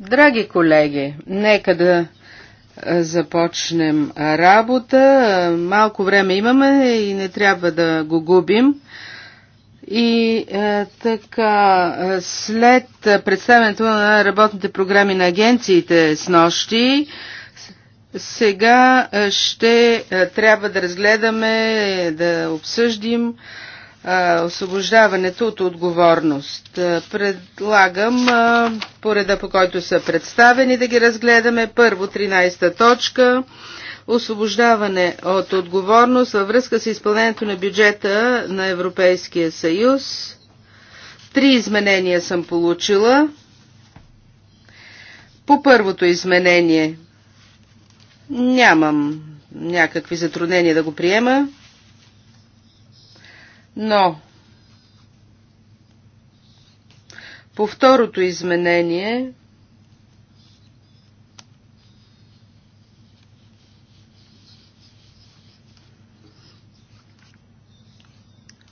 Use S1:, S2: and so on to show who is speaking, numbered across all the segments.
S1: Драги колеги, нека да започнем работа. Малко време имаме и не трябва да го губим. И е, така, след представянето на работните програми на агенциите с нощи, сега ще трябва да разгледаме, да обсъдим освобождаването от отговорност. Предлагам пореда по който са представени да ги разгледаме. Първо 13 точка освобождаване от отговорност във връзка с изпълнението на бюджета на Европейския съюз. Три изменения съм получила. По първото изменение нямам някакви затруднения да го приема. Но по второто изменение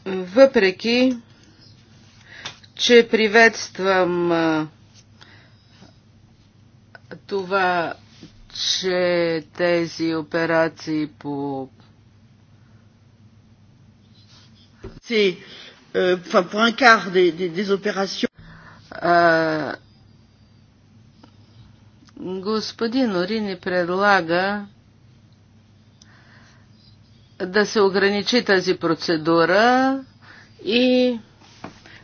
S1: въпреки, че приветствам това, че
S2: тези операции по c'est euh, enfin pour un quart des, des, des opérations.
S1: Euh, господин Орини предлага да се ограничи тази процедура и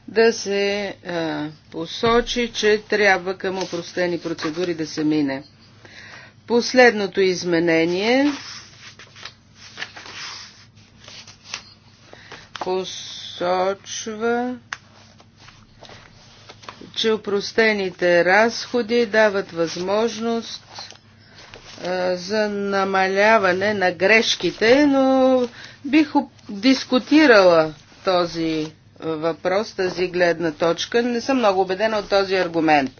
S1: да се а, е, посочи, че трябва към опростени процедури да се мине. Последното изменение посочва, че упростените разходи дават възможност за намаляване на грешките, но бих дискутирала този въпрос, тази гледна точка. Не съм много убедена от този аргумент.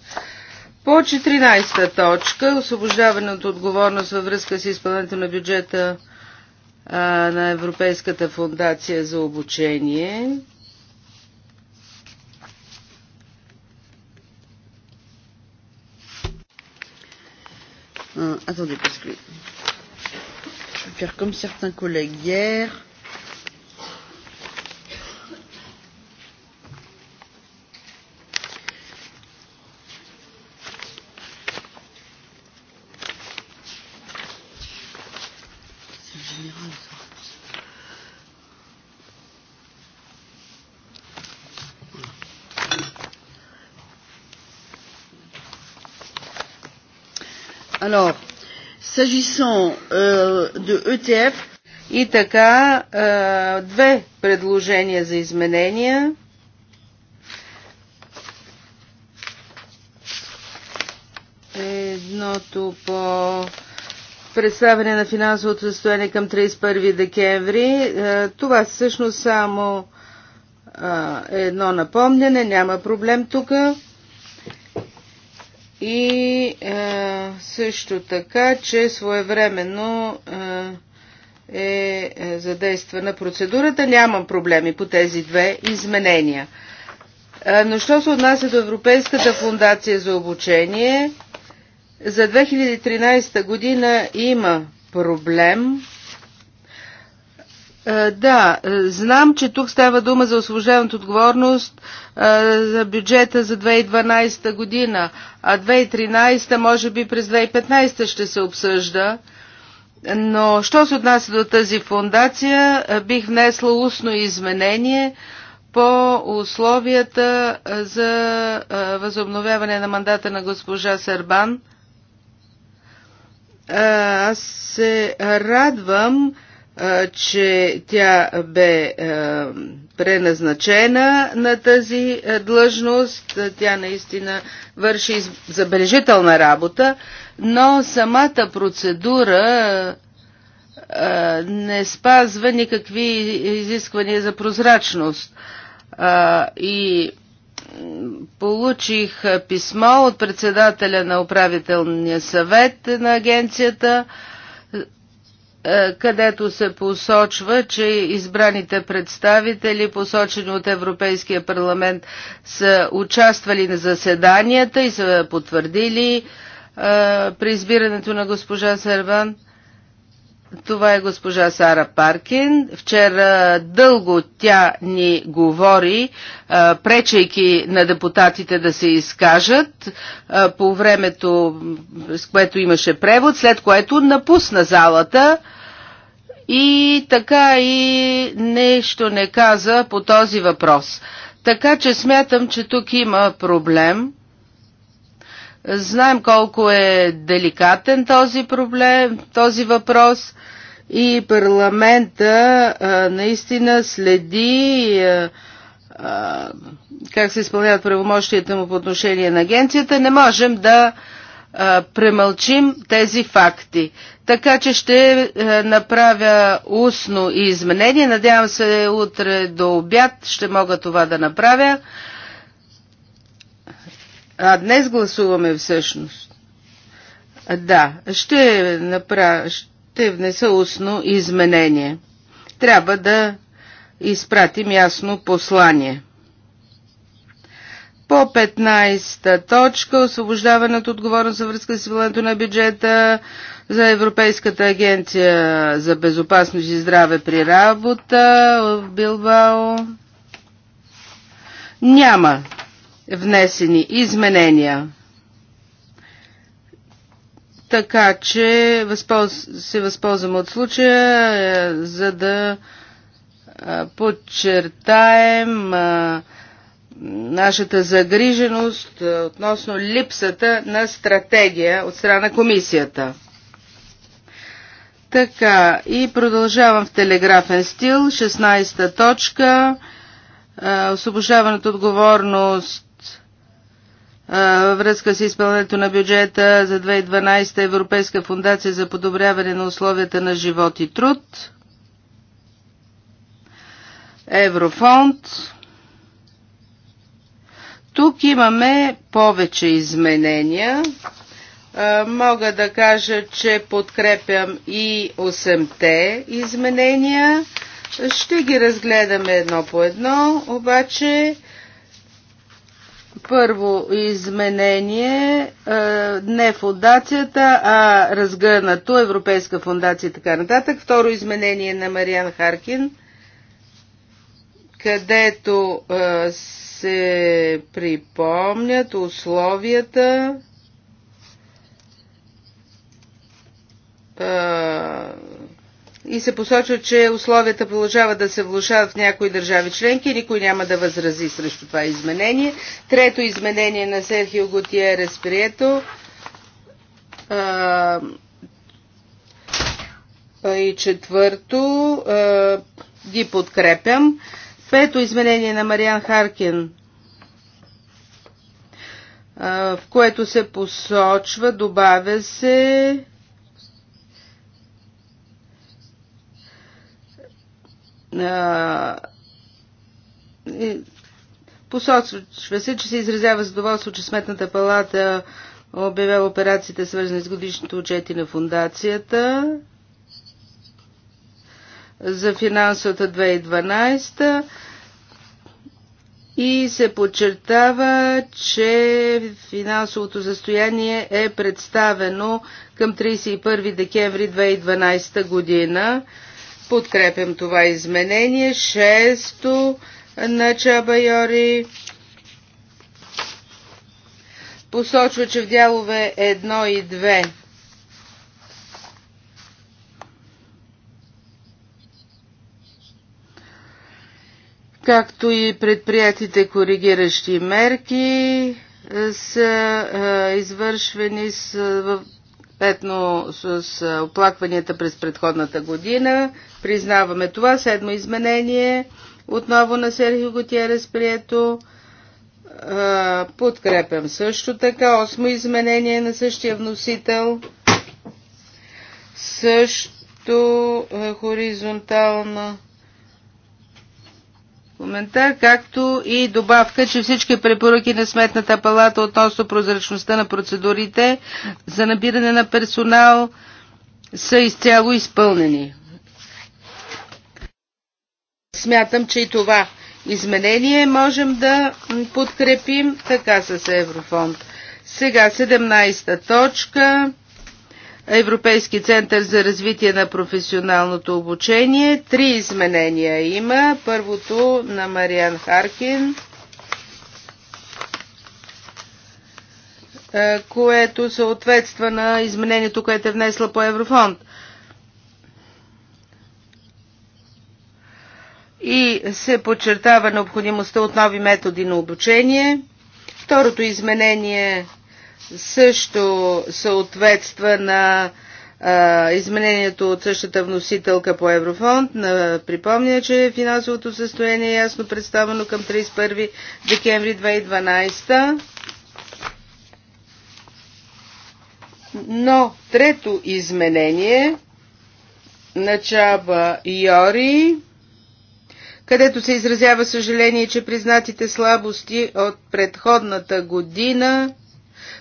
S1: По 14-та точка, освобождаване от отговорност във връзка с изпълнението на бюджета на Европейската фундация за обучение.
S2: attendez, parce que je vais faire comme certains collègues hier. s'agissant euh, de ETF, и така, е, две
S1: предложения за изменения. Едното по представяне на финансовото състояние към 31 декември. Е, това всъщност само е, едно напомняне, няма проблем тук и е, също така, че своевременно е, е задействана процедурата. Нямам проблеми по тези две изменения. Е, но що се отнася до Европейската фундация за обучение, за 2013 година има проблем е, да, е, знам, че тук става дума за освобождаването отговорност е, за бюджета за 2012 година, а 2013 може би през 2015 ще се обсъжда. Но, що се отнася до тази фундация, бих внесла устно изменение по условията за възобновяване на мандата на госпожа Сербан. Аз се радвам, че тя бе преназначена на тази длъжност. Тя наистина върши забележителна работа, но самата процедура не спазва никакви изисквания за прозрачност. И получих писмо от председателя на управителния съвет на агенцията, е, където се посочва, че избраните представители, посочени от Европейския парламент, са участвали на заседанията и са потвърдили е, при избирането на госпожа Серван това е госпожа Сара Паркин. Вчера дълго тя ни говори, пречайки на депутатите да се изкажат по времето, с което имаше превод, след което напусна залата и така и нещо не каза по този въпрос. Така че смятам, че тук има проблем – Знаем колко е деликатен този проблем, този въпрос и парламента а, наистина следи а, а, как се изпълняват правомощията му по отношение на агенцията. Не можем да а, премълчим тези факти. Така че ще а, направя устно изменение. Надявам се утре до обяд ще мога това да направя. А днес гласуваме всъщност. Да, ще, направя, ще внеса устно изменение. Трябва да изпратим ясно послание. По 15-та точка освобождаване от отговорност за връзка с вилането на бюджета за Европейската агенция за безопасност и здраве при работа в Билбао. Няма внесени изменения. Така че възполз... се възползвам от случая, е, за да е, подчертаем е, нашата загриженост относно липсата на стратегия от страна на комисията. Така, и продължавам в телеграфен стил. 16 точка. Освобождаването отговорност връзка с изпълнението на бюджета за 2012 Европейска фундация за подобряване на условията на живот и труд, Еврофонд. Тук имаме повече изменения. Мога да кажа, че подкрепям и 8-те изменения. Ще ги разгледаме едно по едно, обаче първо изменение е, не фундацията, а разгърнато Европейска фундация и така нататък. Второ изменение на Мариан Харкин, където е, се припомнят условията е, и се посочва, че условията продължават да се влушават в някои държави членки и никой няма да възрази срещу това изменение. Трето изменение на Серхио Готиерес Прието и четвърто ги подкрепям. Пето изменение на Мариан Харкин в което се посочва, добавя се Посочва се, че се изразява задоволство, че Сметната палата обявява операциите, свързани с годишните отчети на фундацията за финансовата 2012 и се подчертава, че финансовото състояние е представено към 31 декември 2012 година Подкрепям това изменение. Шесто на Чабайори посочва, че в дялове 1 и 2 както и предприятите коригиращи мерки е, са е, извършвани с, петно с е, оплакванията през предходната година. Признаваме това. Седмо изменение. Отново на Серхио Готиерес прието. Подкрепям също така. Осмо изменение на същия вносител. Също хоризонтална коментар, както и добавка, че всички препоръки на Сметната палата относно прозрачността на процедурите за набиране на персонал са изцяло изпълнени. Смятам, че и това изменение можем да подкрепим така с Еврофонд. Сега 17-та точка. Европейски център за развитие на професионалното обучение. Три изменения има. Първото на Мариан Харкин, е, което съответства на изменението, което е внесла по Еврофонд. и се подчертава необходимостта от нови методи на обучение. Второто изменение също съответства на а, изменението от същата вносителка по Еврофонд. На, припомня, че финансовото състояние е ясно представено към 31 декември 2012. Но трето изменение на Чаба Йори където се изразява съжаление, че признатите слабости от предходната година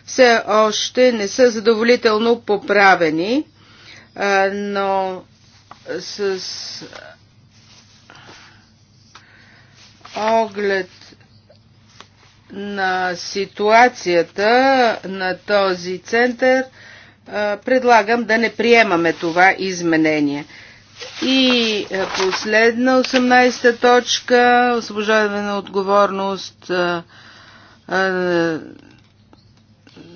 S1: все още не са задоволително поправени, но с оглед на ситуацията на този център, предлагам да не приемаме това изменение. И е, последна 18-та точка освобождаване на отговорност е, е,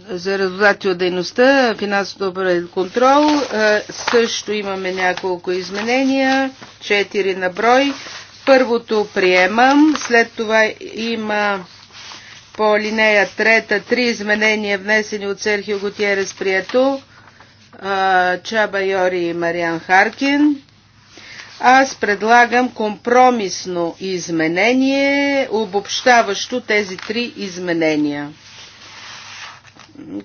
S1: за резултати от дейността, финансовото контрол. също имаме няколко изменения, 4 на брой. Първото приемам, след това има по линея трета, три изменения внесени от Серхио Готиерес Прието, Чаба Йори и Мариан Харкин аз предлагам компромисно изменение, обобщаващо тези три изменения,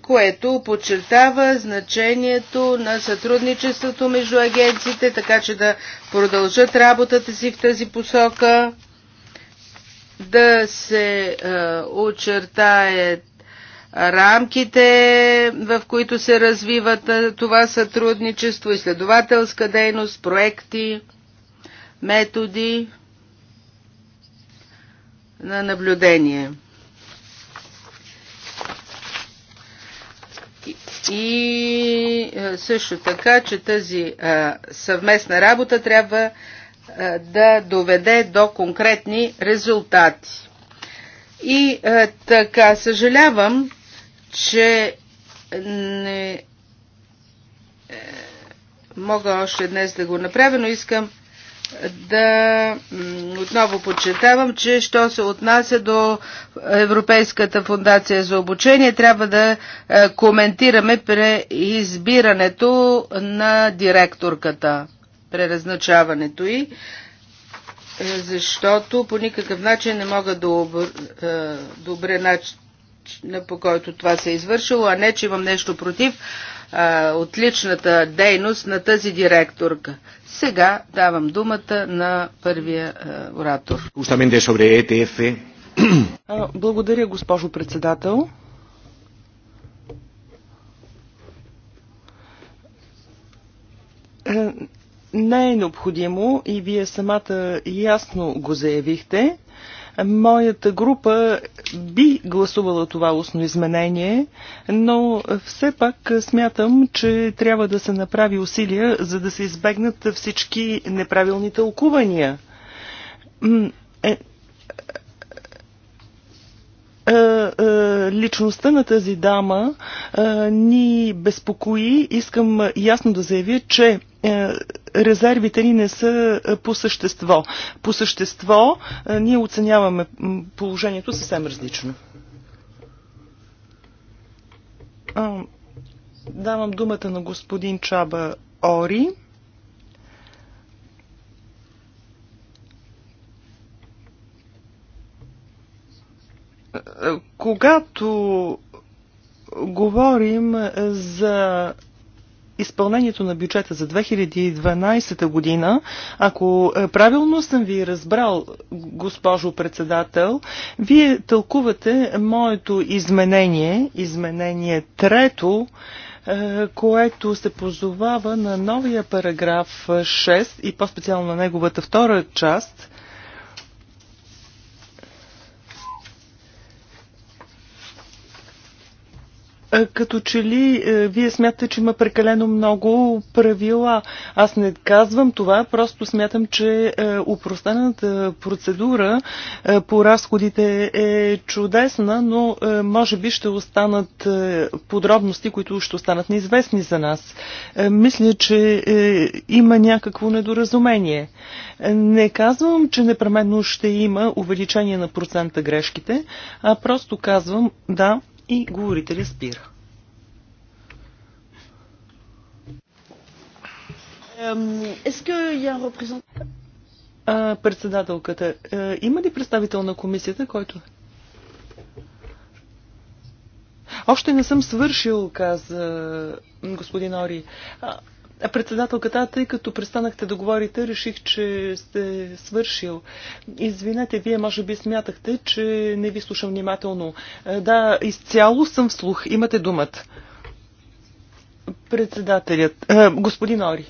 S1: което подчертава значението на сътрудничеството между агенциите, така че да продължат работата си в тази посока, да се очертаят рамките, в които се развиват това сътрудничество, изследователска дейност, проекти методи на наблюдение. И е, също така, че тази е, съвместна работа трябва е, да доведе до конкретни резултати. И така, съжалявам, че не мога още днес да го направя, но искам да отново подчертавам, че що се отнася до Европейската фундация за обучение, трябва да е, коментираме преизбирането на директорката, преразначаването й, е, защото по никакъв начин не мога да е, добре начин по който това се е извършило, а не, че имам нещо против а, отличната дейност на тази директорка. Сега давам думата на първия а, оратор.
S3: E
S4: благодаря, госпожо председател. Е, не е необходимо и вие самата ясно го заявихте Моята група би гласувала това устно изменение, но все пак смятам, че трябва да се направи усилия, за да се избегнат всички неправилни тълкувания. Е, е, е, е, личността на тази дама ни безпокои. Искам ясно да заявя, че резервите ни не са е, по същество. По същество е, ние оценяваме положението съвсем различно. Давам думата на господин Чаба Ори. Е, когато говорим за изпълнението на бюджета за 2012 година, ако е, правилно съм ви разбрал, госпожо председател, вие тълкувате моето изменение, изменение трето, е, което се позовава на новия параграф 6 и по-специално на неговата втора част, Е, като че ли е, вие смятате, че има прекалено много правила. Аз не казвам това, просто смятам, че е, упростената процедура по разходите е чудесна, но може би ще останат подробности, които ще останат неизвестни за нас. Мисля, че има някакво недоразумение. Не казвам, че непременно ще има увеличение на процента грешките, а просто казвам, да, и говорителя спира. Е-, председателката, е, има ли представител на комисията, който... Още не съм свършил, каза господин Ори. Председателката, тъй като престанахте да говорите, реших, че сте свършил. Извинете, вие може би смятахте, че не ви слушам внимателно. Е, да, изцяло съм вслух. Имате думата. Председателят. Е, господин Ори.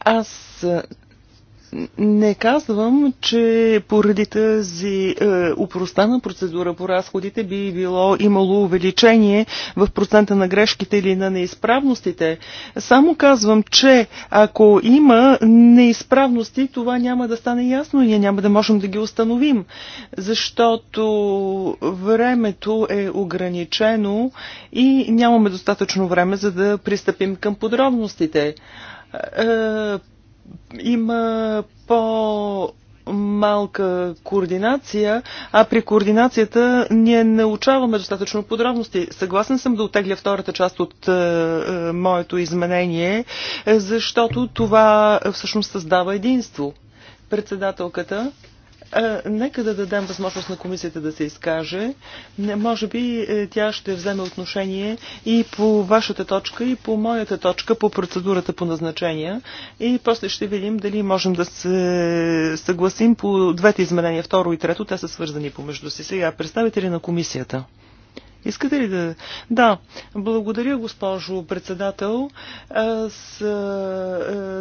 S4: Аз не казвам, че поради тази е, упростана процедура по разходите би било имало увеличение в процента на грешките или на неизправностите. Само казвам, че ако има неизправности, това няма да стане ясно и ние няма да можем да ги установим, защото времето е ограничено и нямаме достатъчно време, за да пристъпим към подробностите е, има по малка координация, а при координацията ние научаваме достатъчно подробности. Съгласен съм да отегля втората част от е, е моето изменение, е, защото това всъщност създава единство. Председателката Нека да дадем възможност на комисията да се изкаже. Може би е, тя ще вземе отношение и по вашата точка, и по моята точка, по процедурата по назначения. И после ще видим дали можем да се съгласим по двете изменения, второ и трето. Те са свързани помежду си. Сега представители на комисията. Искате ли да... Да, благодаря, госпожо председател. Аз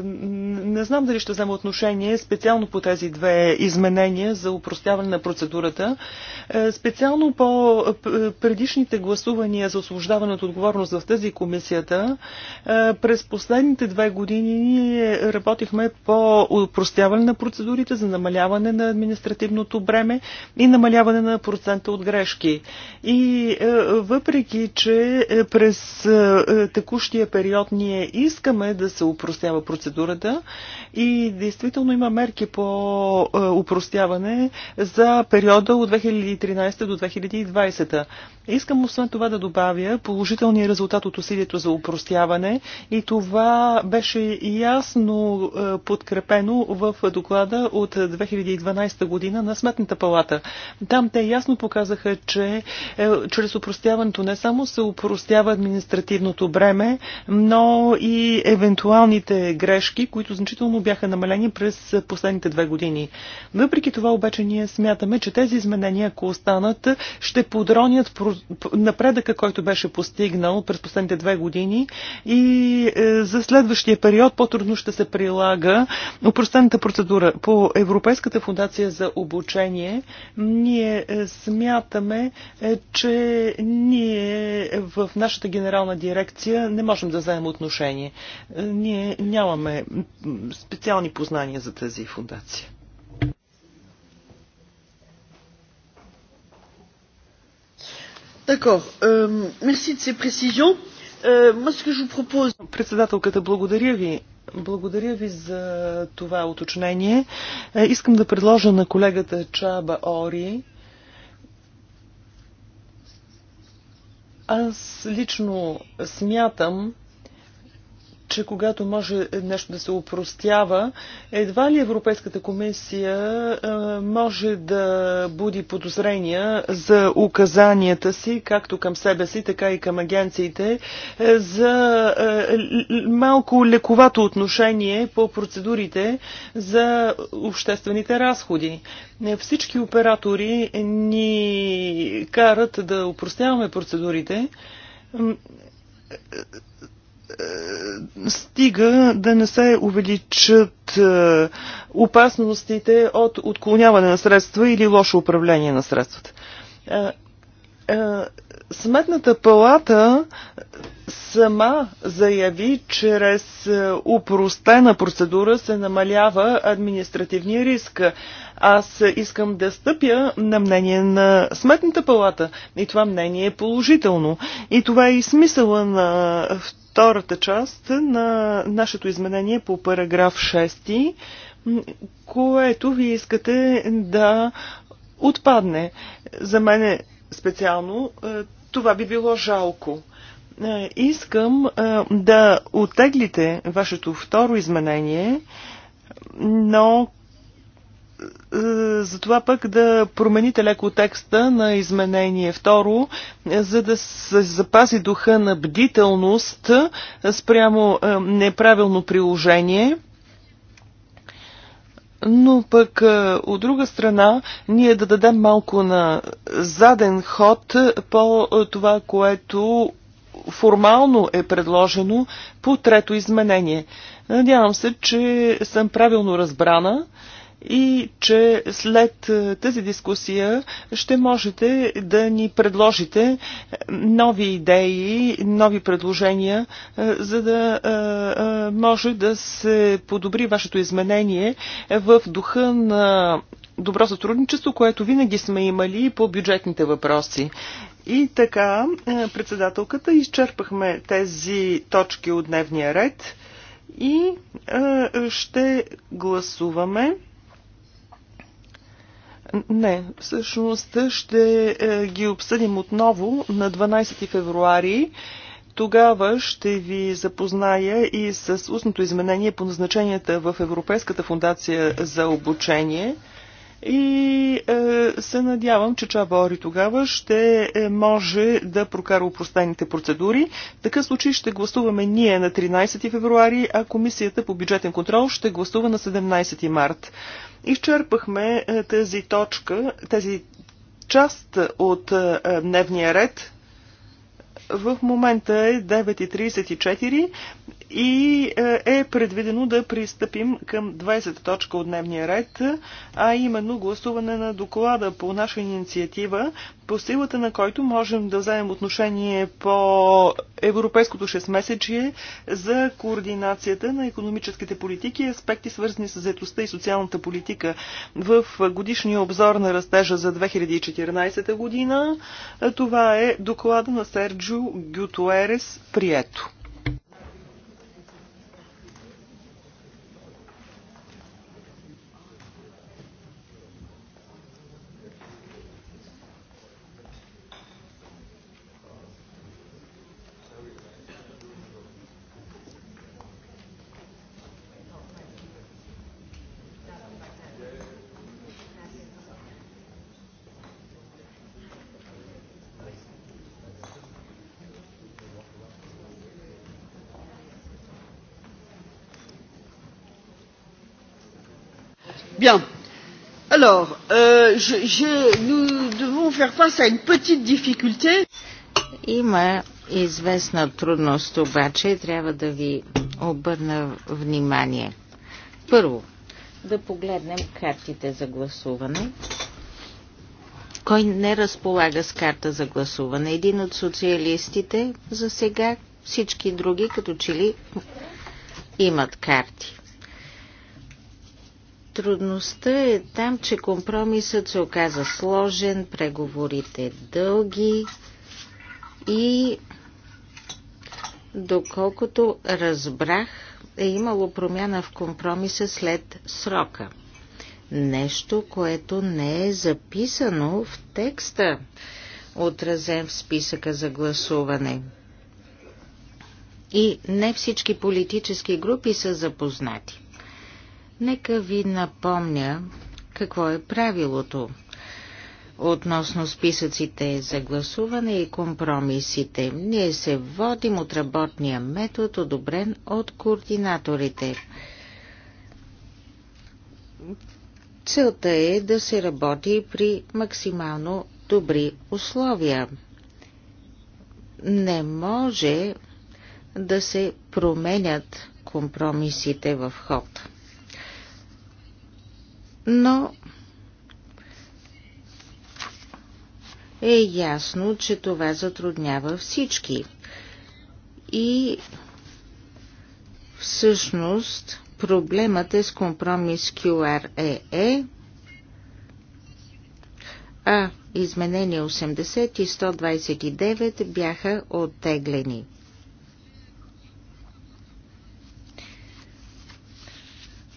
S4: не знам дали ще взема отношение специално по тези две изменения за упростяване на процедурата. Специално по предишните гласувания за освобождаване от отговорност в тази комисията, през последните две години ние работихме по упростяване на процедурите за намаляване на административното бреме и намаляване на процента от грешки. И въпреки че е, през е, е, текущия период ние искаме да се упростява процедурата и действително има мерки по упростяване за периода от 2013 до 2020. Искам освен това да добавя положителния резултат от усилието за упростяване и това беше ясно подкрепено в доклада от 2012 година на Сметната палата. Там те ясно показаха, че чрез упростяването не само се упростява административното бреме, но и евентуалните грешки, които значително бяха намалени през последните две години. Въпреки това обаче ние смятаме, че тези изменения, ако останат, ще подронят напредъка, който беше постигнал през последните две години и е, за следващия период по-трудно ще се прилага упростената процедура по Европейската фундация за обучение. Ние е, смятаме, е, че ние в нашата генерална дирекция не можем да вземем отношение. Ние нямаме специални познания за тази фундация. D'accord. Euh, merci de ces précisions. Euh, moi, ce que je vous propose... Председателката, благодаря ви. Благодаря ви за това уточнение. Е, искам да предложа на колегата Чаба Ори Аз лично смятам, че когато може нещо да се упростява, едва ли Европейската комисия може да буди подозрения за указанията си, както към себе си, така и към агенциите, за малко лековато отношение по процедурите за обществените разходи. Всички оператори ни карат да упростяваме процедурите е, стига да не се увеличат е, опасностите от отклоняване на средства или лошо управление на средствата. Е, Сметната палата сама заяви, чрез упростена процедура се намалява административния риск. Аз искам да стъпя на мнение на Сметната палата и това мнение е положително. И това е и смисъла на втората част на нашето изменение по параграф 6, което вие искате да отпадне. За мен специално е, това би било жалко. Е, искам е, да отеглите вашето второ изменение, но е, за това пък да промените леко текста на изменение второ, е, за да се запази духа на бдителност е, спрямо неправилно приложение. Но пък от друга страна, ние да дадем малко на заден ход по това, което формално е предложено по трето изменение. Надявам се, че съм правилно разбрана и че след е, тази дискусия ще можете да ни предложите е, нови идеи, нови предложения, е, за да може да се подобри вашето изменение в духа на добро сътрудничество, което винаги сме имали по бюджетните въпроси. И така, председателката, изчерпахме тези точки от дневния ред и ще гласуваме. Не, всъщност ще е, ги обсъдим отново на 12 февруари. Тогава ще ви запозная и с устното изменение по назначенията в Европейската фундация за обучение и е, се надявам, че Чабори тогава ще е, може да прокара упростените процедури. В такъв случай ще гласуваме ние на 13 февруари, а Комисията по бюджетен контрол ще гласува на 17 март. Изчерпахме е, тази точка, тази част от е, дневния ред. В момента е 9.34 и е, е предвидено да пристъпим към 20 точка от дневния ред, а именно гласуване на доклада по наша инициатива, по силата на който можем да вземем отношение по Европейското 6-месечие за координацията на економическите политики и аспекти свързани с заетостта и социалната политика в годишния обзор на растежа за 2014 година. Това е доклада на Серджо Гютуерес Прието.
S2: Bien. Alors, euh, je, je, nous devons faire face à
S3: une petite difficulté. Има известна трудност, обаче трябва да ви обърна внимание. Първо, да погледнем картите за гласуване. Кой не разполага с карта за гласуване? Един от социалистите за сега, всички други като че ли имат карти. Трудността е там, че компромисът се оказа сложен, преговорите дълги и доколкото разбрах, е имало промяна в компромиса след срока. Нещо, което не е записано в текста, отразен в списъка за гласуване. И не всички политически групи са запознати. Нека ви напомня какво е правилото относно списъците за гласуване и компромисите. Ние се водим от работния метод, одобрен от координаторите. Целта е да се работи при максимално добри условия. Не може да се променят компромисите в ход но е ясно, че това затруднява всички. И всъщност проблемът е с компромис QREE, e, а изменения 80 и 129 бяха оттеглени.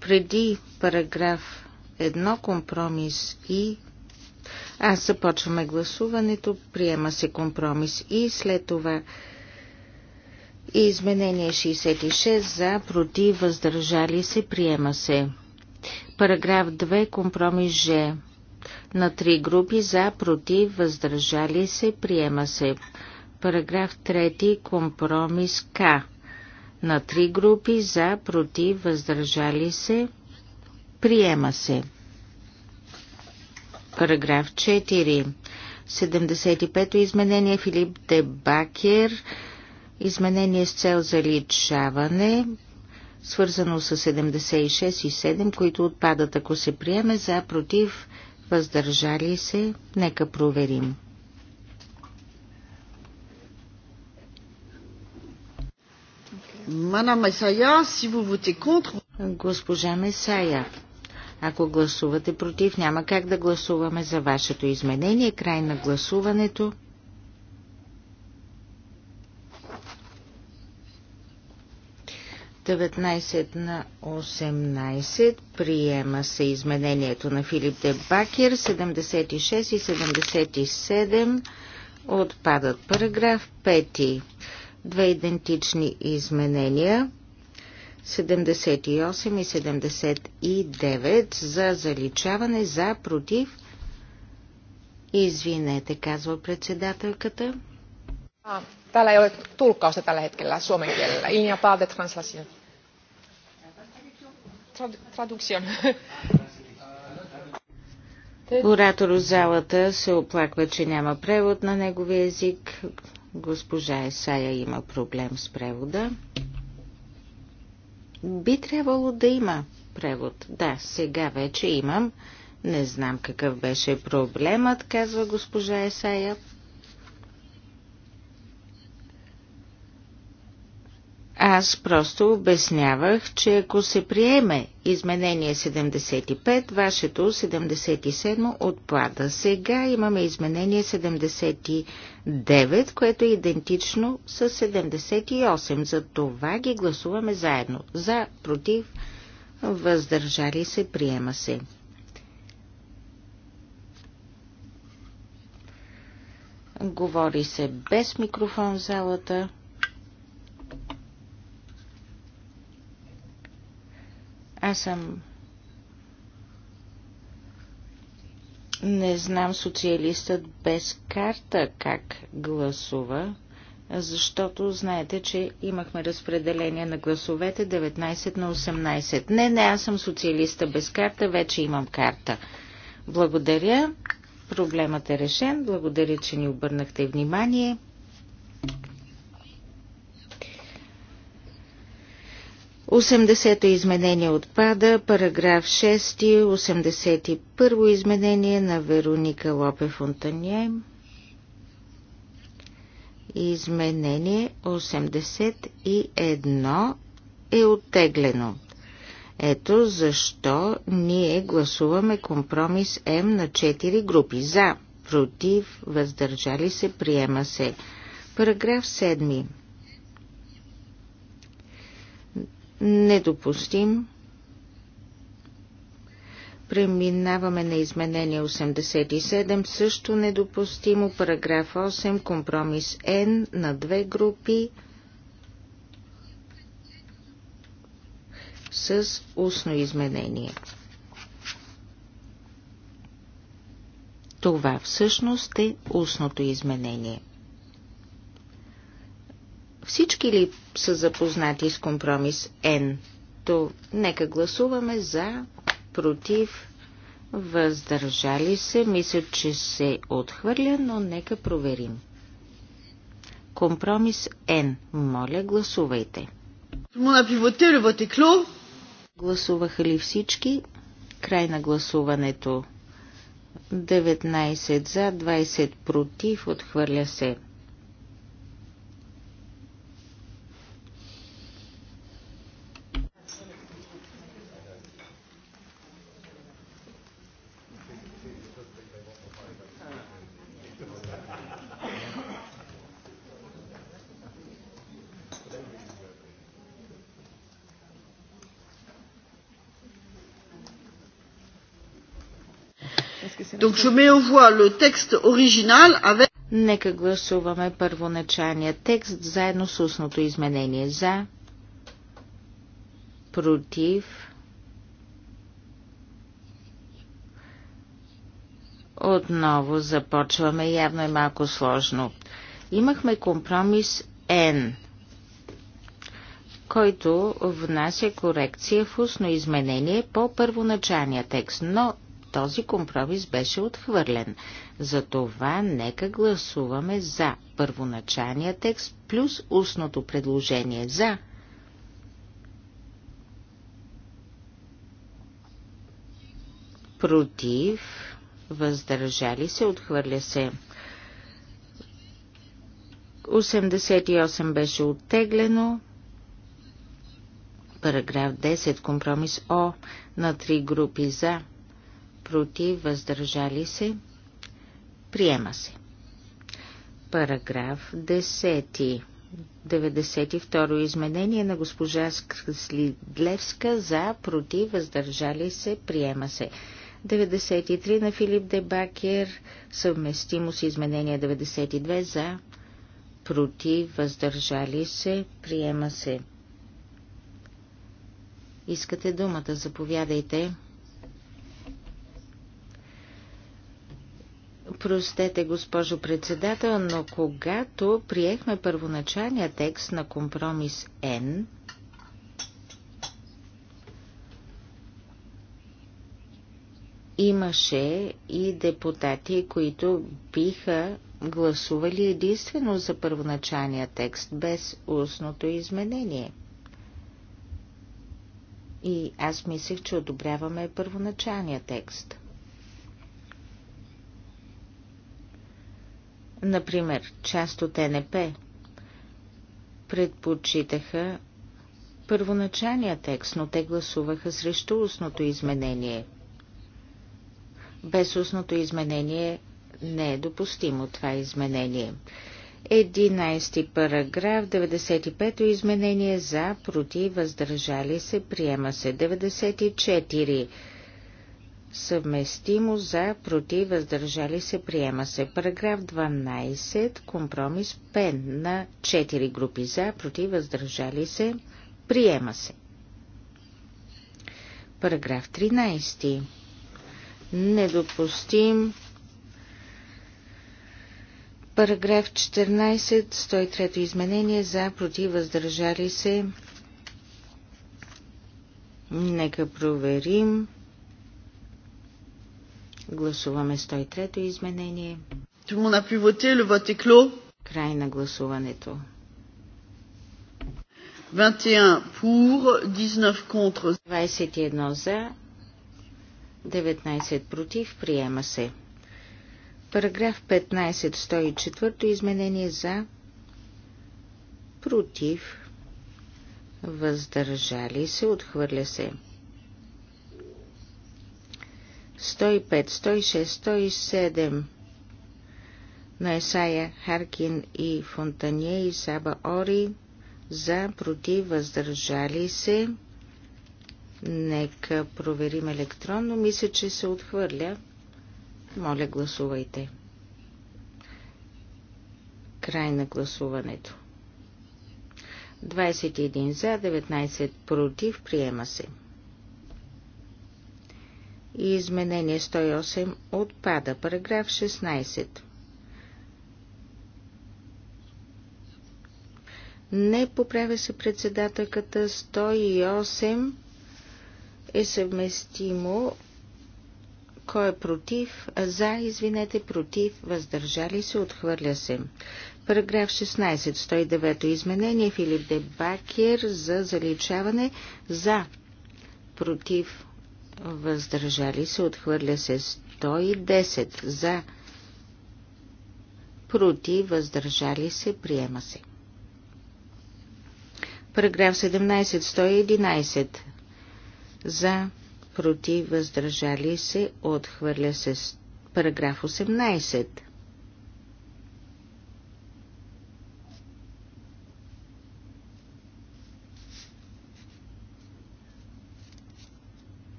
S3: Преди параграф едно компромис и аз започваме гласуването, приема се компромис и след това изменение 66 за, против, въздържали се, приема се. Параграф 2, компромис Ж. На три групи за, против, въздържали се, приема се. Параграф 3, компромис К. На три групи за, против, въздържали се, приема се. Приема се. Параграф 4. 75-то изменение Филип Дебакер. Изменение с цел заличаване, свързано с 76 и 7, които отпадат, ако се приеме за, против, въздържали се. Нека проверим.
S2: Мана Месая, си vous Госпожа Месая,
S3: ако гласувате против, няма как да гласуваме за вашето изменение. Край на гласуването. Деветнайсет на 18 приема се изменението на Филип Дебакер, 76 и 77 отпадат. Параграф 5. Две идентични изменения. 78 и 79 за заличаване за против. Извинете, казва председателката. А, täällä ei ole тала tällä hetkellä suomen kielellä.
S4: Il n'y translation.
S1: Traduction.
S3: Оратор от залата се оплаква, че няма превод на неговия език. Госпожа Есая има проблем с превода. Би трябвало да има превод. Да, сега вече имам. Не знам какъв беше проблемът, казва госпожа Есая. Аз просто обяснявах, че ако се приеме изменение 75, вашето 77 отпада. Сега имаме изменение 79, което е идентично с 78. За това ги гласуваме заедно. За, против, въздържали се, приема се. Говори се без микрофон в залата. Аз съм... Не знам социалистът без карта как гласува, защото знаете, че имахме разпределение на гласовете 19 на 18. Не, не, аз съм социалиста без карта, вече имам карта. Благодаря. Проблемът е решен. Благодаря, че ни обърнахте внимание. 80-то изменение отпада, параграф 6, 81 о изменение на Вероника Лопе Фонтанье. Изменение 81 е оттеглено. Ето защо ние гласуваме компромис М на 4 групи. За, против, въздържали се, приема се. Параграф 7. недопустим. Преминаваме на изменение 87, също недопустимо, параграф 8, компромис Н на две групи с устно изменение. Това всъщност е устното изменение – всички ли са запознати с компромис Н? То нека гласуваме за, против, въздържали се. Мисля, че се отхвърля, но нека проверим. Компромис Н. Моля, гласувайте. Гласуваха ли всички? Край на гласуването. 19 за, 20 против, отхвърля се.
S2: Donc je mets au le texte original avec...
S3: Нека гласуваме първоначалния текст заедно с устното изменение за, против, Отново започваме, явно е малко сложно. Имахме компромис N, който внася корекция в устно изменение по първоначалния текст, но този компромис беше отхвърлен. Затова нека гласуваме за първоначалния текст плюс устното предложение за. Против, въздържали се, отхвърля се. 88 беше оттеглено. Параграф 10. Компромис О на три групи за против, въздържали се, приема се. Параграф 10. 92 изменение на госпожа Скрислидлевска за, против, въздържали се, приема се. 93 на Филип Дебакер, съвместимо с изменение 92 за, против, въздържали се, приема се. Искате думата, заповядайте. Простете, госпожо председател, но когато приехме първоначалния текст на компромис Н, имаше и депутати, които биха гласували единствено за първоначалния текст, без устното изменение. И аз мислех, че одобряваме първоначалния текст. Например, част от НП предпочитаха първоначалния текст, но те гласуваха срещу устното изменение. Без устното изменение не е допустимо това изменение. 11 параграф, 95-то изменение за, против, въздържали се, приема се. 94 съвместимо за против въздържали се приема се. Параграф 12, компромис пен на 4 групи за против въздържали се приема се. Параграф 13. Недопустим Параграф 14, 103 изменение за против въздържали се. Нека проверим. Гласуваме 103-то изменение. Край на гласуването. 21 pour, 19 contre. 21 за, 19 против, приема се. Параграф 15, 104 изменение за, против, въздържали се, отхвърля се. 105, 106, 107 на Есая Харкин и Фонтание и Саба Ори за против въздържали се. Нека проверим електронно. Мисля, че се отхвърля. Моля, гласувайте. Край на гласуването. 21 за, 19 против, приема се и изменение 108 отпада. Параграф 16. Не поправя се председателката 108 е съвместимо. Кой е против? За, извинете, против, въздържали се, отхвърля се. Параграф 16, 109 изменение Филип Дебакер за заличаване за, против, въздържали се, отхвърля се 110 за, против, въздържали се, приема се. Параграф 17, 111 за, против, въздържали се, отхвърля се. Параграф 18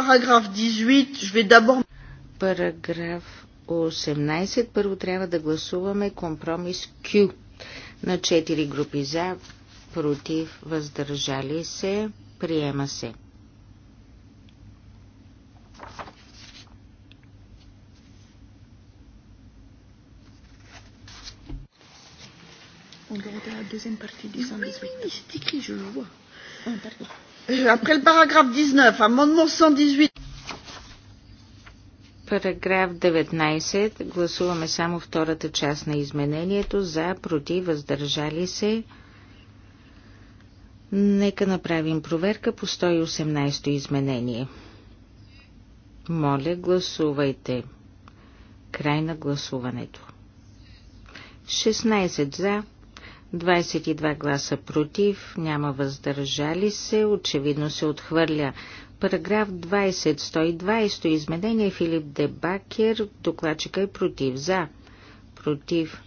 S2: параграф 18, je vais d'abord... Параграф 18.
S3: Първо трябва да гласуваме компромис Q на 4 групи за, против, въздържали се, приема се.
S2: On doit regarder la deuxième partie du 118. Oui, c'est écrit, je le vois. Ah, pardon. Après le paragraphe 19, amendement 118.
S3: Параграф 19. Гласуваме само втората част на изменението. За, против, въздържали се. Нека направим проверка по 118 изменение. Моля, гласувайте. Край на гласуването. 16 за, 22 гласа против, няма въздържали се, очевидно се отхвърля. Параграф 20, 120 изменение Филип Дебакер, докладчика е против, за, против,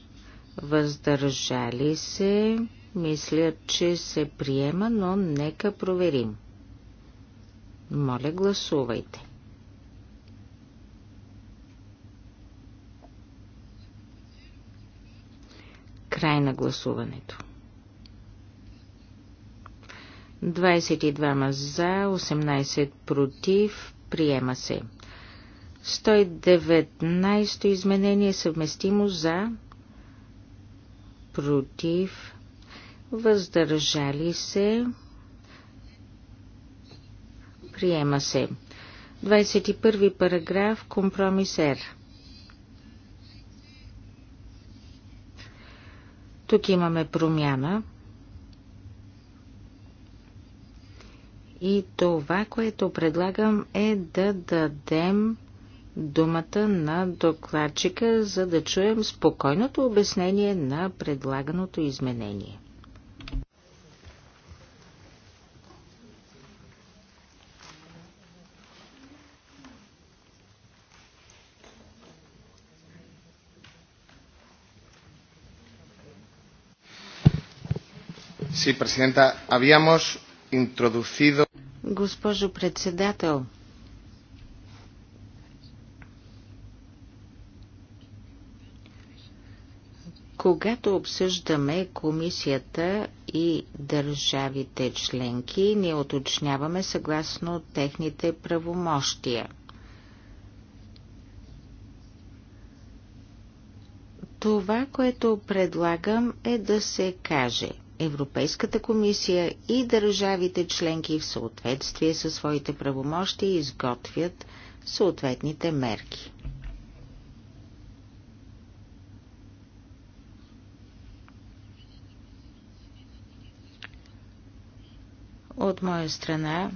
S3: въздържали се, мисля, че се приема, но нека проверим. Моля, гласувайте. Край на гласуването. 22 за, 18 против. Приема се. 119 изменение съвместимо за, против, въздържали се, приема се. 21 параграф, компромис Р. Тук имаме промяна. И това, което предлагам е да дадем думата на докладчика, за да чуем спокойното обяснение на предлаганото изменение.
S2: Sí, presidenta, habíamos introducido...
S3: Госпожо председател, Когато обсъждаме комисията и държавите членки, ние уточняваме съгласно техните правомощия. Това, което предлагам е да се каже Европейската комисия и държавите членки в съответствие със своите правомощи изготвят съответните мерки. От моя страна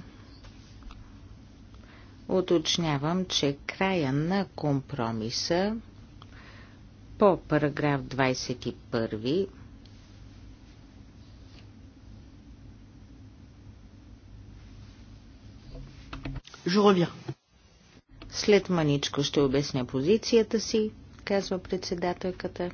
S3: уточнявам, че края на компромиса по параграф 21 Je reviens. След маничко ще обясня позицията си, казва председателката.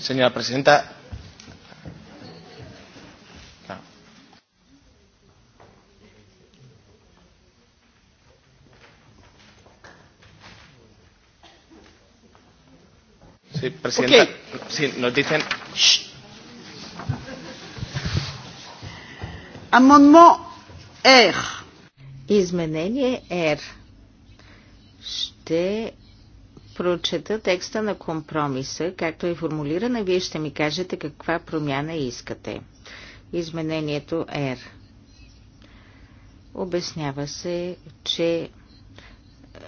S2: Señora presidenta,
S4: Presidenta, okay. sí, nos dicen. Shh.
S2: Amendement
S3: R. Изменение R. Ще прочета текста на компромиса, както е формулирана, вие ще ми кажете каква промяна искате. Изменението R. Обяснява се, че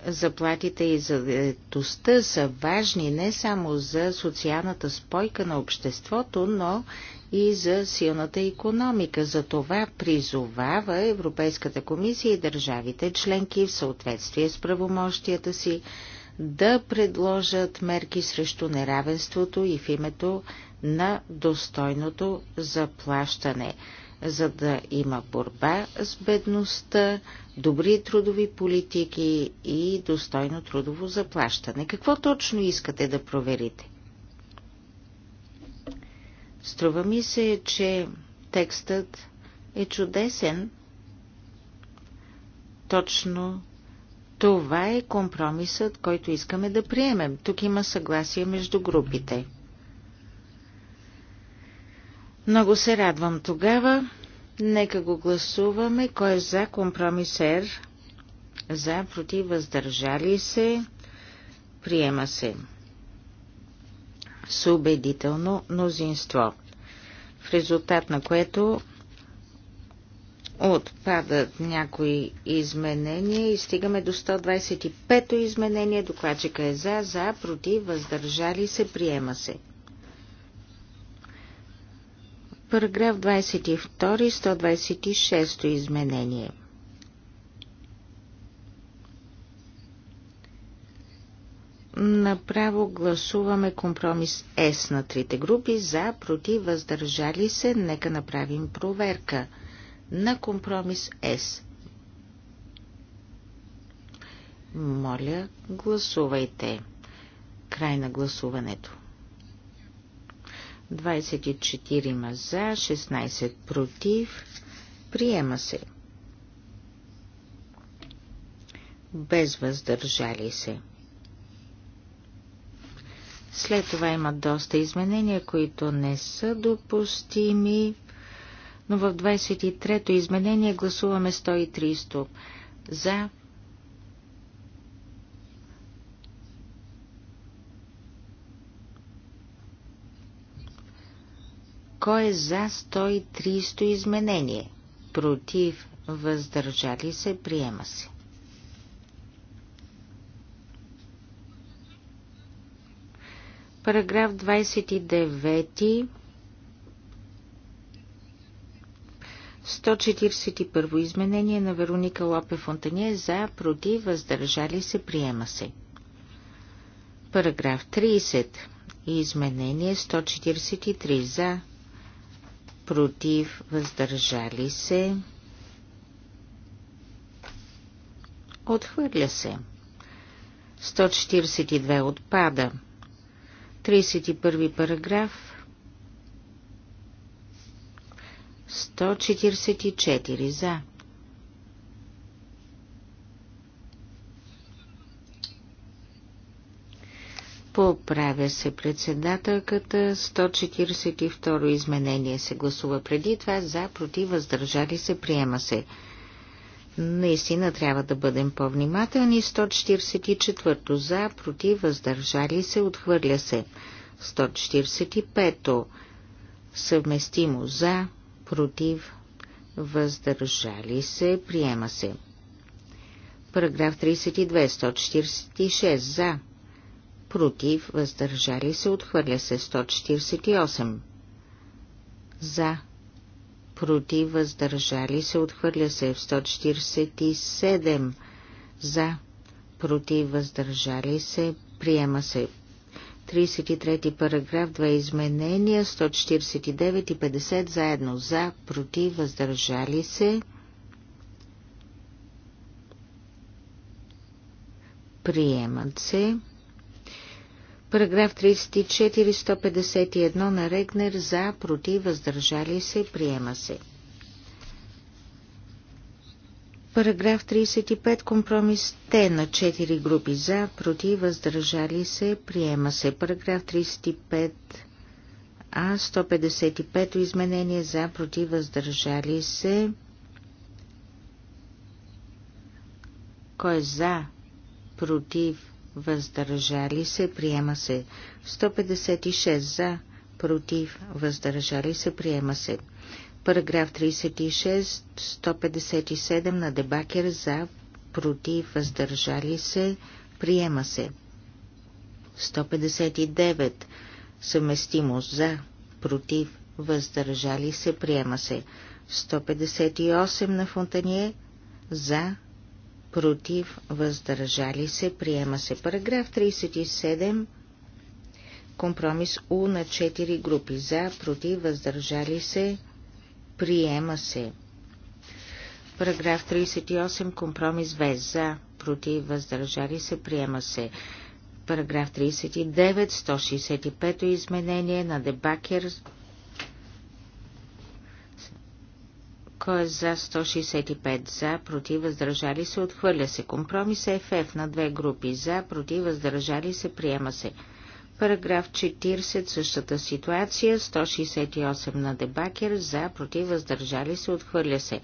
S3: заплатите и заедостта са важни не само за социалната спойка на обществото, но и за силната економика. За това призовава Европейската комисия и държавите членки в съответствие с правомощията си да предложат мерки срещу неравенството и в името на достойното заплащане за да има борба с бедността, добри трудови политики и достойно трудово заплащане. Какво точно искате да проверите? Струва ми се, че текстът е чудесен. Точно това е компромисът, който искаме да приемем. Тук има съгласие между групите. Много се радвам тогава. Нека го гласуваме. Кой е за компромис Р? За, против, въздържали се. Приема се. С убедително мнозинство. В резултат на което отпадат някои изменения и стигаме до 125-то изменение. Докладчика е за, за, против, въздържали се, приема се. Параграф 22, 126 изменение. Направо гласуваме компромис С на трите групи за, против, въздържали се. Нека направим проверка на компромис С. Моля, гласувайте. Край на гласуването. 24 за, 16 против. Приема се. Без въздържали се. След това има доста изменения, които не са допустими, но в 23-то изменение гласуваме 130 за, Кой е за 130 изменение? Против, въздържали се, приема се. Параграф 29. 141 изменение на Вероника Лопе Фонтане за, против, въздържали се, приема се. Параграф 30. Изменение 143 за, против, въздържали се, отхвърля се. 142 отпада. 31 параграф 144 за Поправя се председателката. 142 изменение се гласува преди това. За, против, въздържали се, приема се. Наистина трябва да бъдем по-внимателни. 144 за, против, въздържали се, отхвърля се. 145 то съвместимо за, против, въздържали се, приема се. Параграф 32, 146 за, против, въздържали се, отхвърля се 148. За, против, въздържали се, отхвърля се 147. За, против, въздържали се, приема се 33 параграф, два изменения, 149 и 50 заедно за, против, въздържали се. Приемат се. Параграф 34, 151 на Регнер за, против, въздържали се, приема се. Параграф 35. Компромис Т на 4 групи за, против, въздържали се, приема се. Параграф 35. А 155 изменение за, против, въздържали се. Кой е за, против, въздържали се, приема се. 156 за, против, въздържали се, приема се. Параграф 36, 157 на Дебакер за, против, въздържали се, приема се. 159 съместимост за, против, въздържали се, приема се. 158 на Фонтание за, против, въздържали се, приема се. Параграф 37, компромис У на 4 групи за, против, въздържали се, приема се. Параграф 38, компромис В за, против, въздържали се, приема се. Параграф 39, 165 изменение на Дебакер Кой е за 165 за, против, въздържали се, отхвърля се. Компромис ФФ е на две групи за, против, въздържали се, приема се. Параграф 40, същата ситуация, 168 на Дебакер, за, против, въздържали се, отхвърля се.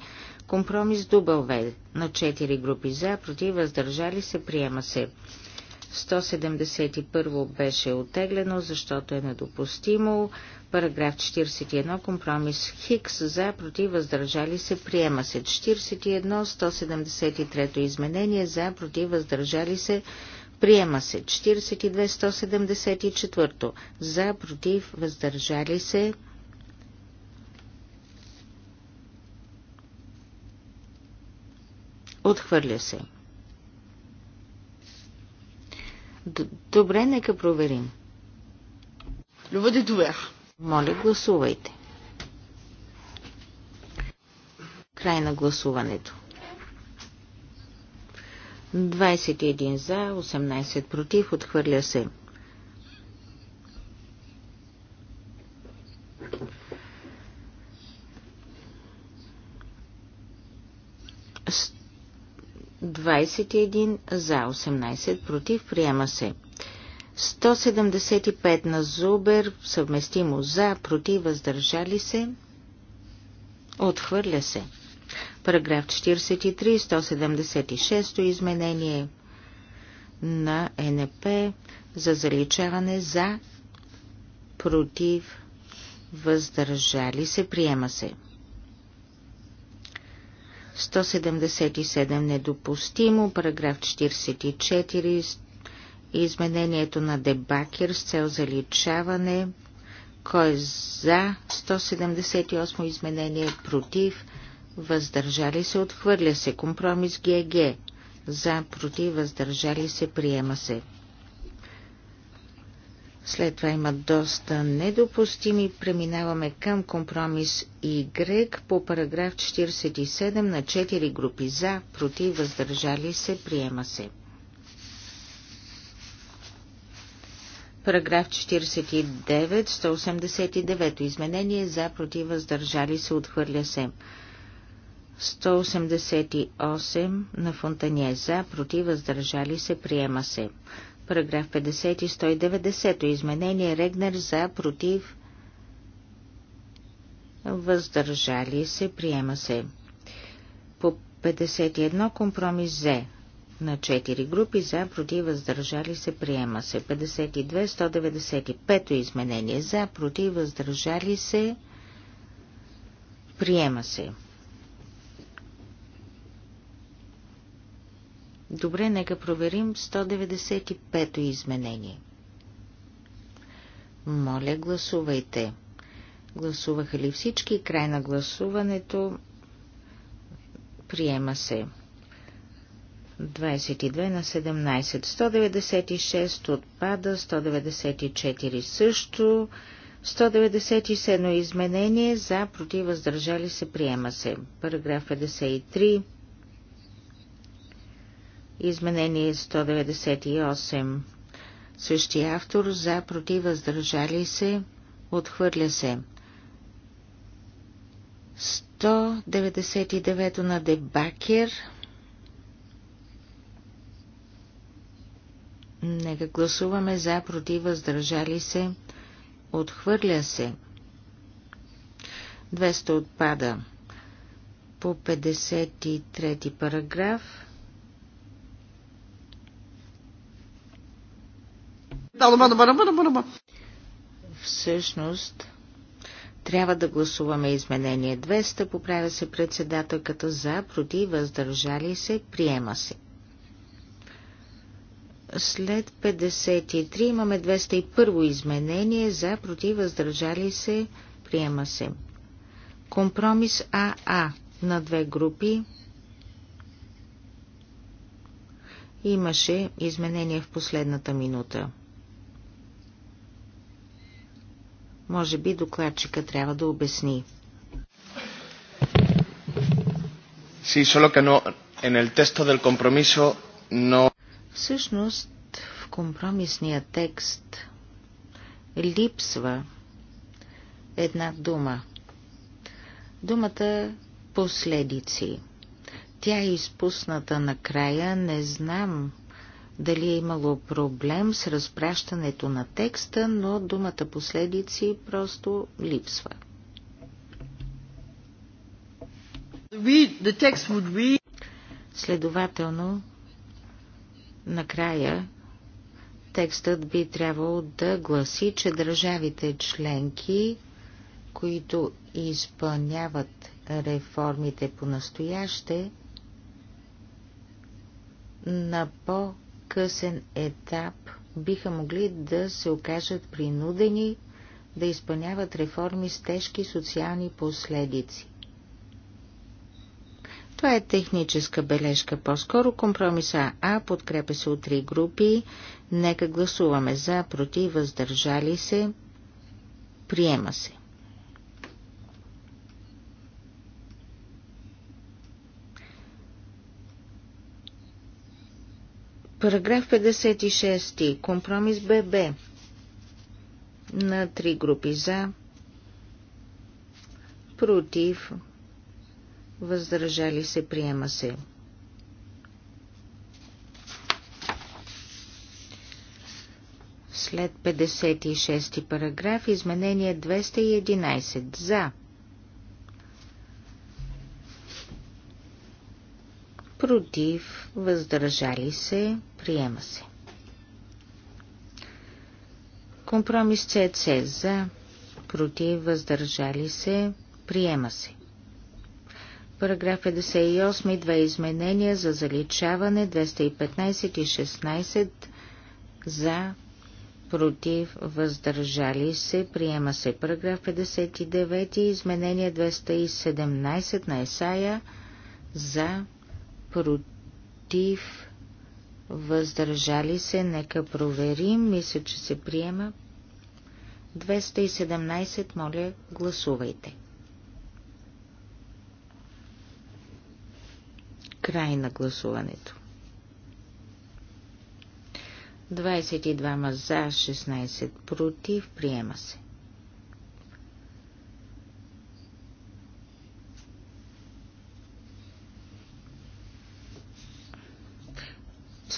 S3: Компромис W на 4 групи за, против, въздържали се, приема се. 171 беше отеглено, защото е недопустимо. Параграф 41. Компромис Хикс за против въздържали се приема се. 41. 173 изменение за против въздържали се приема се. 42. 174 за против въздържали се Отхвърля се. Добре, нека проверим. vote est ouvert. Моля, гласувайте. Край на гласуването. 21 за, 18 против, отхвърля се. и 21 за, 18 против, приема се. 175 на Зубер, съвместимо за, против, въздържали се, отхвърля се. Параграф 43, 176 изменение на НП за заличаване за, против, въздържали се, приема се. 177 недопустимо, параграф 44, изменението на дебакер с цел заличаване. Кой е за 178 изменение, против, въздържали се, отхвърля се. Компромис ГГ. За, против, въздържали се, приема се. След това има доста недопустими. Преминаваме към компромис Y по параграф 47 на 4 групи за, против, въздържали се, приема се. Параграф 49, 189 изменение за против въздържали се отхвърля се. 188 на Фонтание за против въздържали се приема се. Параграф 50 и 190 изменение Регнер за против въздържали се приема се. По 51 компромис Зе на 4 групи за, против, въздържали се, приема се. 52, 195 изменение за, против, въздържали се, приема се. Добре, нека проверим 195-то изменение. Моля, гласувайте. Гласуваха ли всички? Край на гласуването. Приема се. 22 на 17. 196 отпада, 194 също. 197 изменение за против въздържали се приема се. Параграф 53. Изменение 198. Същия автор за против въздържали се отхвърля се. 199 на Дебакер Нека гласуваме за, против, въздържали се, отхвърля се. 200 отпада. По 53 параграф. Всъщност, трябва да гласуваме изменение 200, поправя се председателката за, против, въздържали се, приема се. След 53 имаме 201 изменение за против въздържали се, приема се. Компромис АА на две групи. Имаше изменение в последната минута. Може би докладчика трябва да обясни.
S2: Sí, solo que no, en el texto del compromiso no
S3: Всъщност в компромисния текст липсва една дума. Думата последици. Тя е изпусната накрая, не знам дали е имало проблем с разпращането на текста, но думата последици просто липсва. Следователно, Накрая текстът би трябвало да гласи, че държавите членки, които изпълняват реформите по настояще, на по-късен етап биха могли да се окажат принудени да изпълняват реформи с тежки социални последици. Това е техническа бележка. По-скоро компромиса А подкрепя се от три групи. Нека гласуваме за, против, въздържали се. Приема се. Параграф 56. Компромис ББ на три групи за, против, въздържали се, приема се. След 56 параграф изменение 211 за. Против, въздържали се, приема се. Компромис ЦЦ за, против, въздържали се, приема се. Параграф 58. Две изменения за заличаване. 215 и 16 за против, въздържали се, приема се параграф 59 и изменение 217 на Есая за против, въздържали се, нека проверим, мисля, че се приема. 217, моля, гласувайте. Край на гласуването. 22 за, 16 против, приема се.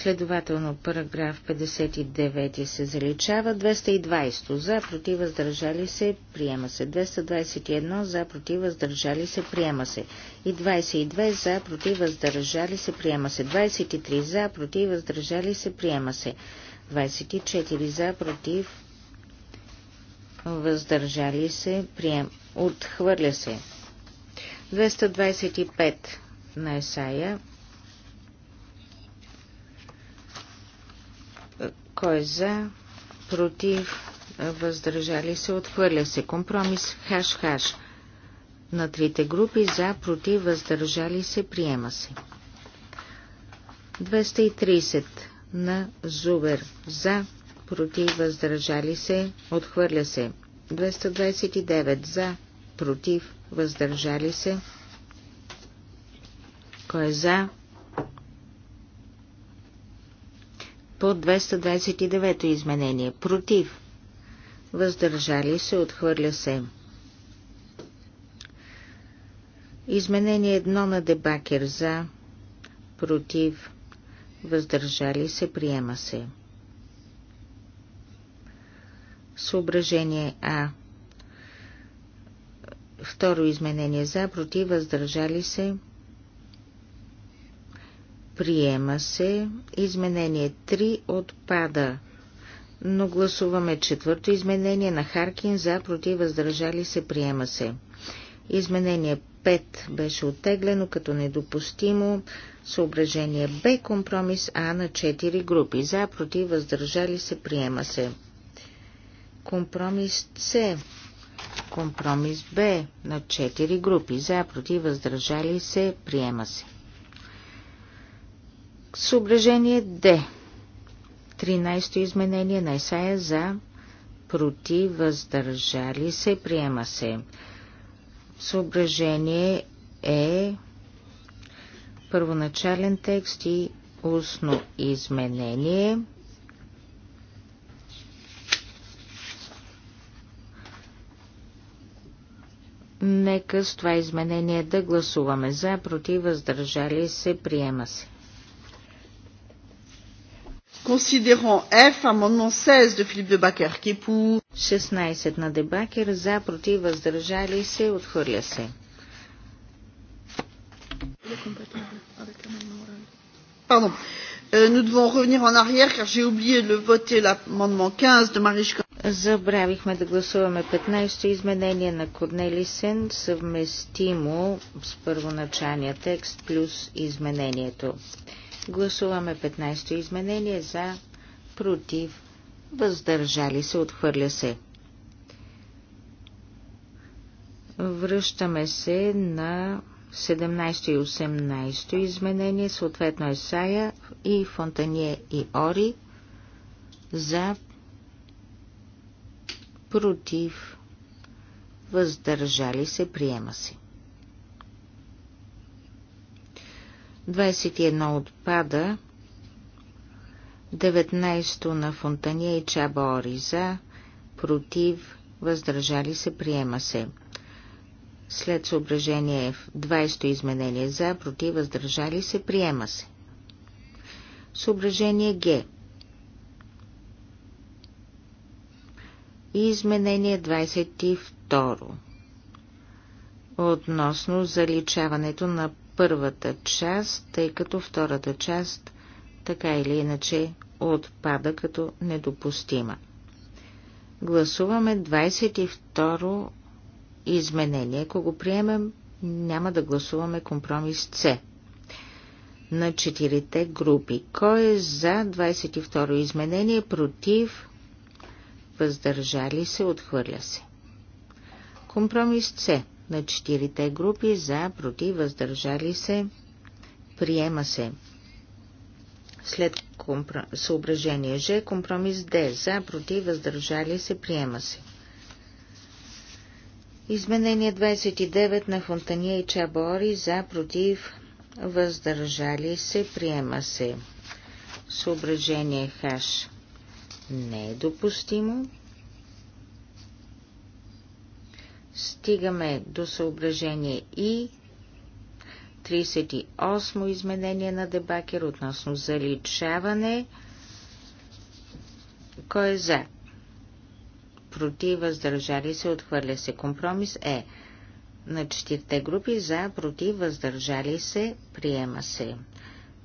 S3: Следователно параграф 59 се заличава. 220 за, против, въздържали се, приема се. 221 за, против, въздържали се, приема се. И 22 за, против, въздържали се, приема се. 23 за, против, въздържали се, приема се. 24 за, против, въздържали се, прием... отхвърля се. 225 на Есая Кой е за? Против? Въздържали се? Отхвърля се. Компромис хаш-хаш. На трите групи за, против, въздържали се, приема се. 230 на Зубер. За, против, въздържали се, отхвърля се. 229 за, против, въздържали се. Кой е за? по 229 то изменение. Против. Въздържали се. Отхвърля се. Изменение 1 на дебакер за. Против. Въздържали се. Приема се. Съображение А. Второ изменение за. Против. Въздържали се. Приема се. Изменение 3 отпада. Но гласуваме четвърто изменение на Харкин за против въздържали се. Приема се. Изменение 5 беше оттеглено като недопустимо. Съображение Б компромис А на 4 групи. За против въздържали се. Приема се. Компромис С. Компромис Б на 4 групи. За против въздържали се. Приема се. Съображение Д. 13-то изменение на Исаия за против, въздържали се, приема се. Съображение е първоначален текст и устно изменение. Нека с това изменение да гласуваме за, против, въздържали се, приема се.
S2: Considérant F, amendement
S3: 16 de Philippe de Bakker, qui est pour. 16 на Дебакер, за, против, въздържали
S2: се, отхвърля се. Pardon. Euh, nous devons revenir en arrière car j'ai oublié de voter l'amendement 15 de marie Marichka. Забравихме да гласуваме 15-то изменение на
S3: Корнелисен, съвместимо с първоначалния текст плюс изменението. Гласуваме 15-то изменение за, против, въздържали се, отхвърля се. Връщаме се на 17 и 18 изменение, съответно Есая и Фонтание и Ори за против въздържали се, приема се. 21 отпада, 19 на Фонтания и Чаба Ориза, против, въздържали се, приема се. След съображение в 20 изменение за, против, въздържали се, приема се. Съображение Г. И изменение 22 относно заличаването на първата част, тъй като втората част така или иначе отпада като недопустима. Гласуваме 22 изменение. Ако го приемем, няма да гласуваме компромис С на четирите групи. Кой е за 22 изменение, против, въздържали се, отхвърля се. Компромис С на четирите групи за, против, въздържали се, приема се. След компро... съображение Ж, компромис Д, за, против, въздържали се, приема се. Изменение 29 на Фонтания и Чабори за, против, въздържали се, приема се. Съображение Х не е допустимо. Стигаме до съображение и 38 изменение на дебакер относно заличаване. Кой е за? Против, въздържали се, отхвърля се. Компромис е на четирите групи за, против, въздържали се, приема се.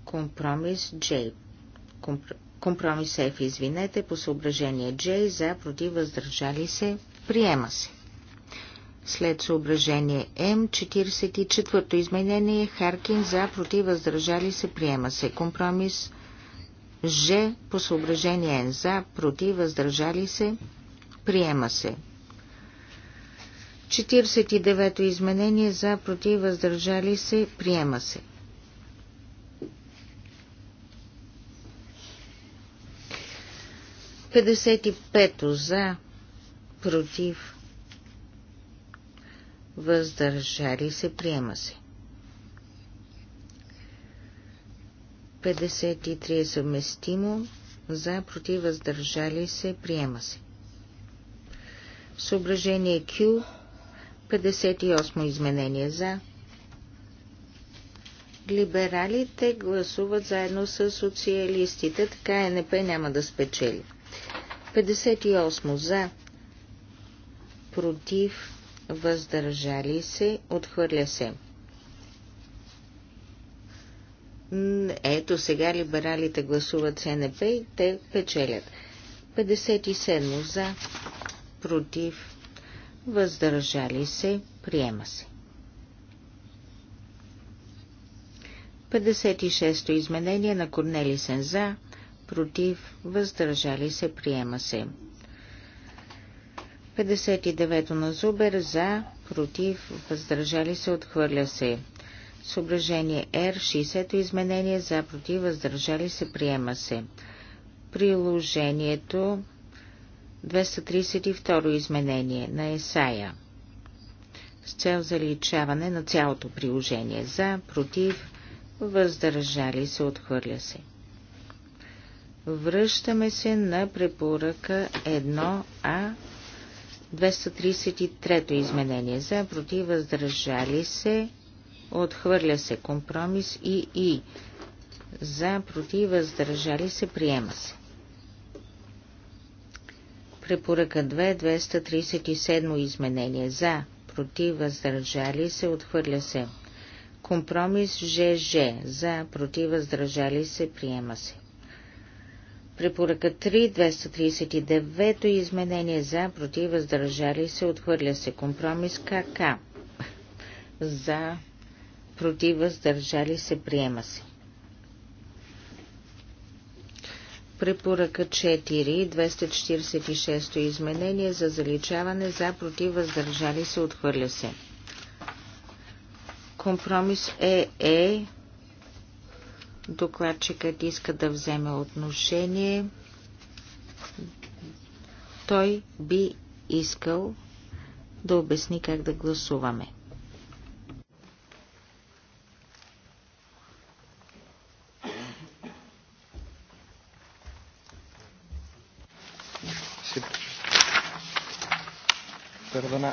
S3: Компромис J. Компромис F, извинете, по съображение J, за, против, въздържали се, приема се. След съображение М, 44-то изменение Харкин за против въздържали се приема се. Компромис Ж по съображение Н за против въздържали се приема се. 49-то изменение за против въздържали се приема се. 55 и пето за против въздържали се, приема се. 53 е съвместимо, за, против, въздържали се, приема се. Съображение Q, 58 изменение за. Либералите гласуват заедно с социалистите, така НП няма да спечели. 58 за, против, въздържали се, отхвърля се. Ето сега либералите гласуват СНП и те печелят. 57 за, против, въздържали се, приема се. 56-то изменение на Корнелисен за, против, въздържали се, приема се. 59 на Зубер за, против, въздържали се, отхвърля се. Съображение Р, 60-то изменение за, против, въздържали се, приема се. Приложението 232 изменение на Есая с цел заличаване на цялото приложение за, против, въздържали се, отхвърля се. Връщаме се на препоръка 1А 233-то изменение за, против, въздържали се, отхвърля се компромис и и за, против, въздържали се, приема се. Препоръка 2, 237 изменение за, против, въздържали се, отхвърля се. Компромис ЖЖ за, против, въздържали се, приема се. Препоръка 3, 239 изменение за, против, въздържали се, отхвърля се. Компромис КК. За, против, въздържали се, приема се. Препоръка 4, 246 изменение за заличаване, за, против, въздържали се, отхвърля се. Компромис ЕЕ е, Докладчикът иска да вземе отношение. Той би искал да обясни как да гласуваме. Perdona.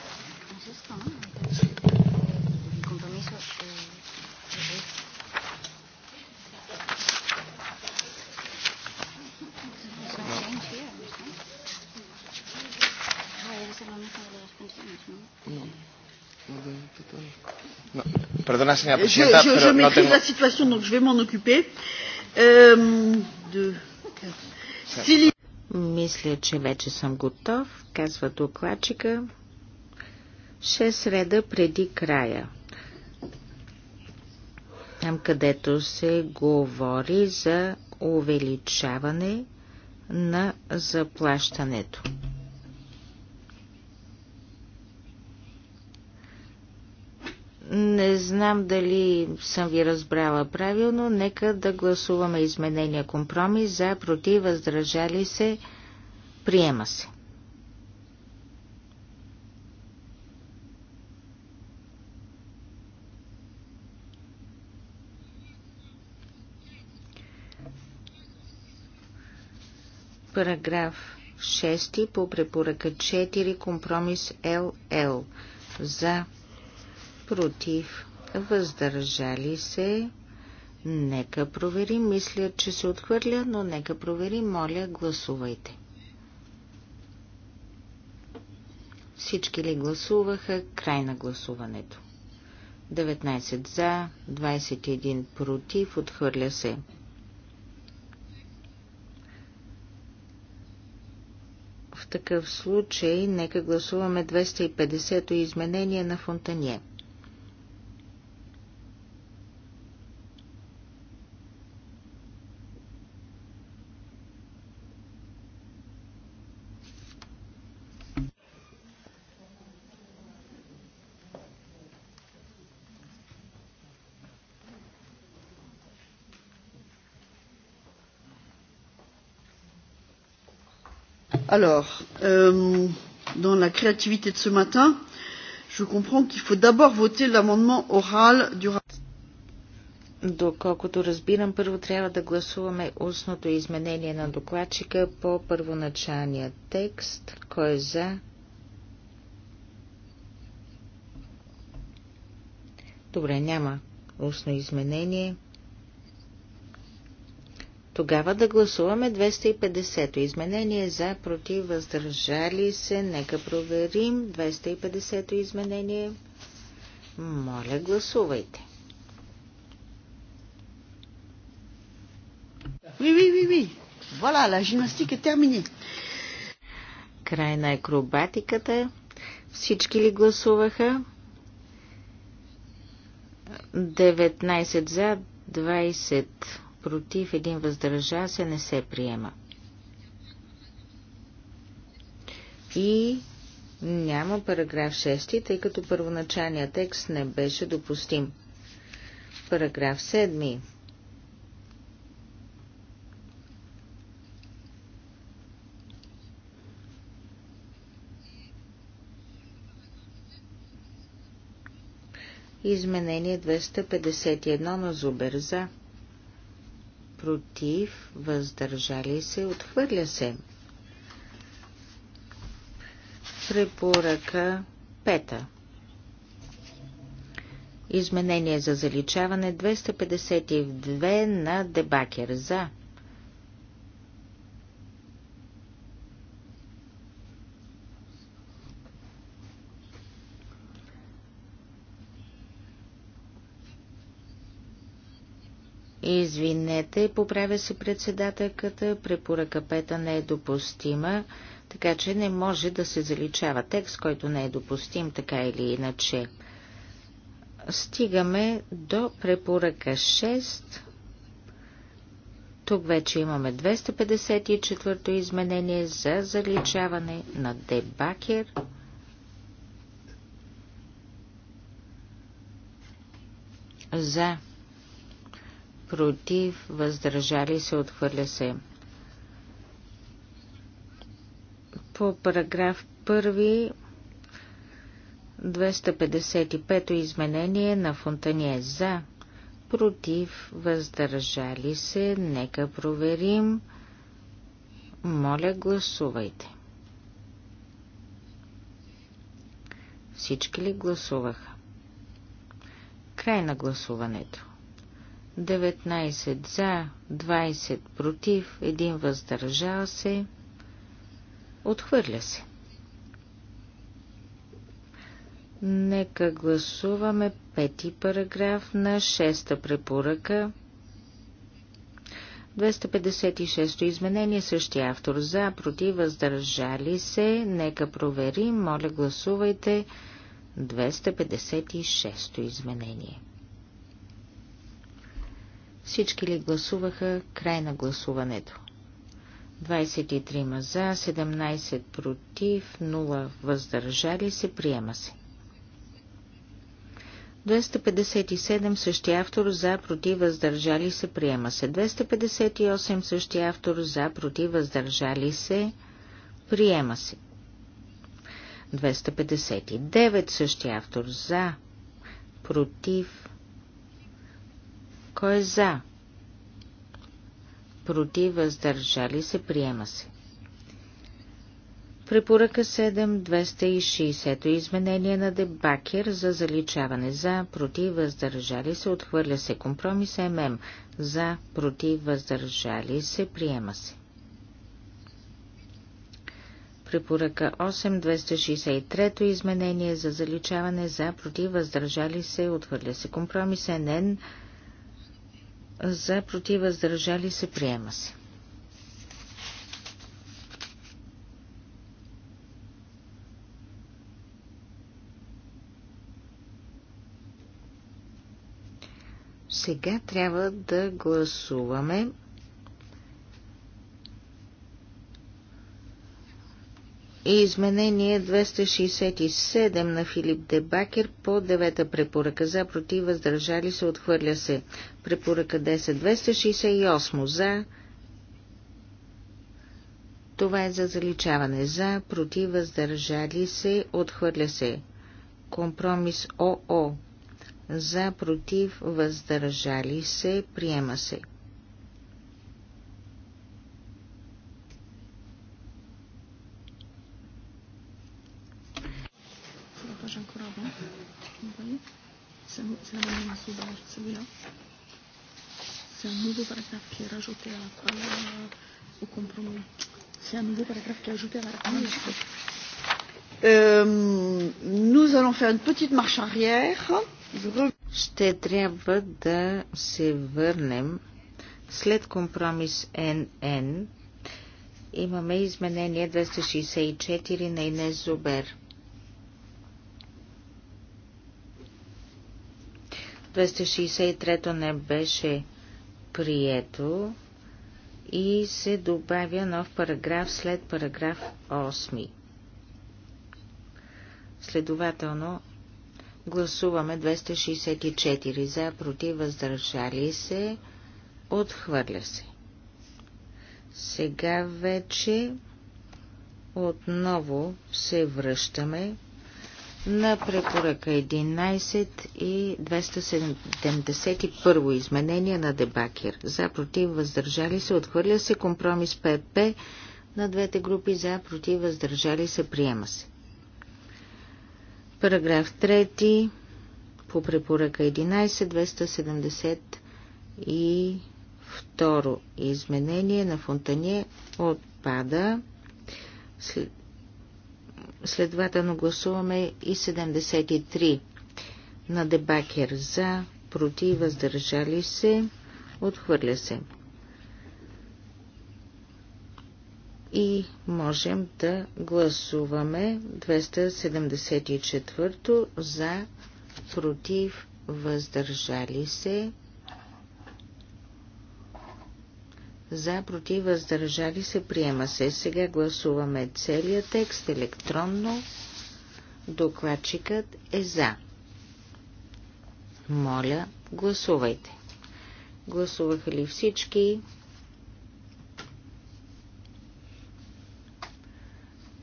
S4: Perdona, señora presidenta. Je, je, je tengo... la
S2: situación, donc je vais m'en occuper. Euh, de... Сили... Мисля,
S3: че вече съм готов, казва докладчика. Шест реда преди края. Там, където се говори за увеличаване на заплащането. Не знам дали съм ви разбрала правилно. Нека да гласуваме изменения компромис за против въздържали се. Приема се. Параграф 6 по препоръка 4 компромис ЛЛ за против, въздържали се. Нека проверим. Мисля, че се отхвърля, но нека проверим. Моля, гласувайте. Всички ли гласуваха? Край на гласуването. 19 за, 21 против, отхвърля се. В такъв случай, нека гласуваме 250-то изменение на Фонтанье.
S2: Alors, euh, dans la créativité de ce matin, je comprends qu'il faut d'abord voter l'amendement oral du Доколкото
S3: разбирам, първо трябва да гласуваме устното изменение на докладчика по първоначалния текст. Кой е за? Добре, няма устно изменение. Тогава да гласуваме 250-то изменение за против въздържали се. Нека проверим 250-то изменение. Моля, гласувайте.
S2: Ви, ви, ви. oui. Voilà, la gymnastique est
S3: Край на акробатиката. Всички ли гласуваха? 19 за, 20 против, един въздържа се, не се приема. И няма параграф 6, тъй като първоначалният текст не беше допустим. Параграф 7. Изменение 251 на Зубер за против, въздържали се, отхвърля се. Препоръка пета. Изменение за заличаване 252 на дебакер за. Извинете, поправя се председателката, препоръка пета не е допустима, така че не може да се заличава текст, който не е допустим, така или иначе. Стигаме до препоръка 6. Тук вече имаме 254-то изменение за заличаване на дебакер. За против, въздържали се, отхвърля се. По параграф 1, 255 изменение на Фонтание за, против, въздържали се, нека проверим. Моля, гласувайте. Всички ли гласуваха? Край на гласуването. 19 за, 20 против, 1 въздържал се. Отхвърля се. Нека гласуваме пети параграф на шеста препоръка. 256 изменение същия автор за, против, въздържали се. Нека проверим. Моля, гласувайте 256 изменение. Всички ли гласуваха? Край на гласуването. 23 за, 17 против, 0 въздържали се, приема се. 257 същи автор за, против, въздържали се, приема се. 258 същия автор за, против, въздържали се, приема се. 259 същия автор за, против, кой е за? Против, въздържали се, приема се. Препоръка 7.260 изменение на Дебакер за заличаване за, против, въздържали се, отхвърля се компромис ММ за, против, въздържали се, приема се. Препоръка 8.263 изменение за заличаване за, против, въздържали се, отхвърля се компромис НН за против въздържали се приема се. Сега трябва да гласуваме и изменение 267 на Филип Дебакер по девета препоръка за против въздържали се отхвърля се. Препоръка 10 268 за това е за заличаване за против въздържали се отхвърля се. Компромис ОО за против въздържали се приема се.
S2: C'est un nouveau paragraphe qui est rajouté à, à, au compromis. C'est un nouveau paragraphe qui est ajouté à la euh, Nous allons faire une petite marche arrière. Je reviens ще трябва да се върнем
S3: след компромис НН. Имаме изменение 264 на Инес Зубер. 263 не беше прието и се добавя нов параграф след параграф 8. Следователно гласуваме 264 за, против, въздържали се, отхвърля се. Сега вече отново се връщаме на препоръка 11 и 271 изменение на Дебакер. За против въздържали се отхвърля се компромис ПП на двете групи за против въздържали се приема се. Параграф 3 по препоръка 11 272 изменение на Фонтане отпада. Следователно гласуваме и 73 на Дебакер за, против, въздържали се, отхвърля се. И можем да гласуваме 274 за, против, въздържали се, за против въздържали се приема се. Сега гласуваме целият текст електронно. Докладчикът е за. Моля, гласувайте. Гласуваха ли всички?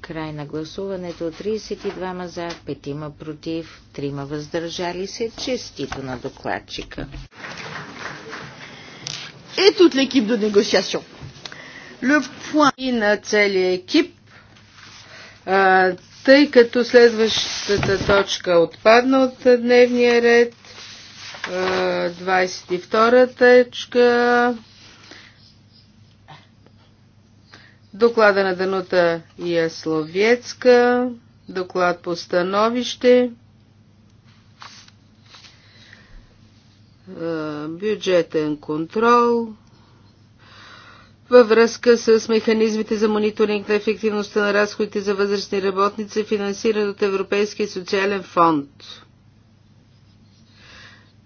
S3: край на гласуването 32 за, 5 против, 3 въздържали се. Честито на докладчика
S2: et toute l'équipe de négociation. Le point in на целия екип,
S1: а, тъй като следващата точка отпадна от дневния ред, а, 22 точка, доклада на Данута Ясловецка, доклад по становище, Е, бюджетен контрол във връзка с механизмите за мониторинг на ефективността на разходите за възрастни работници, финансиран от Европейския социален фонд.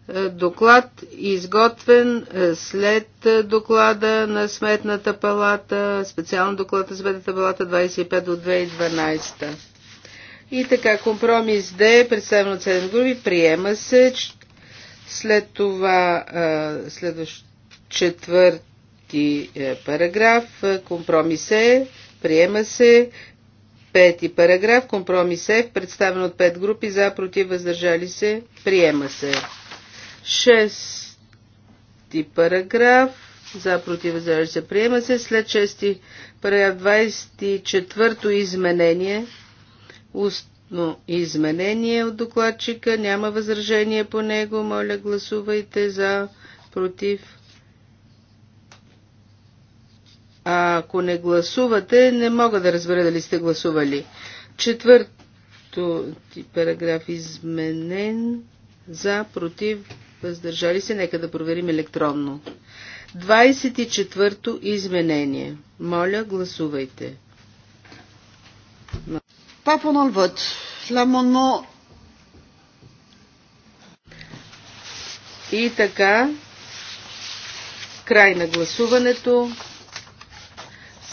S1: Е, доклад изготвен е, след доклада на Сметната палата, специално доклад на Сметната палата 25 до 2012. И така, компромис Д, представен от 7 групи, приема се след това следващ четвърти е, параграф, е, компромис е, приема се. Пети параграф, компромис е, представен от пет групи, за, против, въздържали се, приема се. Шести параграф, за, против, въздържали се, приема се. След шести параграф, 24-то изменение, уст но изменение от докладчика. Няма възражение по него. Моля, гласувайте за, против. А ако не гласувате, не мога да разбера дали сте гласували. Четвърто параграф изменен. За, против, въздържали се. Нека да проверим електронно. 24-то изменение. Моля, гласувайте.
S2: Pas pendant le vote. L'amendement. И така,
S1: край на гласуването.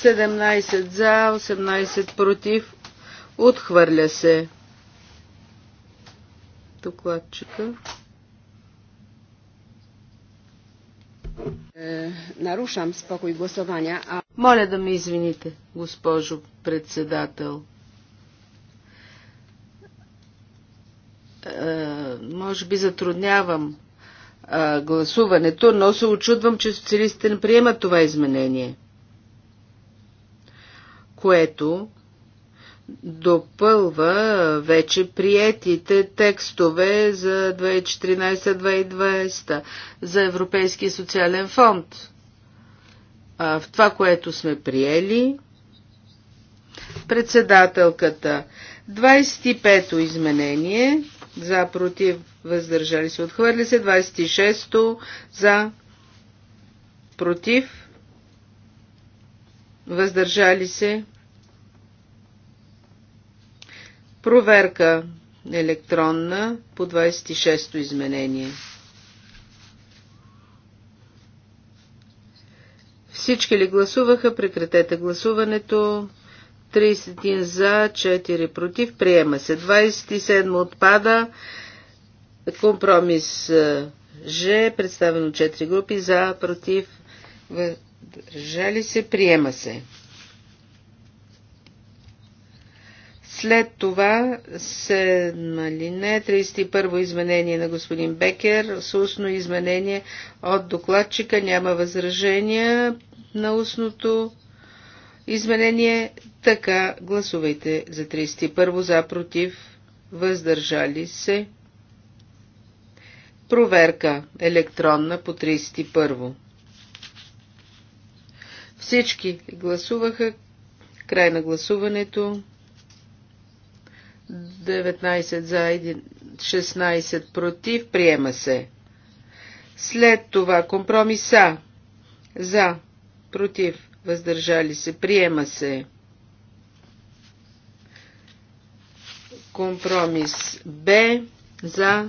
S1: 17 за, 18 против. Отхвърля се. Докладчика. Е, нарушам спокой гласования. А... Моля да ме извините, госпожо председател. Е, може би затруднявам е, гласуването, но се очудвам, че социалистите не приемат това изменение, което допълва е, вече приетите текстове за 2014-2020 за Европейския социален фонд. А, в това, което сме приели, председателката 25-то изменение – за против, въздържали се, отхвърли се. 26 за против, въздържали се. Проверка електронна по 26-то изменение. Всички ли гласуваха? Прекратете гласуването. 31 за, 4 против. Приема се. 27 отпада. Компромис е, Ж, представено 4 групи за, против, въдържали се, приема се. След това се лине 31-во изменение на господин Бекер, с устно изменение от докладчика, няма възражения на устното Изменение така. Гласувайте за 31 за против. Въздържали се. Проверка електронна по 31. Всички гласуваха. Край на гласуването. 19 за 16 против. Приема се. След това компромиса. За. Против въздържали се, приема се. Компромис Б за,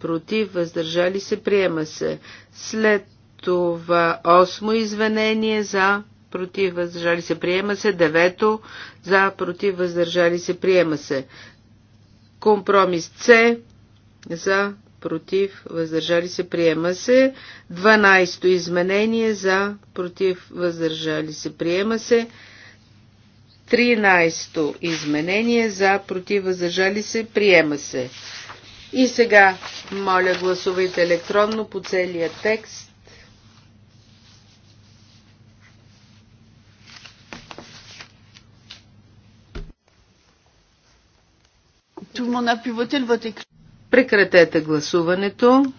S1: против, въздържали се, приема се. След това осмо извинение за, против, въздържали се, приема се. Девето за, против, въздържали се, приема се. Компромис С за, против, въздържали се, приема се. 12-то изменение за, против, въздържали се, приема се. 13-то изменение за, против, въздържали се, приема се. И сега, моля, гласувайте електронно по целия текст.
S2: Tout le monde a pu voter le vote
S1: Прекратете гласуването.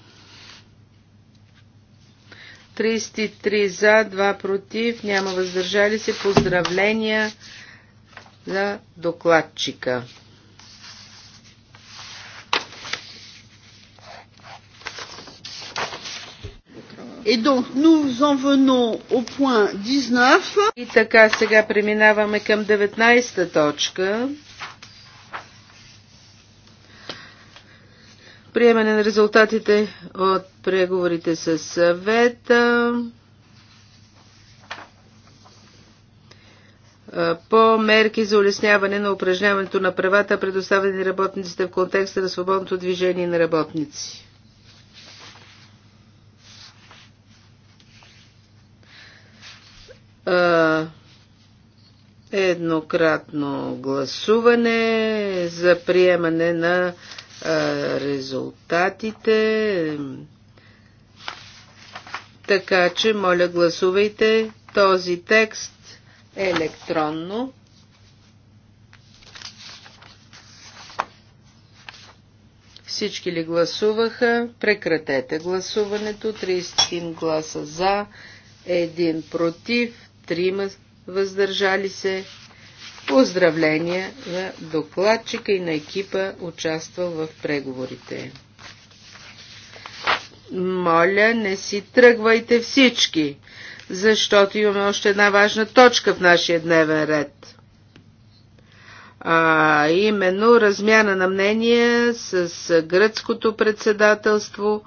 S1: 33 за, 2 против, няма въздържали се. Поздравления за докладчика. Et donc nous en venons au point 19. И така сега преминаваме към 19 точка. Приемане на резултатите от преговорите с съвета. по мерки за улесняване на упражняването на правата, предоставени работниците в контекста на свободното движение на работници. Еднократно гласуване за приемане на резултатите. Така че, моля, гласувайте този текст електронно. Всички ли гласуваха? Прекратете гласуването. 30 гласа за, 1 против, 3 въздържали се. Поздравления на докладчика и на екипа, участвал в преговорите. Моля, не си тръгвайте всички, защото имаме още една важна точка в нашия дневен ред. А именно размяна на мнения с гръцкото председателство.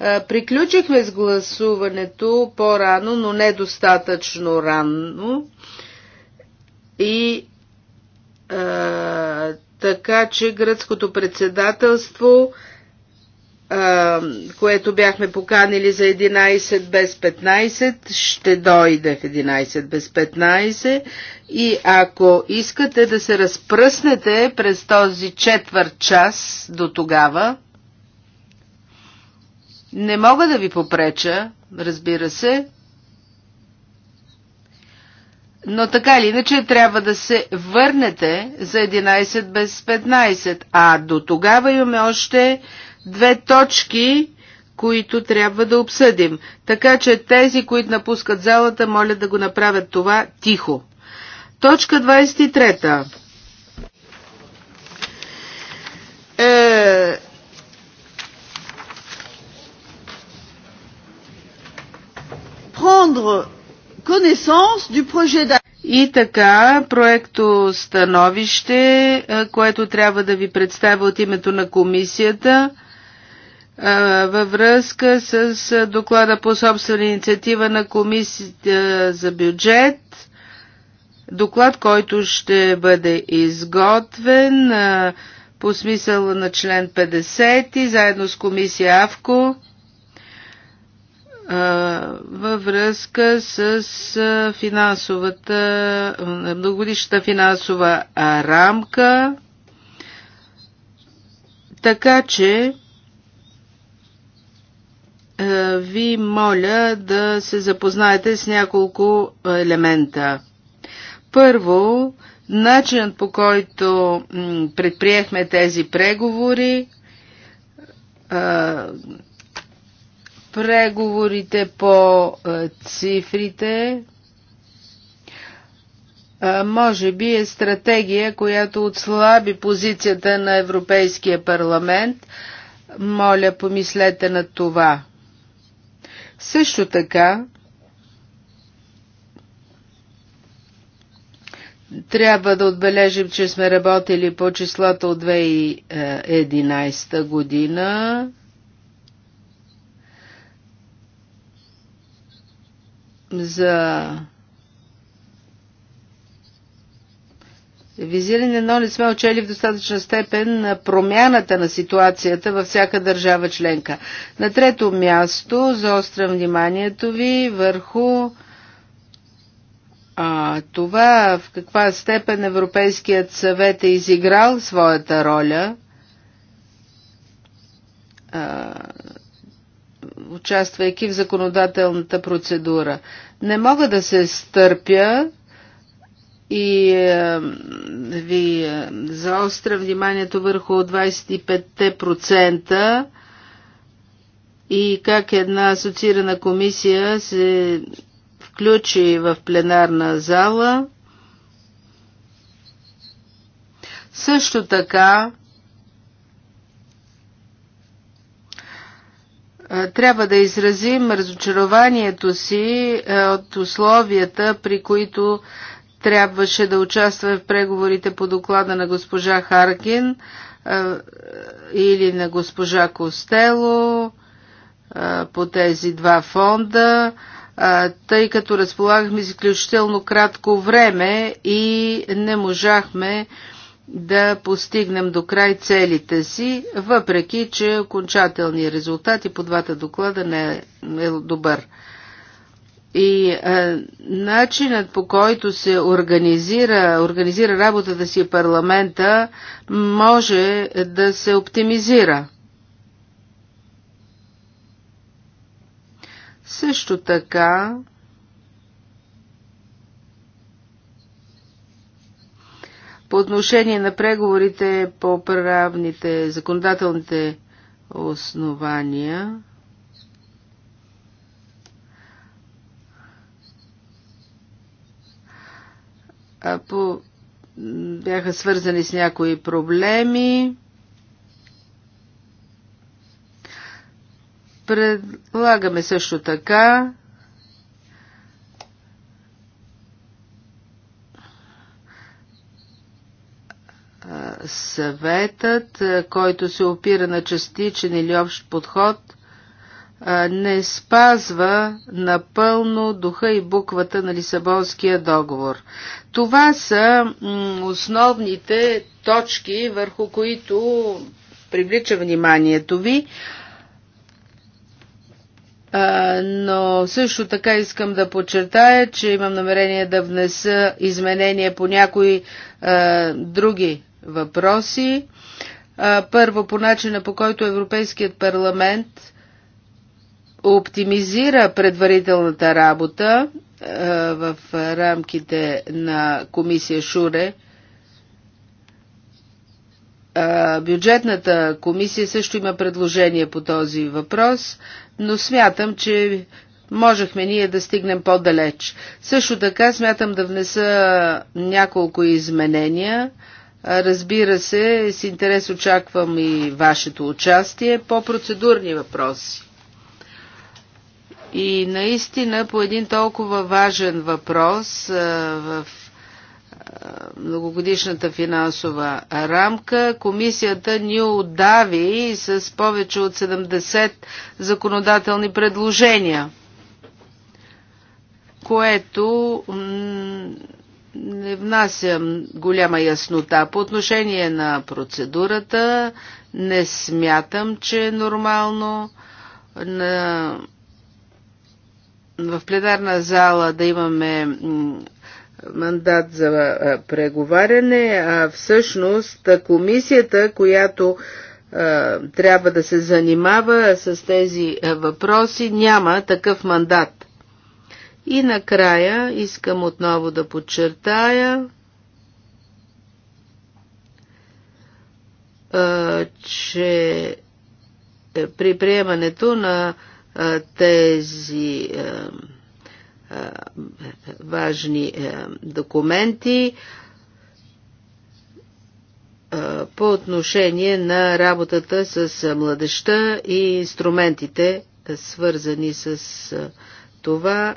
S1: А, приключихме с гласуването по-рано, но недостатъчно рано. И а, така, че гръцкото председателство, а, което бяхме поканили за 11 без 15, ще дойде в 11 без 15. И ако искате да се разпръснете през този четвърт час до тогава, не мога да ви попреча, разбира се, но така или иначе трябва да се върнете за 11 без 15, а до тогава имаме още две точки, които трябва да обсъдим. Така че тези, които напускат залата, моля да го направят това тихо. Точка 23. Е...
S2: Prendre connaissance du projet И така, проекто
S1: становище, което трябва да ви представя от името на комисията във връзка с доклада по собствена инициатива на комисията за бюджет доклад, който ще бъде изготвен по смисъл на член 50 заедно с комисия АВКО във връзка с финансовата, многогодишната финансова рамка, така че ви моля да се запознаете с няколко елемента. Първо, начинът по който предприехме тези преговори, преговорите по е, цифрите е, може би е стратегия, която отслаби позицията на Европейския парламент. Моля, помислете на това. Също така, трябва да отбележим, че сме работили по числото от 2011 е, година за визиране, но не сме учели в достатъчна степен на промяната на ситуацията във всяка държава членка. На трето място заострям вниманието ви върху а, това в каква степен Европейският съвет е изиграл своята роля а, участвайки в законодателната процедура. Не мога да се стърпя и е, ви е, заостря вниманието върху 25% и как една асоциирана комисия се включи в пленарна зала. Също така трябва да изразим разочарованието си от условията, при които трябваше да участва в преговорите по доклада на госпожа Харкин или на госпожа Костело по тези два фонда, тъй като разполагахме изключително кратко време и не можахме да постигнем до край целите си, въпреки че окончателният резултат и по двата доклада не е, е добър. И е, начинът по който се организира, организира работата си парламента може да се оптимизира. Също така По отношение на преговорите по правните, законодателните основания, по, бяха свързани с някои проблеми. Предлагаме също така съветът, който се опира на частичен или общ подход, не спазва напълно духа и буквата на Лисабонския договор. Това са основните точки, върху които привлича вниманието ви. Но също така искам да подчертая, че имам намерение да внеса изменения по някои други въпроси. Първо, по начина по който Европейският парламент оптимизира предварителната работа в рамките на комисия Шуре. Бюджетната комисия също има предложение по този въпрос, но смятам, че можехме ние да стигнем по-далеч. Също така смятам да внеса няколко изменения Разбира се, с интерес очаквам и вашето участие по процедурни въпроси. И наистина по един толкова важен въпрос в многогодишната финансова рамка, комисията ни отдави с повече от 70 законодателни предложения, което не внасям голяма яснота. По отношение на процедурата не смятам, че е нормално на... в пленарна зала да имаме мандат за преговаряне, а всъщност комисията, която трябва да се занимава с тези въпроси, няма такъв мандат. И накрая искам отново да подчертая, че е, при приемането на тези важни документи по отношение на работата с младеща и инструментите, свързани с това,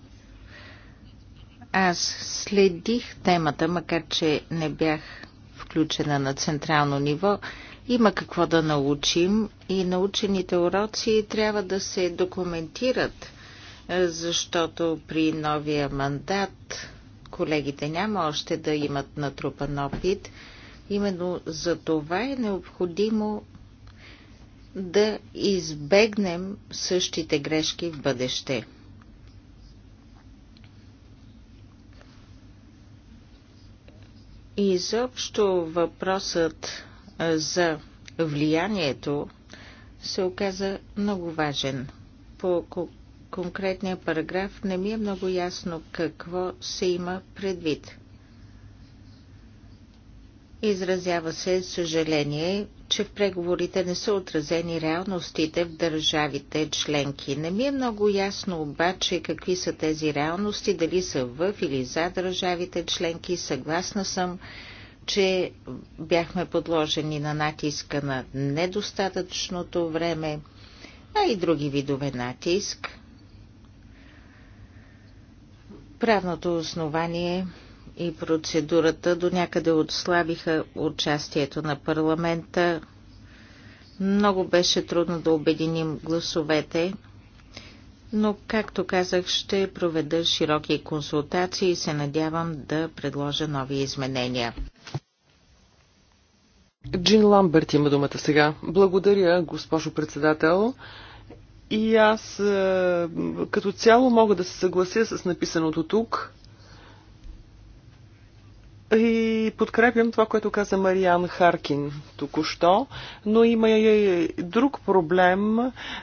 S3: Аз следих темата, макар че не бях включена на централно ниво. Има какво да научим и научените уроци трябва да се документират, защото при новия мандат колегите няма още да имат натрупан опит. Именно за това е необходимо да избегнем същите грешки в бъдеще. И изобщо въпросът за влиянието се оказа много важен. По конкретния параграф не ми е много ясно какво се има предвид. Изразява се съжаление че в преговорите не са отразени реалностите в държавите членки. Не ми е много ясно обаче какви са тези реалности, дали са в или за държавите членки. Съгласна съм, че бяхме подложени на натиска на недостатъчното време, а и други видове натиск. Правното основание и процедурата до някъде отслабиха участието на парламента. Много беше трудно да обединим гласовете, но, както казах, ще проведа широки консултации и се надявам да предложа нови изменения.
S4: Джин Ламберт има думата сега. Благодаря, госпожо председател. И аз е, като цяло мога да се съглася с написаното тук. И подкрепям това, което каза Мариан Харкин току-що, но има и друг проблем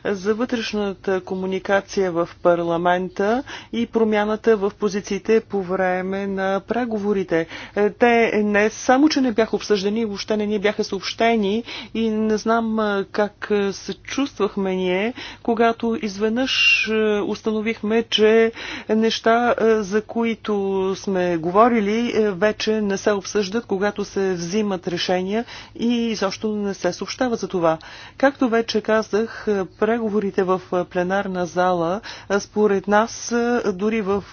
S4: за вътрешната комуникация в парламента и промяната в позициите по време на преговорите. Е, те не само, че не бяха обсъждани, въобще не ни бяха съобщени и не знам е, как е, се чувствахме ние, когато изведнъж установихме, че неща, за които сме говорили, вече не се обсъждат, когато се взимат решения и изобщо не се съобщава за това. Както вече казах, преговорите в пленарна зала, според нас, дори в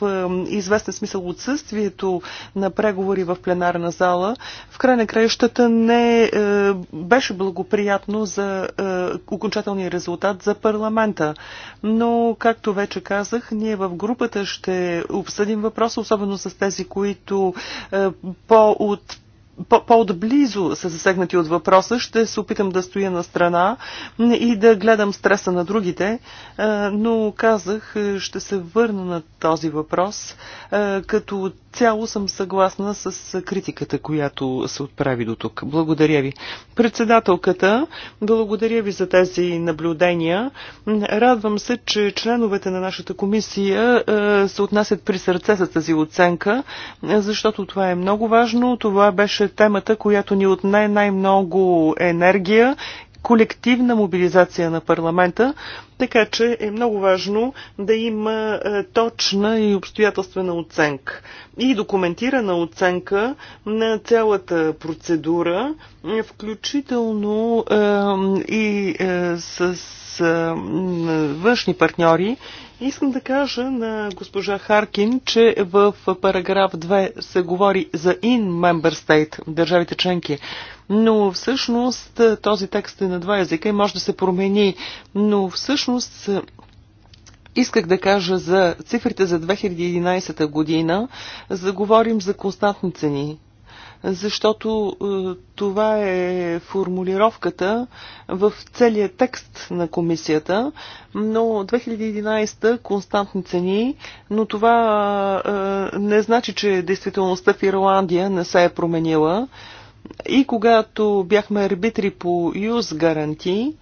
S4: известен смисъл отсъствието на преговори в пленарна зала, в край на краищата не е, беше благоприятно за е, окончателния резултат за парламента. Но, както вече казах, ние в групата ще обсъдим въпроса, особено с тези, които е, по по-отблизо -по са засегнати от въпроса, ще се опитам да стоя на страна и да гледам стреса на другите, е, но казах, е, ще се върна на този въпрос, е, като цяло съм съгласна с критиката, която се отправи до тук. Благодаря ви. Председателката, благодаря ви за тези наблюдения. Радвам се, че членовете на нашата комисия е, се отнасят при сърце с тази оценка, защото това е много важно. Това беше темата, която ни отне най-много енергия колективна мобилизация на парламента, така че е много важно да има е, точна и обстоятелствена оценка и документирана оценка на цялата процедура, включително е, и е, с външни партньори Искам да кажа на госпожа Харкин, че в параграф 2 се говори за in member state, държавите членки. Но всъщност е, този текст е на два езика и може да се промени. Но всъщност е, исках да кажа за цифрите за 2011 година, заговорим за константни цени защото е, това е формулировката в целия текст на комисията, но 2011 константни цени, но това е, не значи, че действителността в Ирландия не се е променила. И когато бяхме арбитри по юз гарантии,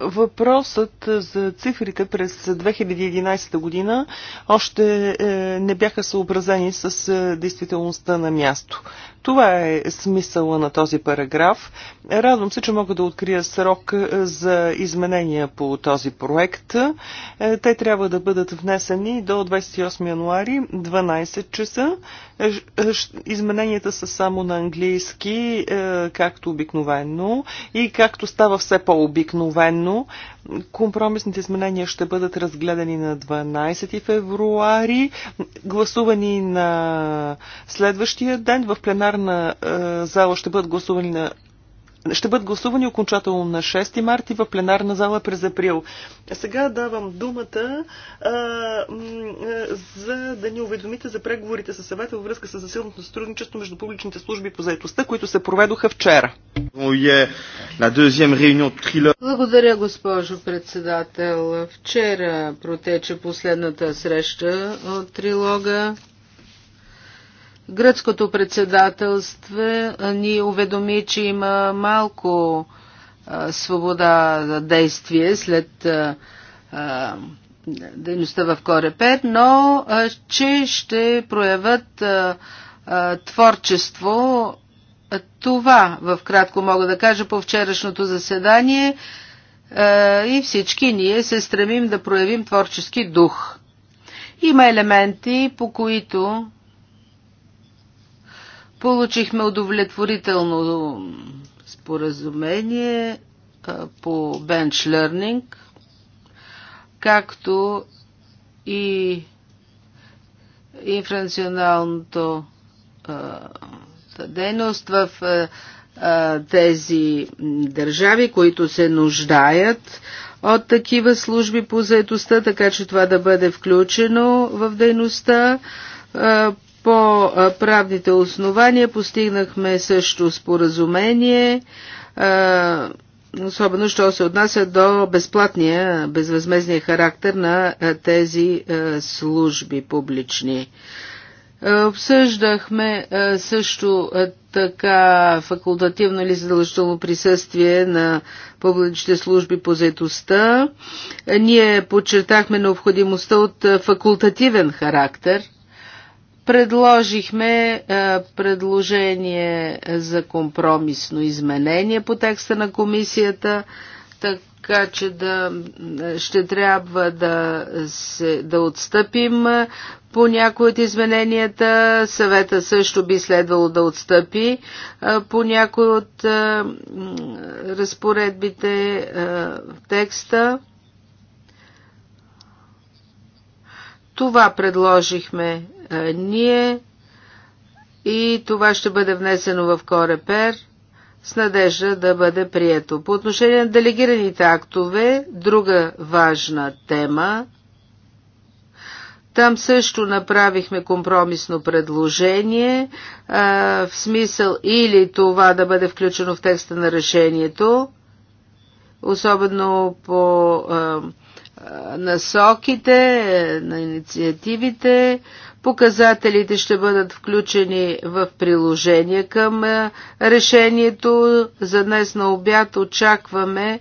S4: Въпросът за цифрите през 2011 година още е, не бяха съобразени с е, действителността на място. Това е смисъла на този параграф. Радвам се, че мога да открия срок е, за изменения по този проект. Е, те трябва да бъдат внесени до 28 януари 12 часа. Е, измененията са само на английски, както обикновено, и както става все по обикновено Компромисните изменения ще бъдат разгледани на 12 февруари, гласувани на следващия ден. В пленарна е, зала ще бъдат гласувани на ще бъдат гласувани окончателно на 6 марта и в пленарна зала през април. Сега давам думата а, за да ни уведомите за преговорите с съвета във връзка с засилното сътрудничество между публичните служби по заедостта, които се проведоха вчера.
S1: Благодаря, госпожо председател. Вчера протече последната среща от трилога. Гръцкото председателство ни уведоми, че има малко а, свобода за действие след а, а, дейността в Корепер, но а, че ще проявят а, а, творчество. Това в кратко мога да кажа по вчерашното заседание а, и всички ние се стремим да проявим творчески дух. Има елементи, по които Получихме удовлетворително споразумение по Bench Learning, както и инфранционалното дейност в тези държави, които се нуждаят от такива служби по заедостта, така че това да бъде включено в дейността по правните основания постигнахме също споразумение, особено що се отнася до безплатния, безвъзмезния характер на тези служби публични. Обсъждахме също така факултативно или задължително присъствие на публичните служби по заедостта. Ние подчертахме необходимостта от факултативен характер – Предложихме е, предложение за компромисно изменение по текста на комисията, така че да, ще трябва да, се, да отстъпим по някои от измененията. Съвета също би следвало да отстъпи е, по някои от е, разпоредбите в текста. Това предложихме ние и това ще бъде внесено в Корепер с надежда да бъде прието. По отношение на делегираните актове, друга важна тема, там също направихме компромисно предложение а, в смисъл или това да бъде включено в текста на решението, особено по а, насоките, на инициативите, Показателите ще бъдат включени в приложение към е, решението. За днес на обяд очакваме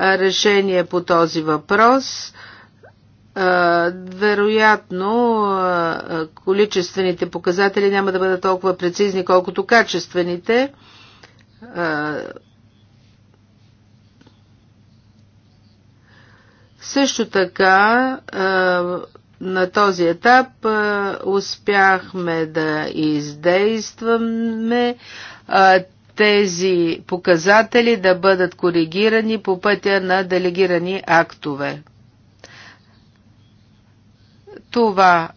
S1: е, решение по този въпрос. Е, вероятно, количествените показатели няма да бъдат толкова прецизни, колкото качествените. Също така на този етап успяхме да издействаме тези показатели да бъдат коригирани по пътя на делегирани актове. Това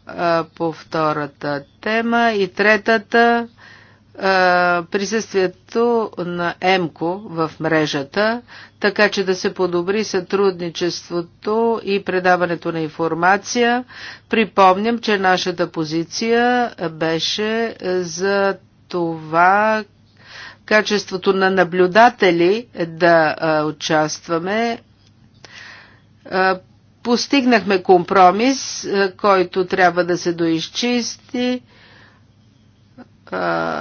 S1: по втората тема и третата присъствието на ЕМКО в мрежата, така че да се подобри сътрудничеството и предаването на информация. Припомням, че нашата позиция беше за това качеството на наблюдатели да участваме. Постигнахме компромис, който трябва да се доизчисти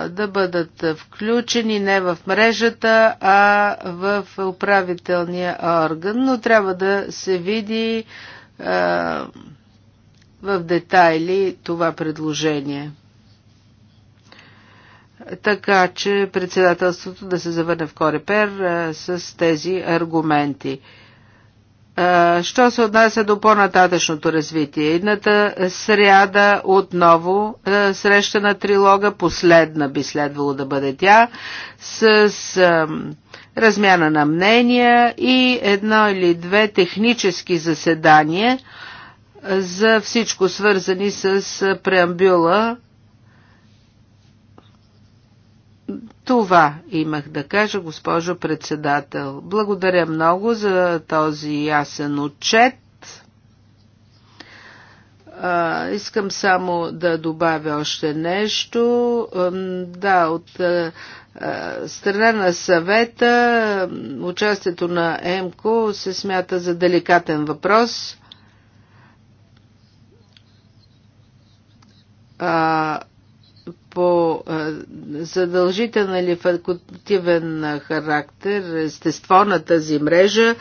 S1: да бъдат включени не в мрежата, а в управителния орган, но трябва да се види в детайли това предложение. Така че председателството да се завърне в Корепер с тези аргументи. Що се отнася до по-нататъчното развитие? Едната сряда отново среща на трилога, последна би следвало да бъде тя, с размяна на мнения и едно или две технически заседания за всичко свързани с преамбюла това имах да кажа, госпожо председател. Благодаря много за този ясен отчет. А, искам само да добавя още нещо. Да, от а, страна на съвета участието на МКО се смята за деликатен въпрос. А, по задължителен или факултивен характер, естество на тази мрежа,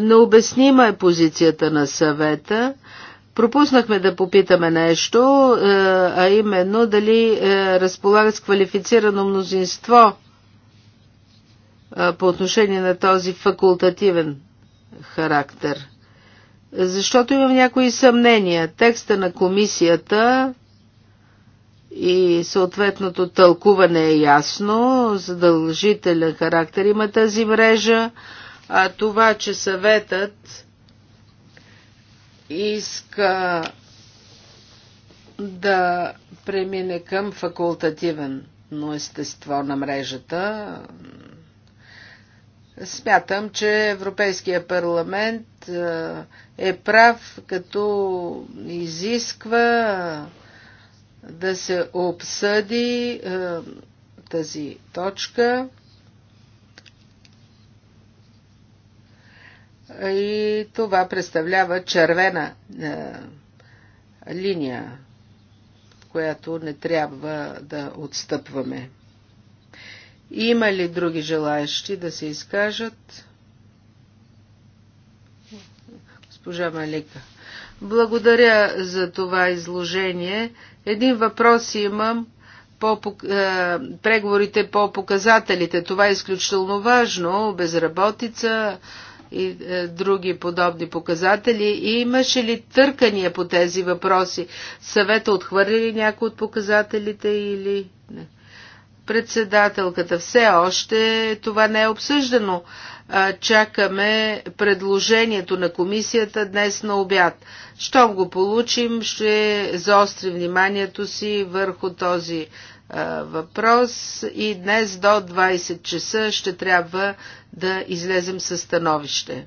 S1: необяснима е позицията на съвета. Пропуснахме да попитаме нещо, а именно дали разполагат с квалифицирано мнозинство по отношение на този факултативен характер. Защото имам някои съмнения. Текста на комисията и съответното тълкуване е ясно, задължителен характер има тази мрежа, а това, че съветът иска да премине към факултативен но естество на мрежата. Смятам, че Европейския парламент е прав, като изисква да се обсъди е, тази точка. И това представлява червена е, линия, която не трябва да отстъпваме. Има ли други желаящи да се изкажат? Госпожа Малика. Благодаря за това изложение. Един въпрос имам по е, преговорите по показателите. Това е изключително важно. Безработица и е, други подобни показатели. И имаше ли търкания по тези въпроси? Съвета отхвърли ли някои от показателите или... Не. Председателката все още това не е обсъждано чакаме предложението на комисията днес на обяд. Щом го получим, ще заостри вниманието си върху този въпрос и днес до 20 часа ще трябва да излезем със становище.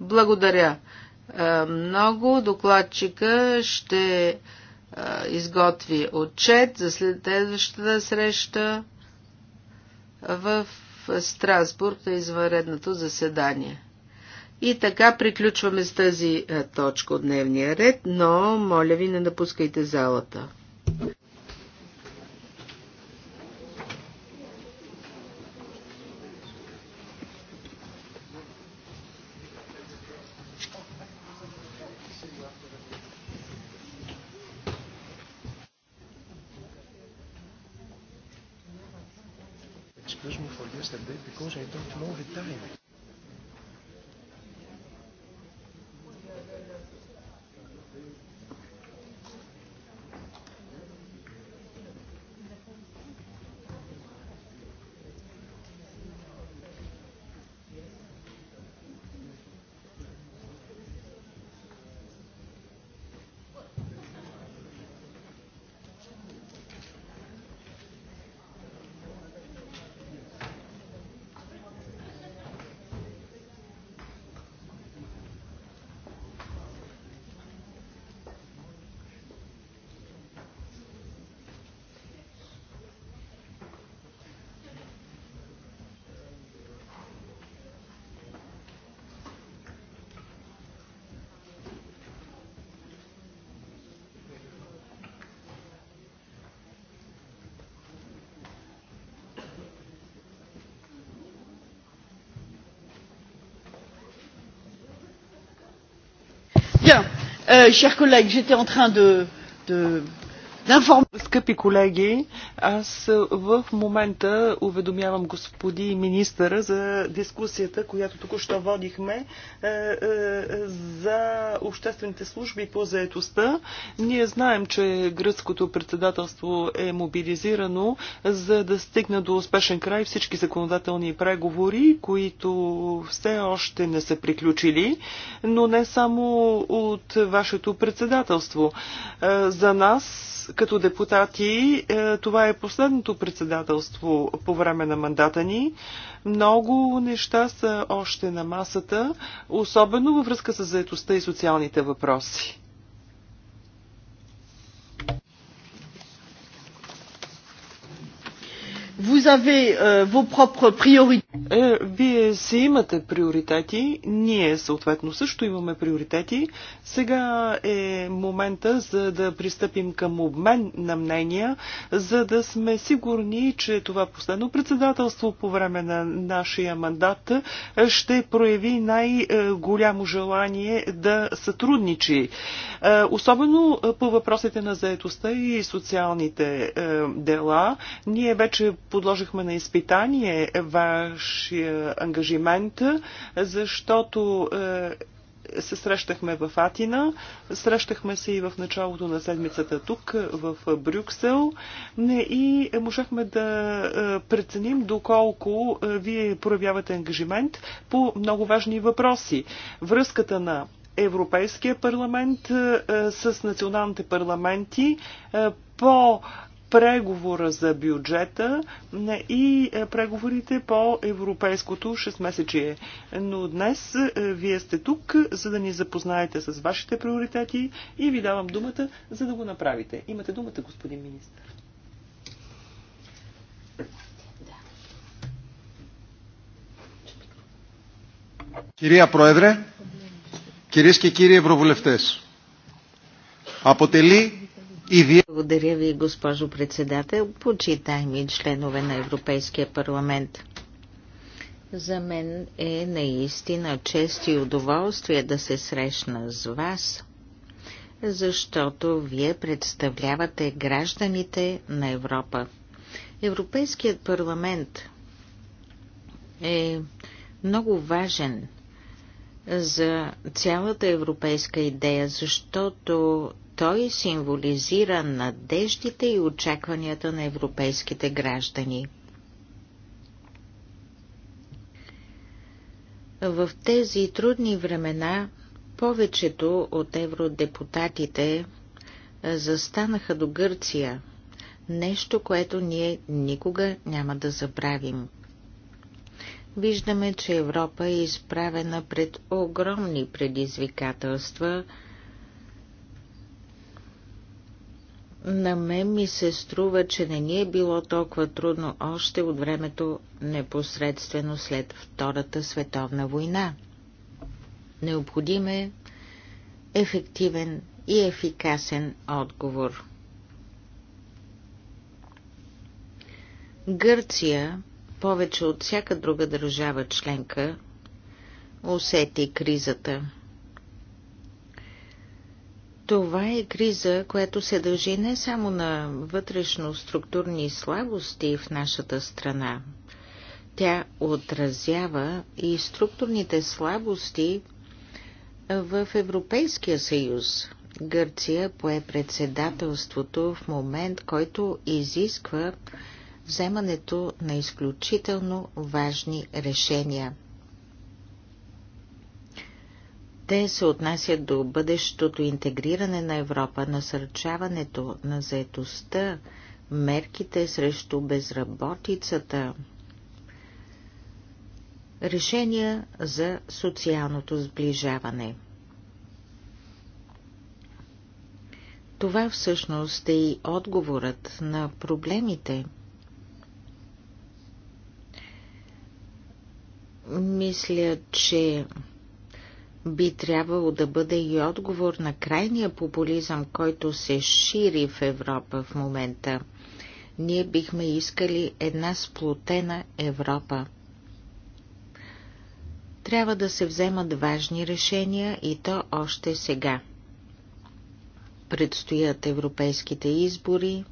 S1: Благодаря много. Докладчика ще изготви отчет за следващата среща в Страсбург на извънредното заседание. И така приключваме с тази е, точка от дневния ред, но моля ви не напускайте залата.
S4: because I don't know the time.
S2: chers collègues j'étais en train
S4: d'informer Скъпи колеги, аз в момента уведомявам господи министъра за дискусията, която току-що водихме е, е, за обществените служби по заетостта. Ние знаем, че гръцкото председателство е мобилизирано за да стигне до успешен край всички законодателни преговори, които все още не са приключили, но не само от вашето председателство. Е, за нас, като депутат, щати, е, това е последното председателство по време на мандата ни. Много неща са още на масата, особено във връзка с заетостта и социалните въпроси. Vous avez euh, vos propres priorités. Е, вие си имате приоритети, ние съответно също имаме приоритети. Сега е момента за да пристъпим към обмен на мнения, за да сме сигурни, че това последно председателство по време на нашия мандат е, ще прояви най-голямо желание да сътрудничи. Е, особено по въпросите на заетостта и социалните дела. Ние вече подложихме на изпитание вашия ангажимент, защото е, се срещахме в Атина, срещахме се и в началото на седмицата тук, в Брюксел е, и можахме да е, преценим доколко вие проявявате ангажимент по много важни въпроси. Връзката на Европейския парламент с националните парламенти по преговора за бюджета и е, преговорите по европейското 6-месечие. Но днес е, вие сте тук, за да ни запознаете с вашите приоритети и ви давам думата, за да го направите. Имате думата, господин министр.
S2: Κυρία Πρόεδρε, κυρίες και κύριοι Ευρωβουλευτές, αποτελεί
S3: и вие... Благодаря ви, госпожо председател, почитаеми членове на Европейския парламент. За мен е наистина чест и удоволствие да се срещна с вас, защото вие представлявате гражданите на Европа. Европейският парламент е много важен за цялата европейска идея, защото той символизира надеждите и очакванията на европейските граждани. В тези трудни времена повечето от евродепутатите застанаха до Гърция, нещо, което ние никога няма да забравим. Виждаме, че Европа е изправена пред огромни предизвикателства – На мен ми се струва, че не ни е било толкова трудно още от времето непосредствено след Втората световна война. Необходим е ефективен и ефикасен отговор. Гърция, повече от всяка друга държава членка, усети кризата – това е криза, която се дължи не само на вътрешно-структурни слабости в нашата страна. Тя отразява и структурните слабости в Европейския съюз. Гърция пое председателството в момент, който изисква вземането на изключително важни решения – те се отнасят до бъдещото интегриране на Европа, насърчаването на заетостта, мерките срещу безработицата, решения за социалното сближаване. Това всъщност е и отговорът на проблемите. Мисля, че би трябвало да бъде и отговор на крайния популизъм, който се шири в Европа в момента. Ние бихме искали една сплотена Европа. Трябва да се вземат важни решения и то още сега. Предстоят европейските избори,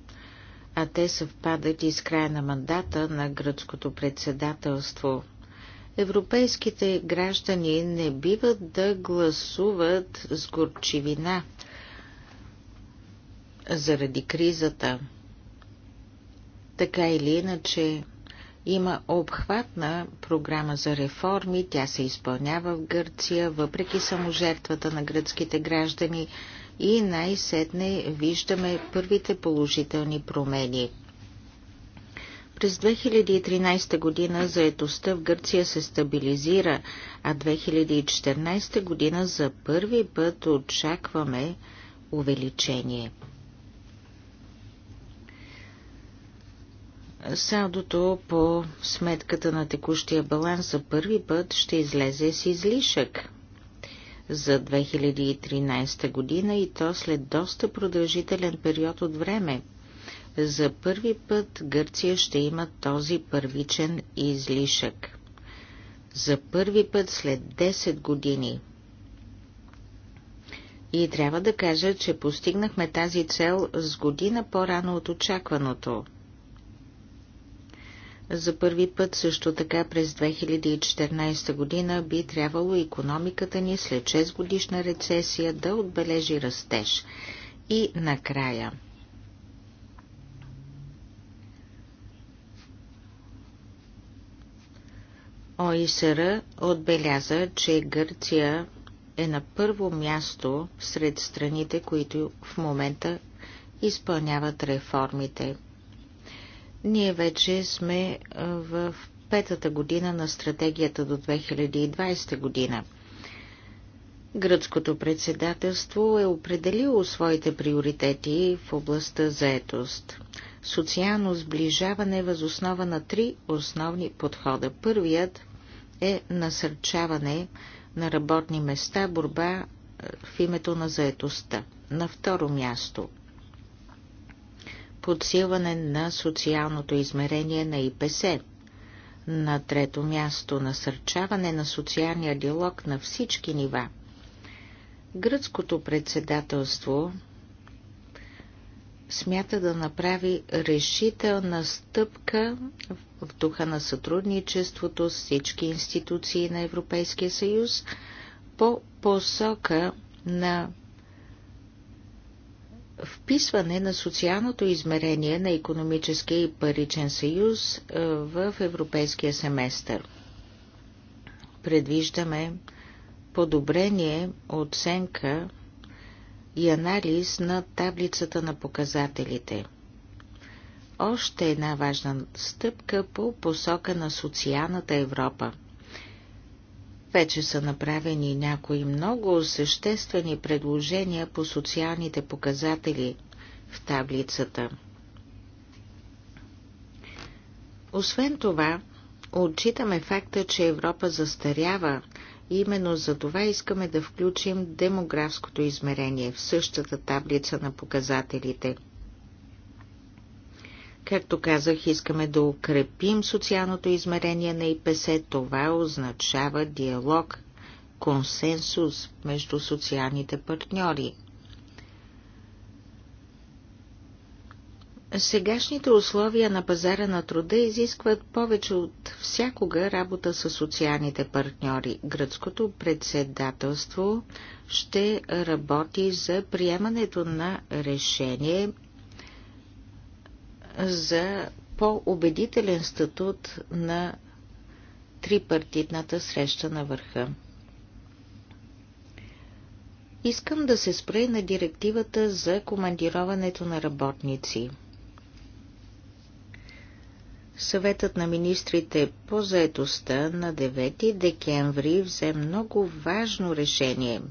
S3: а те съвпадат и с края на мандата на гръцкото председателство – Европейските граждани не биват да гласуват с горчивина заради кризата. Така или иначе, има обхватна програма за реформи, тя се изпълнява в Гърция, въпреки саможертвата на гръцките граждани и най-сетне виждаме първите положителни промени – през 2013 година заетостта в Гърция се стабилизира, а 2014 година за първи път очакваме увеличение. Салдото по сметката на текущия баланс за първи път ще излезе с излишък за 2013 година и то след доста продължителен период от време – за първи път Гърция ще има този първичен излишък. За първи път след 10 години. И трябва да кажа, че постигнахме тази цел с година по-рано от очакваното. За първи път също така през 2014 година би трябвало економиката ни след 6 годишна рецесия да отбележи растеж. И накрая – ОИСР отбеляза, че Гърция е на първо място сред страните, които в момента изпълняват реформите. Ние вече сме в петата година на стратегията до 2020 година – Гръцкото председателство е определило своите приоритети в областта заетост. Социално сближаване възоснова на три основни подхода. Първият е насърчаване на работни места, борба е, в името на заетостта. На второ място подсилване на социалното измерение на ИПС. На трето място насърчаване на социалния диалог на всички нива – Гръцкото председателство смята да направи решителна стъпка в духа на сътрудничеството с всички институции на Европейския съюз по посока на вписване на социалното измерение на економическия и паричен съюз е, в европейския семестър. Предвиждаме подобрение, оценка и анализ на таблицата на показателите. Още една важна стъпка по посока на социалната Европа. Вече са направени някои много съществени предложения по социалните показатели в таблицата. Освен това, отчитаме факта, че Европа застарява – Именно за това искаме да включим демографското измерение в същата таблица на показателите. Както казах, искаме да укрепим социалното измерение на ИПС. Това означава диалог, консенсус между социалните партньори. Сегашните условия на пазара на труда изискват повече от всякога работа с социалните партньори. Гръцкото председателство ще работи за приемането на решение за по-убедителен статут на трипартитната среща на върха. Искам да се спре на директивата за командироването на работници – Съветът на министрите по заедостта на 9 декември взе много важно решение.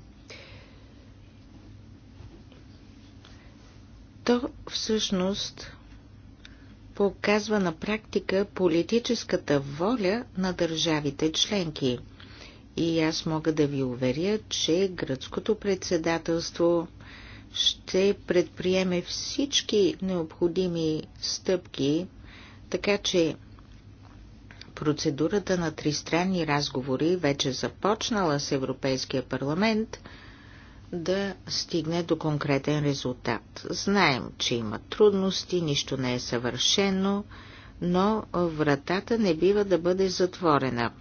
S3: То всъщност показва на практика политическата воля на държавите членки. И аз мога да ви уверя, че гръцкото председателство ще предприеме всички необходими стъпки – така че процедурата на тристранни разговори вече започнала с Европейския парламент да стигне до конкретен резултат. Знаем, че има трудности, нищо не е съвършено, но вратата не бива да бъде затворена.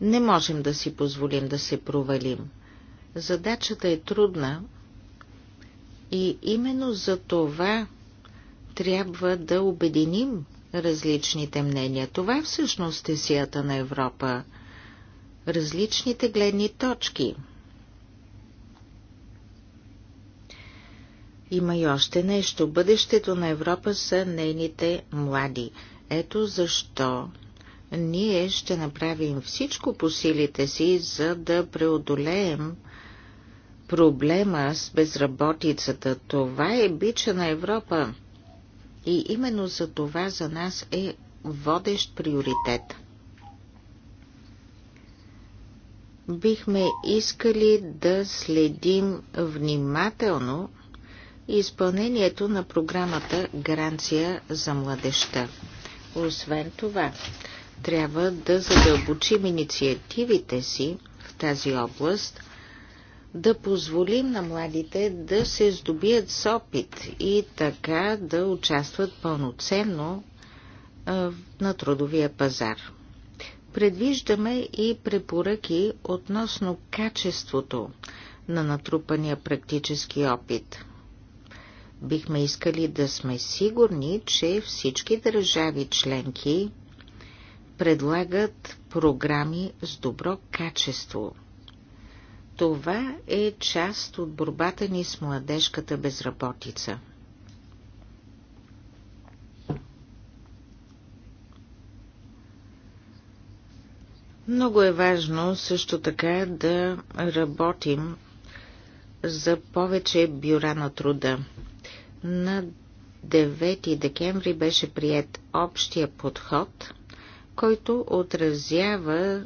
S3: Не можем да си позволим да се провалим. Задачата е трудна и именно за това трябва да обединим различните мнения. Това е всъщност е сията на Европа. Различните гледни точки. Има и още нещо. Бъдещето на Европа са нейните млади. Ето защо ние ще направим всичко по силите си, за да преодолеем проблема с безработицата. Това е бича на Европа. И именно за това за нас е водещ приоритет. Бихме искали да следим внимателно изпълнението на програмата Гаранция за младеща. Освен това, трябва да задълбочим инициативите си в тази област – да позволим на младите да се здобият с опит и така да участват пълноценно на трудовия пазар. Предвиждаме и препоръки относно качеството на натрупания практически опит. Бихме искали да сме сигурни, че всички държави членки предлагат програми с добро качество – това е част от борбата ни с младежката безработица. Много е важно също така да работим за повече бюра на труда. На 9 декември беше прият общия подход, който отразява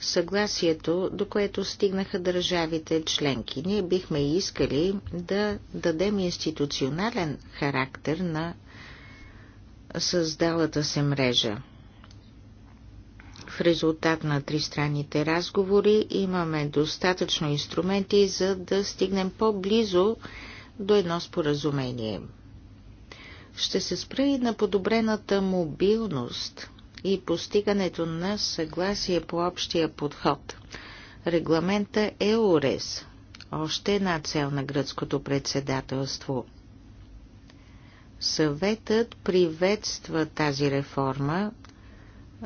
S3: съгласието, до което стигнаха държавите членки. Ние бихме искали да дадем институционален характер на създалата се мрежа. В резултат на тристранните разговори имаме достатъчно инструменти, за да стигнем по-близо до едно споразумение. Ще се спра и на подобрената мобилност – и постигането на съгласие по общия подход. Регламента ЕОРЕС – още една цел на гръцкото председателство. Съветът приветства тази реформа,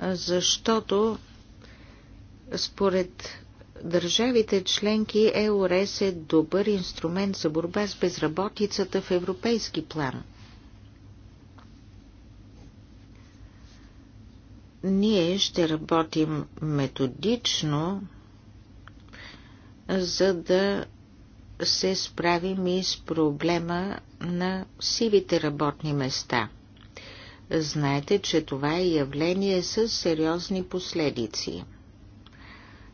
S3: защото според държавите членки ЕОРЕС е добър инструмент за борба с безработицата в европейски план. Ние ще работим методично, за да се справим и с проблема на сивите работни места. Знаете, че това е явление с сериозни последици.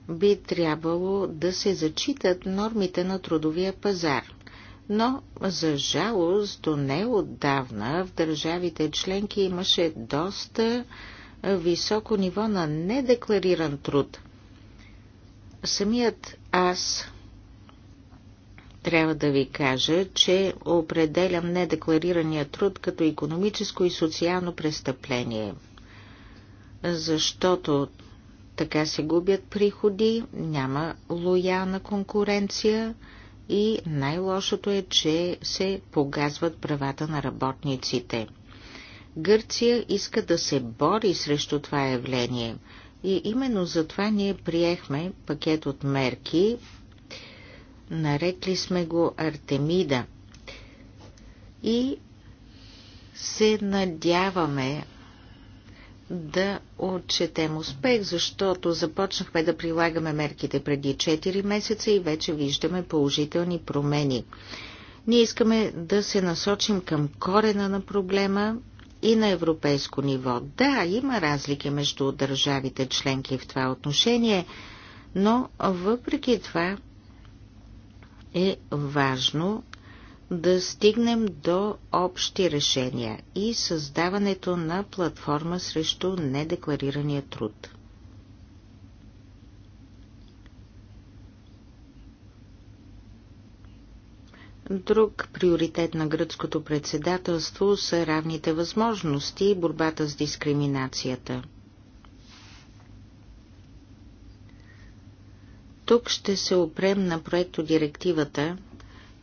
S3: Би трябвало да се зачитат нормите на трудовия пазар, но за жалост до неотдавна в държавите членки имаше доста високо ниво на недеклариран труд. Самият аз трябва да ви кажа, че определям недекларирания труд като економическо и социално престъпление, защото така се губят приходи, няма лоялна конкуренция и най-лошото е, че се погазват правата на работниците. Гърция иска да се бори срещу това явление. И именно за това ние приехме пакет от мерки, нарекли сме го Артемида. И се надяваме да отчетем успех, защото започнахме да прилагаме мерките преди 4 месеца и вече виждаме положителни промени. Ние искаме да се насочим към корена на проблема и на европейско ниво. Да, има разлики между държавите членки в това отношение, но въпреки това е важно да стигнем до общи решения и създаването на платформа срещу недекларирания труд. Друг приоритет на гръцкото председателство са равните възможности и борбата с дискриминацията. Тук ще се опрем на проекто директивата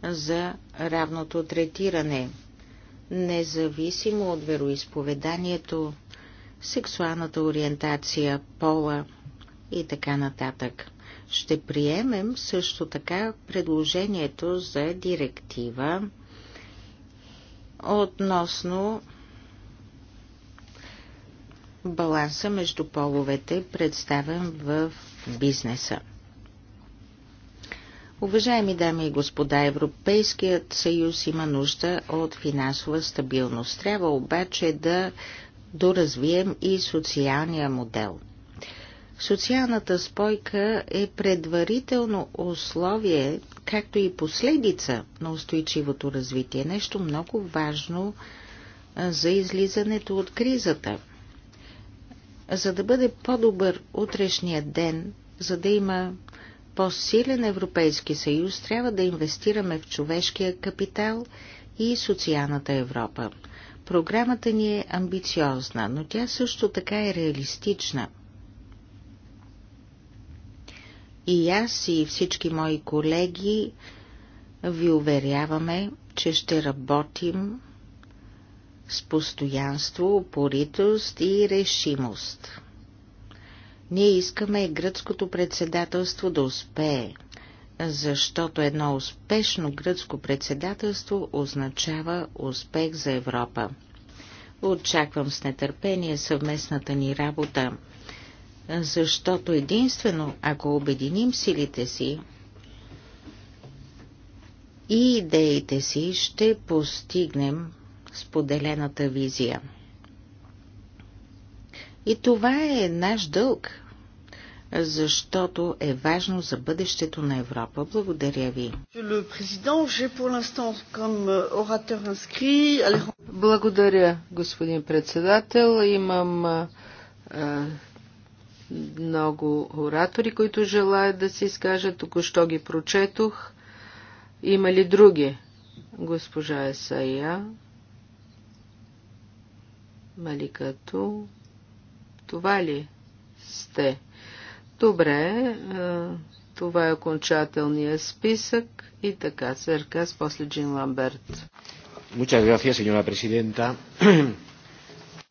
S3: за равното третиране, независимо от вероисповеданието, сексуалната ориентация, пола и така нататък. Ще приемем също така предложението за директива относно баланса между половете, представен в бизнеса. Уважаеми дами и господа, Европейският съюз има нужда от финансова стабилност. Трябва обаче да доразвием и социалния модел – Социалната спойка е предварително условие, както и последица на устойчивото развитие. Нещо много важно за излизането от кризата. За да бъде по-добър утрешния ден, за да има по-силен Европейски съюз, трябва да инвестираме в човешкия капитал и социалната Европа. Програмата ни е амбициозна, но тя също така е реалистична – и аз и всички мои колеги ви уверяваме, че ще работим с постоянство, упоритост и решимост. Ние искаме гръцкото председателство да успее, защото едно успешно гръцко председателство означава успех за Европа. Очаквам с нетърпение съвместната ни работа защото единствено, ако обединим силите си и идеите си, ще постигнем споделената визия.
S2: И това е наш дълг,
S3: защото е важно за бъдещето на Европа. Благодаря ви.
S1: Благодаря, господин председател. Имам много оратори, които желаят да се изкажат. Току-що ги прочетох. Има ли други? Госпожа Есая. Маликато. Това ли сте? Добре, това е окончателният списък и така, Серкас, после Джин Ламберт.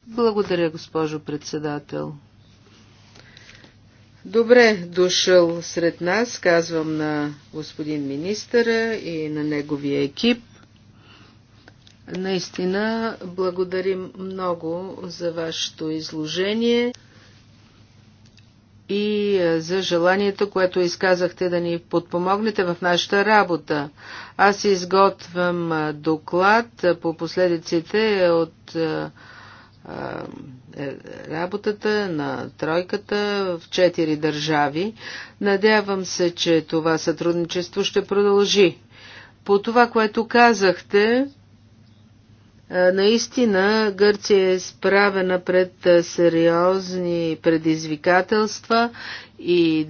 S1: Благодаря, госпожо председател. Добре дошъл сред нас, казвам на господин министъра и на неговия екип. Наистина благодарим много за вашето изложение и за желанието, което изказахте да ни подпомогнете в нашата работа. Аз изготвям доклад по последиците от е, работата на тройката в четири държави. Надявам се, че това сътрудничество ще продължи. По това, което казахте, е, наистина Гърция е справена пред е, сериозни предизвикателства и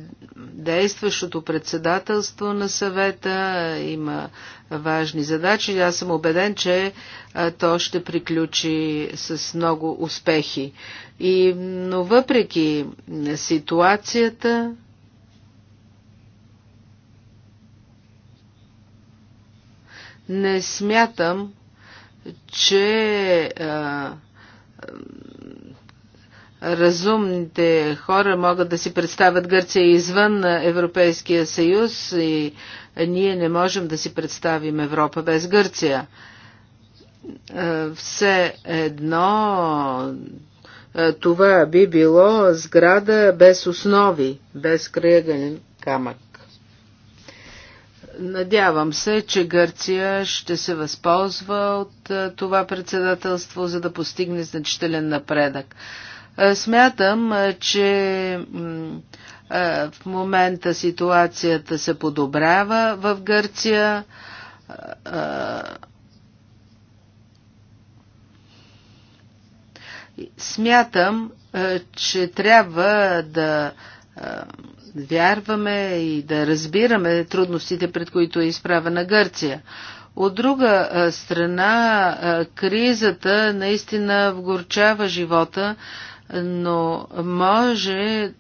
S1: действащото председателство на съвета има важни задачи. Аз съм убеден, че то ще приключи с много успехи. И, но въпреки ситуацията, не смятам, че а, разумните хора могат да си представят Гърция извън Европейския съюз и ние не можем да си представим Европа без Гърция. Е, все едно е, това би било сграда без основи, без кръгълен камък. Надявам се, че Гърция ще се възползва от е, това председателство, за да постигне значителен напредък. Е, смятам, е, че е, в момента ситуацията се подобрява в Гърция. Смятам, че трябва да вярваме и да разбираме трудностите, пред които е изправена Гърция. От друга страна, кризата наистина вгорчава живота но може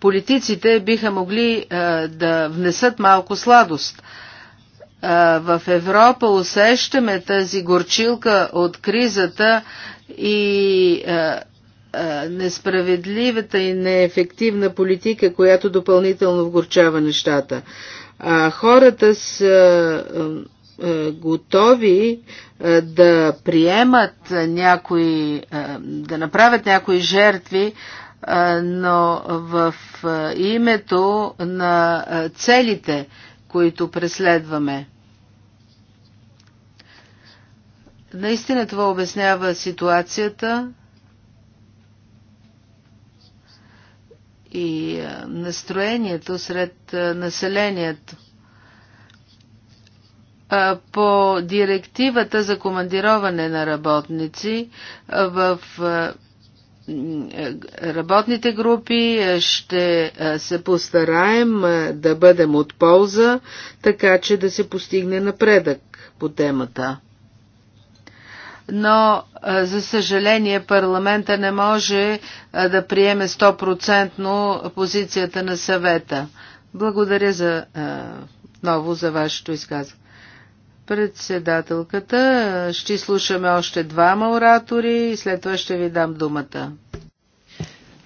S1: политиците биха могли а, да внесат малко сладост. А, в Европа усещаме тази горчилка от кризата и а, несправедливата и неефективна политика, която допълнително вгорчава нещата. А хората са е, готови е, да приемат някои, е, да направят някои жертви, но в името на целите, които преследваме. Наистина това обяснява ситуацията и настроението сред населението. По директивата за командироване на работници в работните групи ще се постараем да бъдем от полза, така че да се постигне напредък по темата. Но, за съжаление, парламента не може да приеме 100% позицията на съвета. Благодаря за, ново за вашето изказване. Председателката, ще слушаме още двама оратори и след това ще ви дам думата.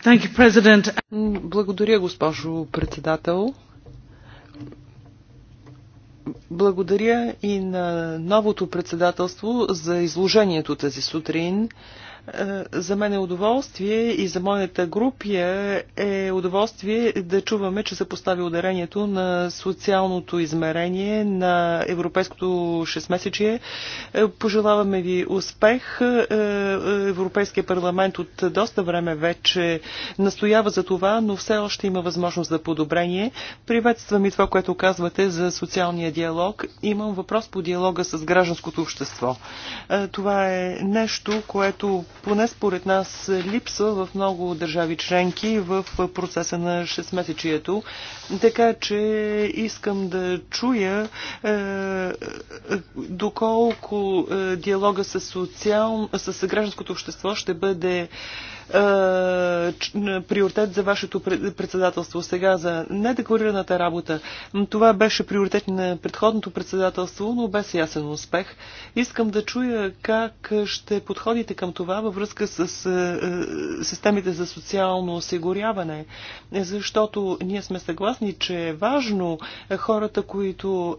S4: You, Благодаря, госпожо председател. Благодаря и на новото председателство за изложението тази сутрин. Е, за мен е удоволствие и за моята група е удоволствие да чуваме, че се постави ударението на социалното измерение на европейското 6-месечие. Е, пожелаваме ви успех. Е, Европейския парламент от доста време вече настоява за това, но все още има възможност за подобрение. Приветствам и това, което казвате за социалния диалог. Имам въпрос по диалога с гражданското общество. Това е нещо, което поне според нас липсва в много държави членки в процеса на 6-месечието. Така че искам да чуя е, доколко е, диалога с, социал... с гражданското общество ще бъде е, е, приоритет за вашето председателство. Сега за недекларираната работа. Това беше приоритет на предходното председателство, но без ясен успех. Искам да чуя как ще подходите към това във връзка с е, е, системите за социално осигуряване, защото ние сме съгласни, че е важно хората, които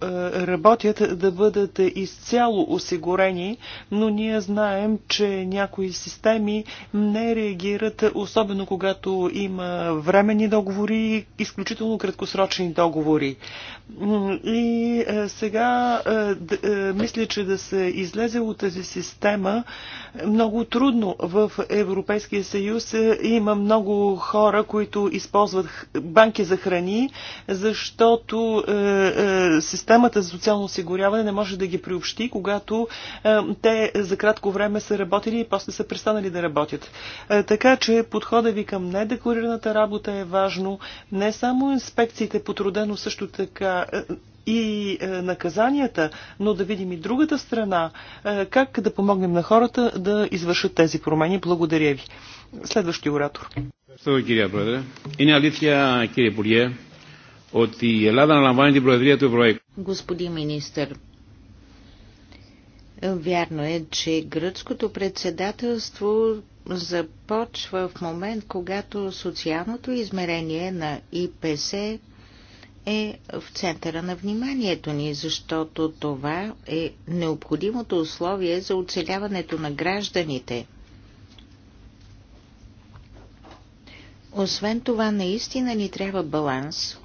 S4: работят, да бъдат изцяло осигурени, но ние знаем, че някои системи не реагират реагират, особено когато има временни договори, изключително краткосрочни договори. И е, сега е, е, мисля, че да се излезе от тази система, много трудно. В Европейския съюз има много хора, които използват банки за храни, защото е, е, системата за социално осигуряване не може да ги приобщи, когато е, те за кратко време са работили и после са престанали да работят. Така че подхода ви към недекларираната работа е важно. Не само инспекциите по труда, но също така и е, наказанията, но да видим и другата страна, е, как да помогнем на хората да извършат тези промени. Благодаря ви. Следващия оратор.
S3: Господин министр, Вярно е, че гръцкото председателство започва в момент, когато социалното измерение на ИПС е в центъра на вниманието ни, защото това е необходимото условие за оцеляването на гражданите. Освен това, наистина ни трябва баланс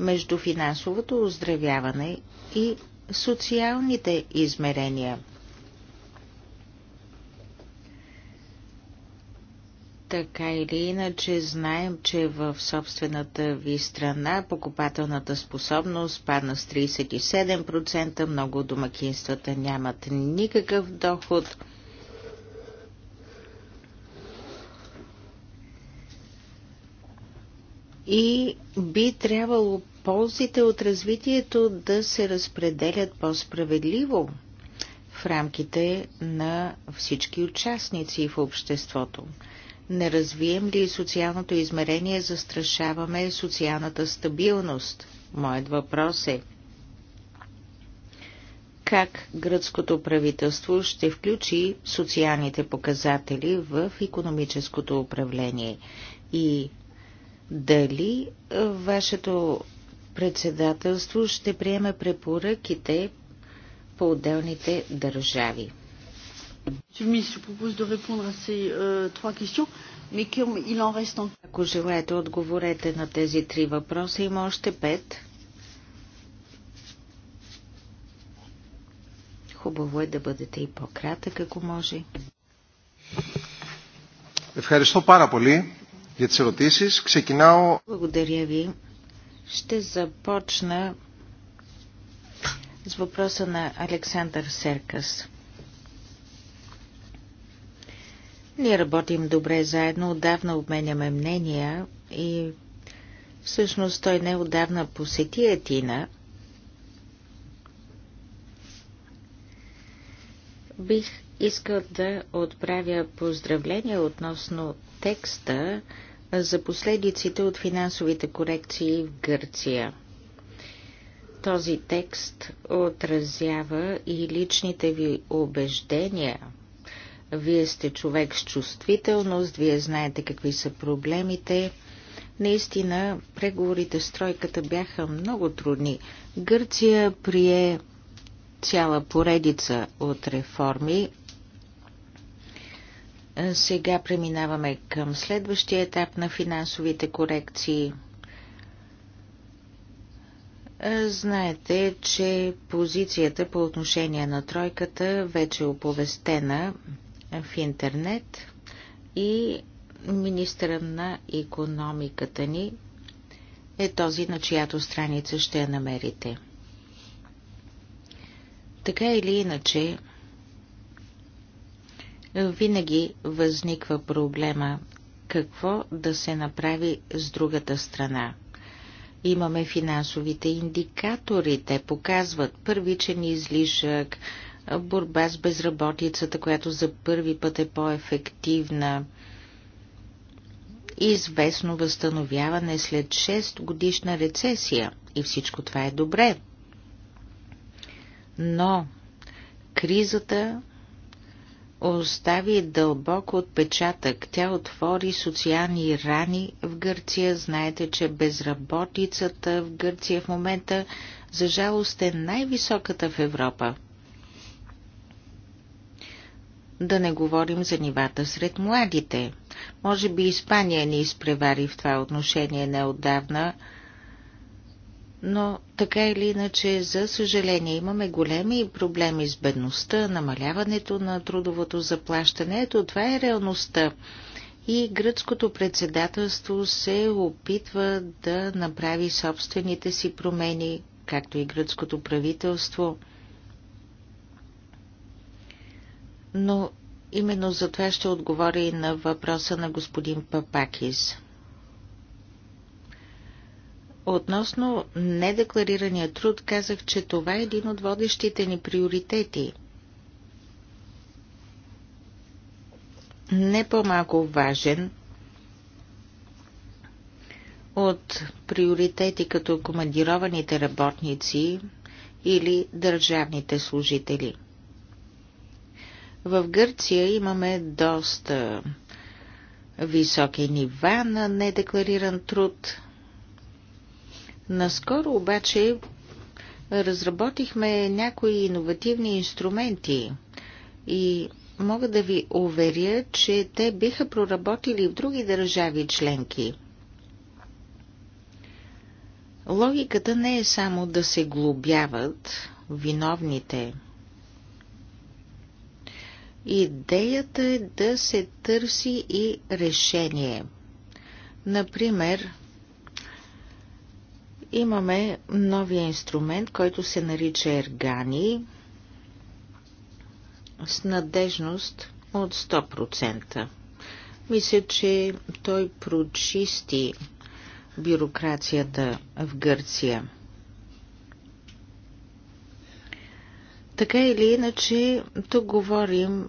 S3: между финансовото оздравяване и социалните измерения. Така или иначе, знаем, че в собствената ви страна покупателната способност падна с 37%, много домакинствата нямат никакъв доход. И би трябвало ползите от развитието да се разпределят по-справедливо в рамките на всички участници в обществото. Не развием ли социалното измерение, застрашаваме социалната стабилност? Моят въпрос е как гръцкото правителство ще включи социалните показатели в економическото управление и дали вашето председателство ще приеме препоръките по отделните държави. Ако желаете, отговорете на тези три въпроса. Има още пет. Хубаво е да бъдете и по-кратък, ако може.
S2: Ευχαριστώ πάρα πολύ για τις ερωτήσεις. Ξεκινάω...
S3: Благодаря ви. Ще започна с въпроса на Александър Серкас. Ние работим добре заедно, отдавна обменяме мнения и всъщност той не отдавна посети Атина. Бих искал да отправя поздравления относно текста за последиците от финансовите корекции в Гърция. Този текст отразява и личните ви убеждения – вие сте човек с чувствителност, вие знаете какви са проблемите. Наистина, преговорите с тройката бяха много трудни. Гърция прие цяла поредица от реформи. Сега преминаваме към следващия етап на финансовите корекции. Знаете, че позицията по отношение на тройката вече е оповестена в интернет и министъра на економиката ни е този, на чиято страница ще я намерите. Така или иначе, винаги възниква проблема какво да се направи с другата страна. Имаме финансовите индикатори, те показват първичен излишък, борба с безработицата, която за първи път е по-ефективна, известно възстановяване след 6 годишна рецесия и всичко това е добре. Но кризата остави дълбок отпечатък. Тя отвори социални рани в Гърция. Знаете, че безработицата в Гърция в момента за жалост е най-високата в Европа. Да не говорим за нивата сред младите. Може би Испания ни изпревари в това отношение неотдавна, но така или иначе, за съжаление, имаме големи проблеми с бедността, намаляването на трудовото заплащане. Ето това е реалността. И гръцкото председателство се опитва да направи собствените си промени, както и гръцкото правителство – но именно за това ще отговоря и на въпроса на господин Папакис. Относно недекларирания труд казах, че това е един от водещите ни приоритети. Не по-малко важен от приоритети като командированите работници или държавните служители – в Гърция имаме доста високи нива на недеклариран труд. Наскоро обаче разработихме някои иновативни инструменти и мога да ви уверя, че те биха проработили в други държави членки. Логиката не е само да се глобяват виновните – Идеята е да се търси и решение. Например, имаме новия инструмент, който се нарича Ергани с надежност от 100%. Мисля, че той прочисти бюрокрацията в Гърция. Така или иначе, тук говорим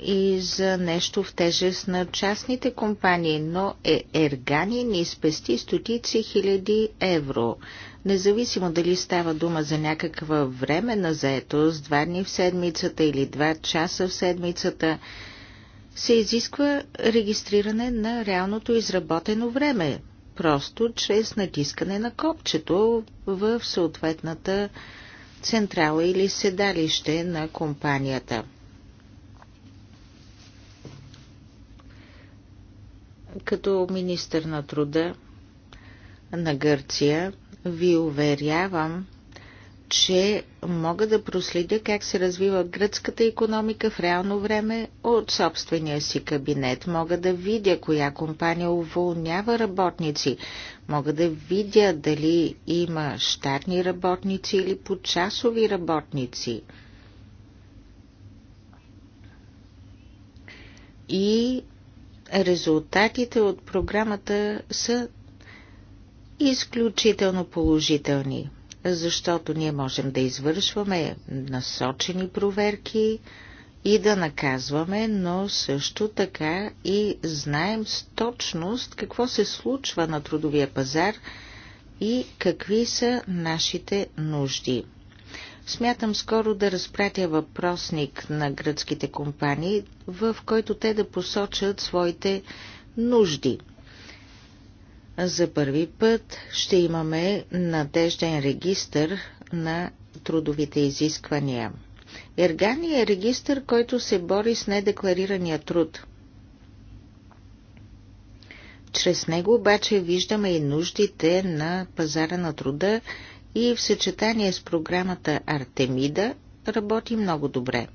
S3: и за нещо в тежест на частните компании, но е Ергани ни спести стотици хиляди евро. Независимо дали става дума за някаква на заетост, два дни в седмицата или два часа в седмицата, се изисква регистриране на реалното изработено време, просто чрез натискане на копчето в съответната централа или седалище на компанията. Като министър на труда на Гърция ви уверявам, че мога да проследя как се развива гръцката економика в реално време от собствения си кабинет. Мога да видя коя компания уволнява работници. Мога да видя дали има щатни работници или почасови работници. И резултатите от програмата са изключително положителни защото ние можем да извършваме насочени проверки и да наказваме, но също така и знаем с точност какво се случва на трудовия пазар и какви са нашите нужди. Смятам скоро да разпратя въпросник на гръцките компании, в който те да посочат своите нужди за първи път ще имаме надежден регистр на трудовите изисквания. Ергани е регистр, който се бори с недекларирания труд. Чрез него обаче виждаме и нуждите на пазара на труда и в съчетание с програмата Артемида работи много добре.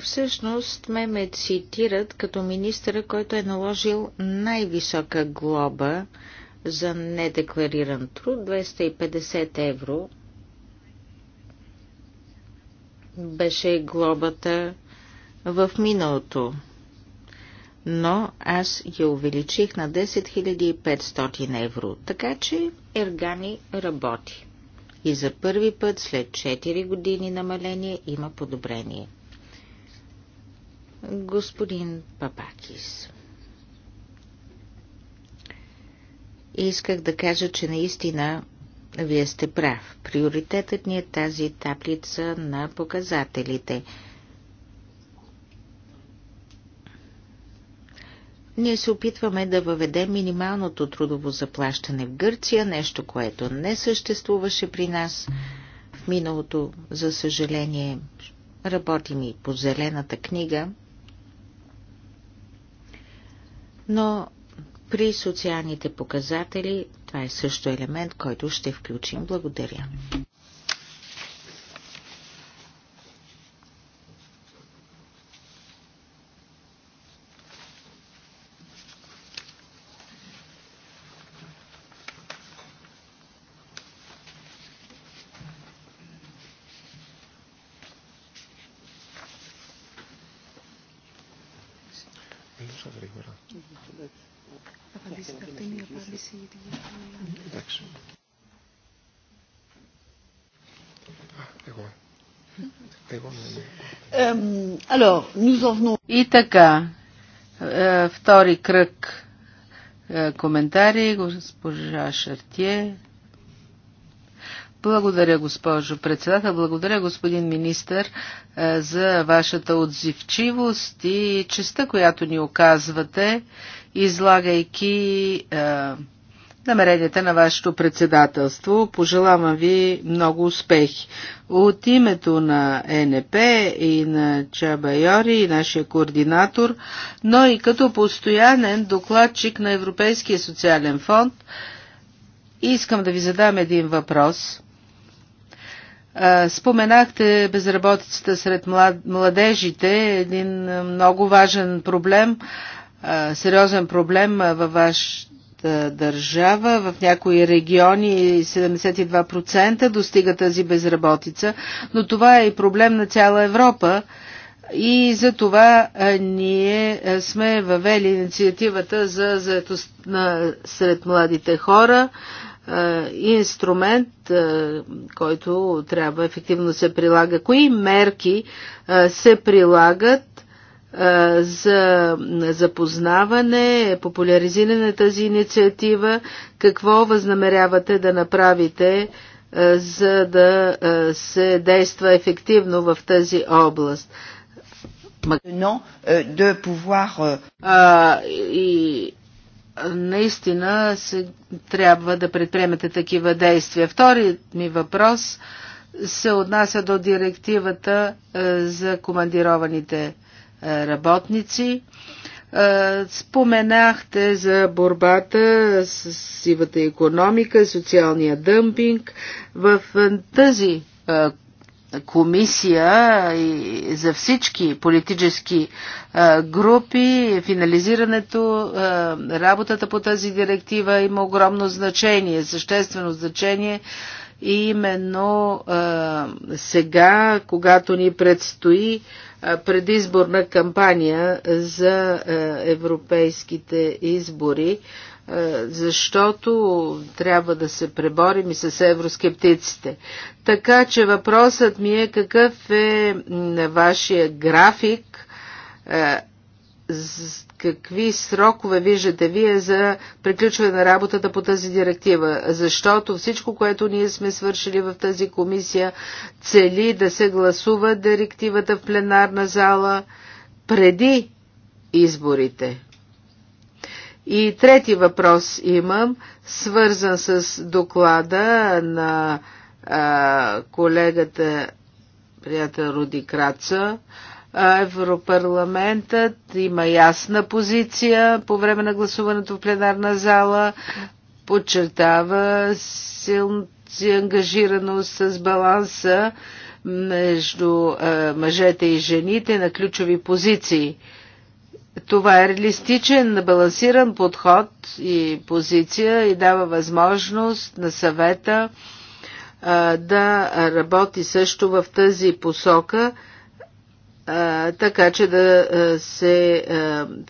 S3: Всъщност ме ме цитират като министъра, който е наложил най-висока глоба за недеклариран труд 250 евро. Беше глобата в миналото, но аз я увеличих на 10 500 евро, така че Ергани работи. И за първи път след 4 години намаление има подобрение господин Папакис. Исках да кажа, че наистина вие сте прав. Приоритетът ни е тази таблица на показателите. Ние се опитваме да въведем минималното трудово заплащане в Гърция, нещо, което не съществуваше при нас в миналото, за съжаление. Работим и по зелената книга – но при социалните показатели това е също елемент, който ще включим. Благодаря.
S1: И така, е, втори кръг е, коментари, госпожа Шартие. Благодаря, госпожо председател. Благодаря, господин министър, е, за вашата отзивчивост и честа, която ни оказвате, излагайки намеренията на вашето председателство. Пожелавам ви много успехи. От името на ЕНП и на Чабайори и нашия координатор, но и като постоянен докладчик на Европейския социален фонд, искам да ви задам един въпрос. Споменахте безработицата сред младежите, един много важен проблем, сериозен проблем във ваш държава. В някои региони 72% достига тази безработица, но това е и проблем на цяла Европа. И за това ние сме въвели инициативата за заетост на, сред младите хора, инструмент, който трябва ефективно се прилага. Кои мерки се прилагат за запознаване, популяризиране на тази инициатива, какво възнамерявате да направите, за да се действа ефективно в тази област. Е, е, а, и наистина се, трябва да предприемете такива действия. Вторият ми въпрос се отнася до директивата е, за командированите работници. Споменахте за борбата с сивата економика социалния дъмпинг. В тази комисия и за всички политически групи финализирането, работата по тази директива има огромно значение, съществено значение. И именно сега, когато ни предстои предизборна кампания за европейските избори, защото трябва да се преборим и с евроскептиците. Така че въпросът ми е какъв е на вашия график какви срокове виждате вие за приключване на работата по тази директива? Защото всичко, което ние сме свършили в тази комисия, цели да се гласува директивата в пленарна зала преди изборите. И трети въпрос имам, свързан с доклада на а, колегата приятел Руди Краца. А, Европарламентът има ясна позиция по време на гласуването в пленарна зала, подчертава силната си ангажираност с баланса между мъжете и жените на ключови позиции. Това е реалистичен, балансиран подход и позиция и дава възможност на съвета да работи също в тази посока – така че да се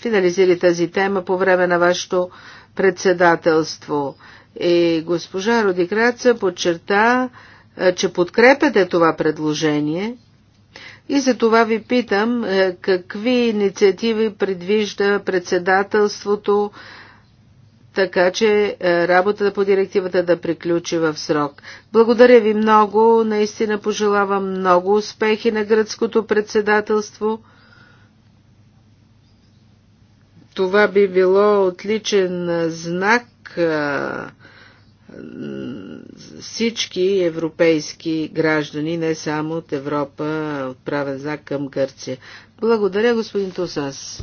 S1: финализира тази тема по време на вашето председателство. И госпожа Родикраца подчерта, че подкрепяте това предложение и за това ви питам какви инициативи предвижда председателството така че е, работата по директивата да приключи в срок. Благодаря ви много, наистина пожелавам много успехи на гръцкото председателство. Това би било отличен е, знак е, всички европейски граждани, не само от Европа, отправен знак към Гърция. Благодаря, господин Тосас.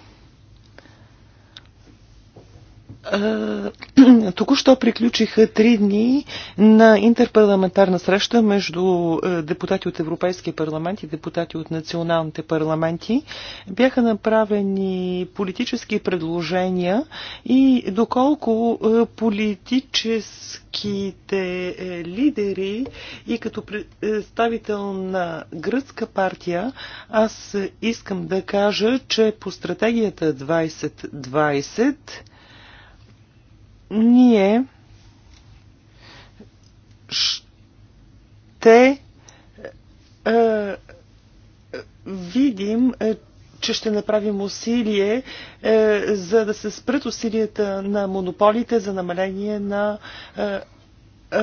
S4: Е, току-що приключиха три дни на интерпарламентарна среща между е, депутати от Европейския парламент и депутати от националните парламенти. Бяха направени политически предложения и доколко е, политическите лидери и като представител на гръцка партия, аз искам да кажа, че по стратегията 2020 ние ще е, видим, е, че ще направим усилие е, за да се спрат усилията на монополите за намаление на е, е,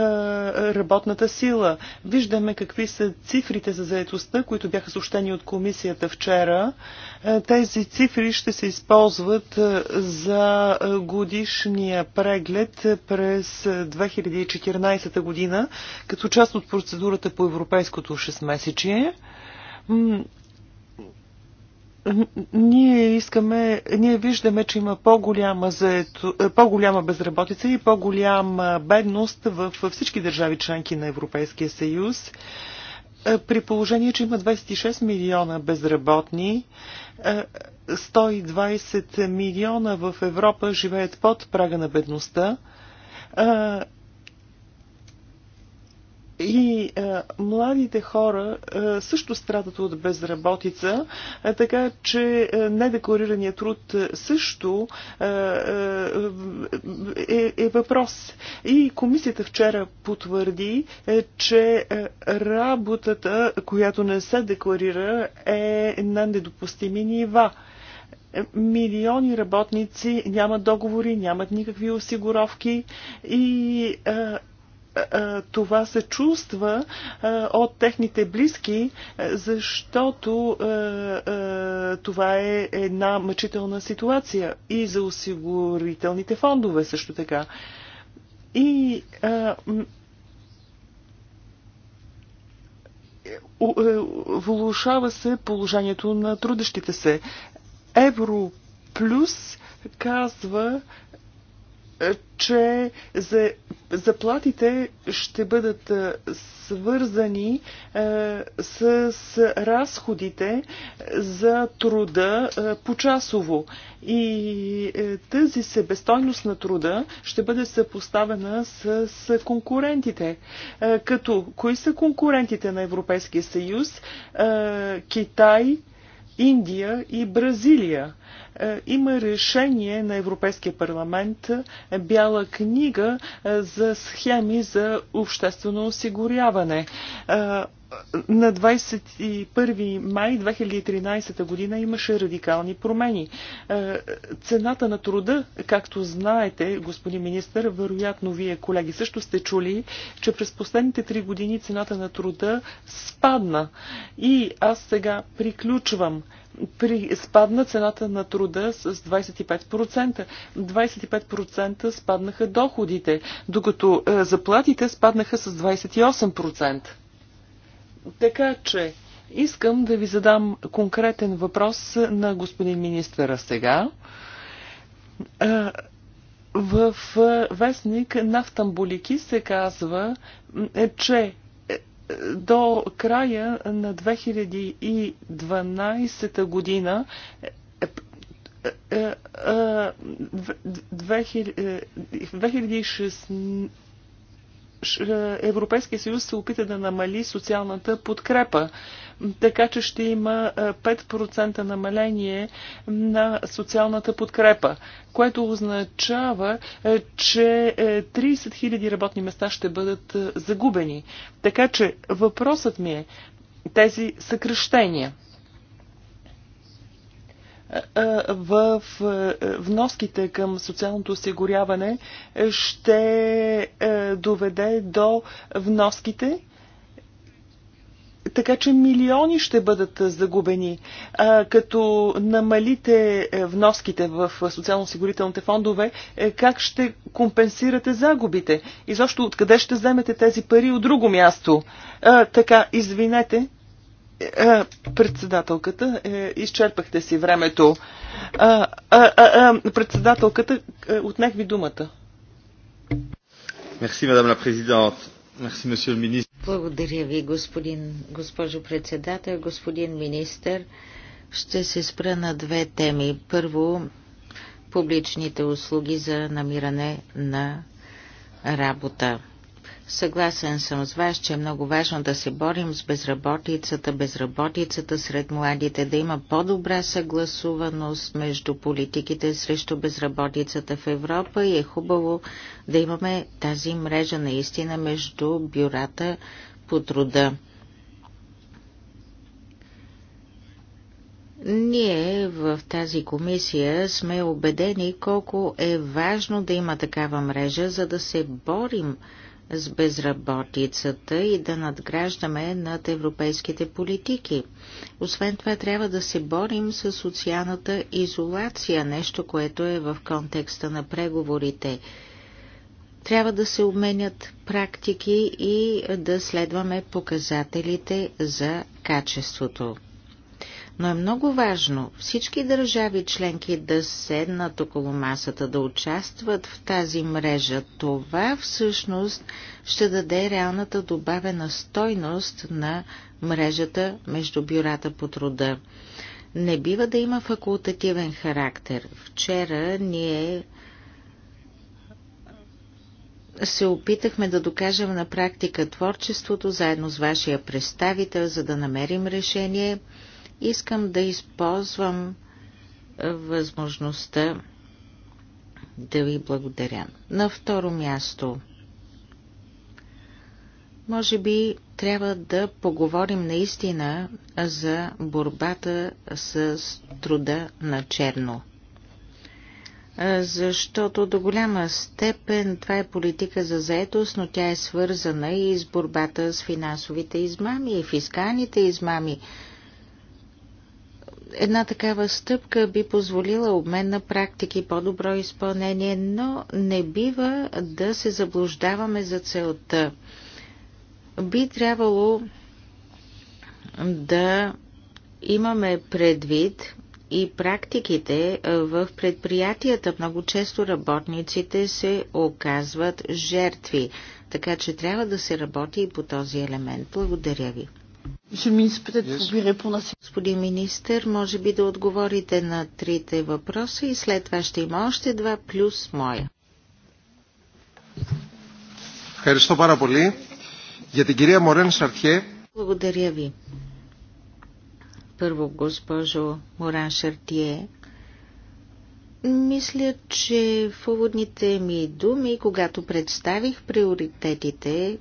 S4: работната сила. Виждаме какви са цифрите за заедостта, които бяха съобщени от комисията вчера. Е, тези цифри ще се използват е, за годишния преглед през 2014 година, като част от процедурата по европейското 6 месечие ние искаме, ние виждаме, че има по-голяма, заето, по-голяма безработица и по-голяма бедност в всички държави членки на Европейския съюз. Е, при положение, че има 26 милиона безработни, 120 е, милиона в Европа живеят под прага на бедността е, и а, е, младите хора а, е, също страдат от безработица, а, е, така че а, недекларираният труд също а, а, е, е въпрос. И комисията вчера потвърди, а, че работата, която не се декларира, е на недопустими нива милиони работници нямат договори, нямат никакви осигуровки и а, това се чувства от техните близки, защото това е една мъчителна ситуация и за осигурителните фондове също така. И е, влушава се положението на трудещите се. Европлюс казва, че за, заплатите ще бъдат свързани е, с, разходите за труда е, почасово. И е, тази себестойност на труда ще бъде съпоставена с, с конкурентите. Е, като кои са конкурентите на Европейския съюз? Е, Китай, Индия и Бразилия. Е, има решение на Европейския парламент, е, бяла книга е, за схеми за обществено осигуряване на 21 май 2013 година имаше радикални промени. Е, цената на труда, както знаете, господин министр, вероятно вие, колеги, също сте чули, че през последните три години цената на труда спадна. И аз сега приключвам при, спадна цената на труда с 25%. 25% спаднаха доходите, докато е, заплатите спаднаха с 28%. Така че искам да ви задам конкретен въпрос на господин министъра сега. В вестник нафтамбулики се казва, е, че е, до края на 2012 година 2016 е, е, Европейския съюз се опита да намали социалната подкрепа. Така че ще има 5% е, намаление на социалната подкрепа, което означава, е, че 30 000 работни места ще бъдат загубени. Така че въпросът ми е тези съкръщения – в вноските към социалното осигуряване ще доведе до вноските така че милиони ще бъдат загубени. А, като намалите вноските в социално-осигурителните фондове, е, как ще компенсирате загубите? И защо откъде ще вземете тези пари от друго място? А, така, извинете, е, председателката, е, изчерпахте си времето. Председателката, е, отнех ви думата.
S2: Мерси, мадам ла президент. Мерси, месье министр.
S4: Благодаря ви,
S3: господин, госпожо председател, господин министр. Ще се спра на две теми. Първо, публичните услуги за намиране на работа. Съгласен съм с вас, че е много важно да се борим с безработицата, безработицата сред младите, да има по-добра съгласуваност между политиките срещу безработицата в Европа и е хубаво да имаме тази мрежа наистина между бюрата по труда. Ние в тази комисия сме убедени колко е важно да има такава мрежа, за да се борим с безработицата и да надграждаме над европейските политики. Освен това, трябва да се борим с социалната изолация, нещо, което е в контекста на преговорите. Трябва да се обменят практики и да следваме показателите за качеството но е много важно всички държави членки да седнат около масата, да участват в тази мрежа. Това всъщност ще даде реалната добавена стойност на мрежата между бюрата по труда. Не бива да има факултативен характер. Вчера ние се опитахме да докажем на практика творчеството заедно с вашия представител, за да намерим решение – Искам да използвам възможността да ви благодаря. На второ място, може би трябва да поговорим наистина за борбата с труда на черно. Защото до голяма степен това е политика за заетост, но тя е свързана и с борбата с финансовите измами и фискалните измами. Една такава стъпка би позволила обмен на практики, по-добро изпълнение, но не бива да се заблуждаваме за целта. Би трябвало да имаме предвид и практиките в предприятията. Много често работниците се оказват жертви, така че трябва да се работи и по този елемент. Благодаря ви. Господин министр, може би да отговорите на трите въпроса и след това ще има още два плюс моя.
S2: Ευχαριστώ πολύ. Για την κυρία
S3: Благодаря ви. Първо, госпожо Моран Шартие, мисля, че в уводните ми думи, когато представих приоритетите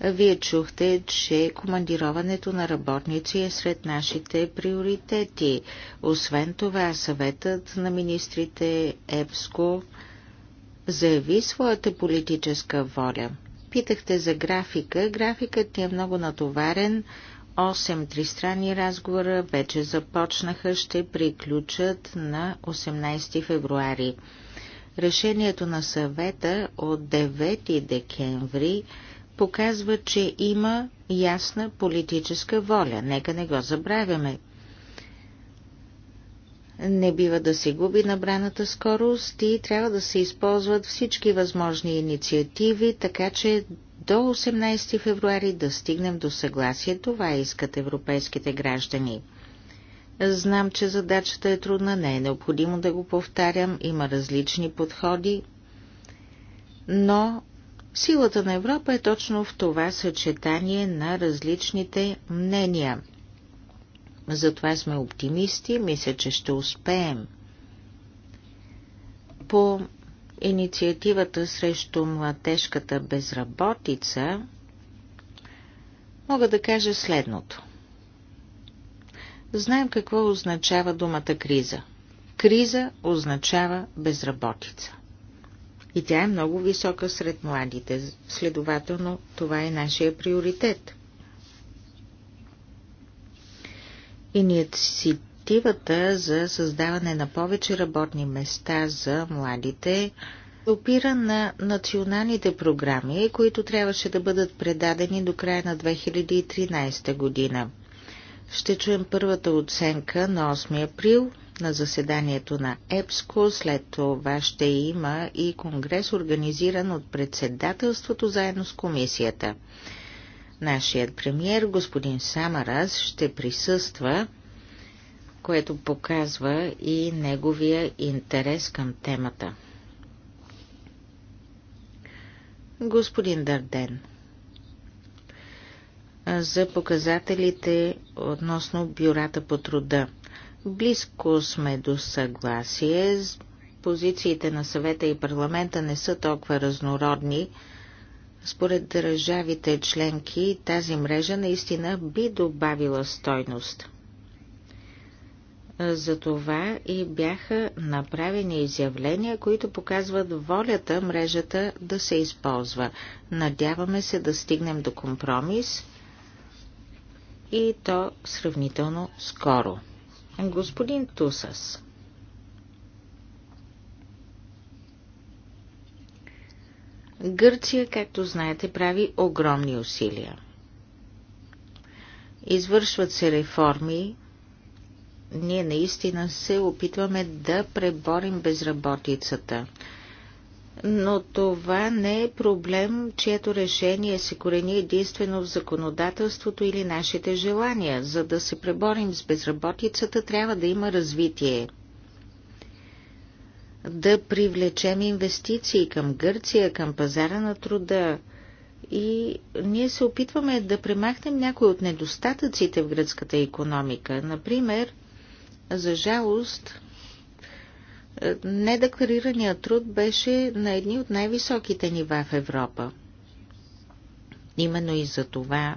S3: вие чухте, че командироването на работници е сред нашите приоритети. Освен това, съветът на министрите ЕПСКО заяви своята политическа воля. Питахте за графика. Графикът ни е много натоварен. 8 тристранни разговора вече започнаха, ще приключат на 18 февруари. Решението на съвета от 9 декември показва, че има ясна политическа воля. Нека не го забравяме. Не бива да се губи набраната скорост и трябва да се използват всички възможни инициативи, така че до 18 февруари да стигнем до съгласие. Това искат европейските граждани. Знам, че задачата е трудна, не е необходимо да го повтарям, има различни подходи, но Силата на Европа е точно в това съчетание на различните мнения. Затова сме оптимисти, мисля, че ще успеем. По инициативата срещу младежката безработица мога да кажа следното. Знаем какво означава думата криза. Криза означава безработица и тя е много висока сред младите. Следователно, това е нашия приоритет. Инициативата за създаване на повече работни места за младите опира на националните програми, които трябваше да бъдат предадени до края на 2013 година. Ще чуем първата оценка на 8 април на заседанието на ЕПСКО. След това ще има и конгрес, организиран от председателството заедно с комисията. Нашият премьер, господин Самарас, ще присъства, което показва и неговия интерес към темата. Господин Дарден, за показателите относно бюрата по труда – Близко сме до съгласие. Позициите на съвета и парламента не са толкова разнородни. Според държавите членки тази мрежа наистина би добавила стойност. Затова и бяха направени изявления, които показват волята мрежата да се използва. Надяваме се да стигнем до компромис и то сравнително скоро. Господин Тусас. Гърция, както знаете, прави огромни усилия. Извършват се реформи. Ние наистина се опитваме да преборим безработицата но това не е проблем, чието решение се корени единствено в законодателството или нашите желания. За да се преборим с безработицата, трябва да има развитие. Да привлечем инвестиции към Гърция, към пазара на труда. И ние се опитваме да премахнем някои от недостатъците в гръцката економика. Например, за жалост, Недекларираният труд беше на едни от най-високите нива в Европа. Именно и за това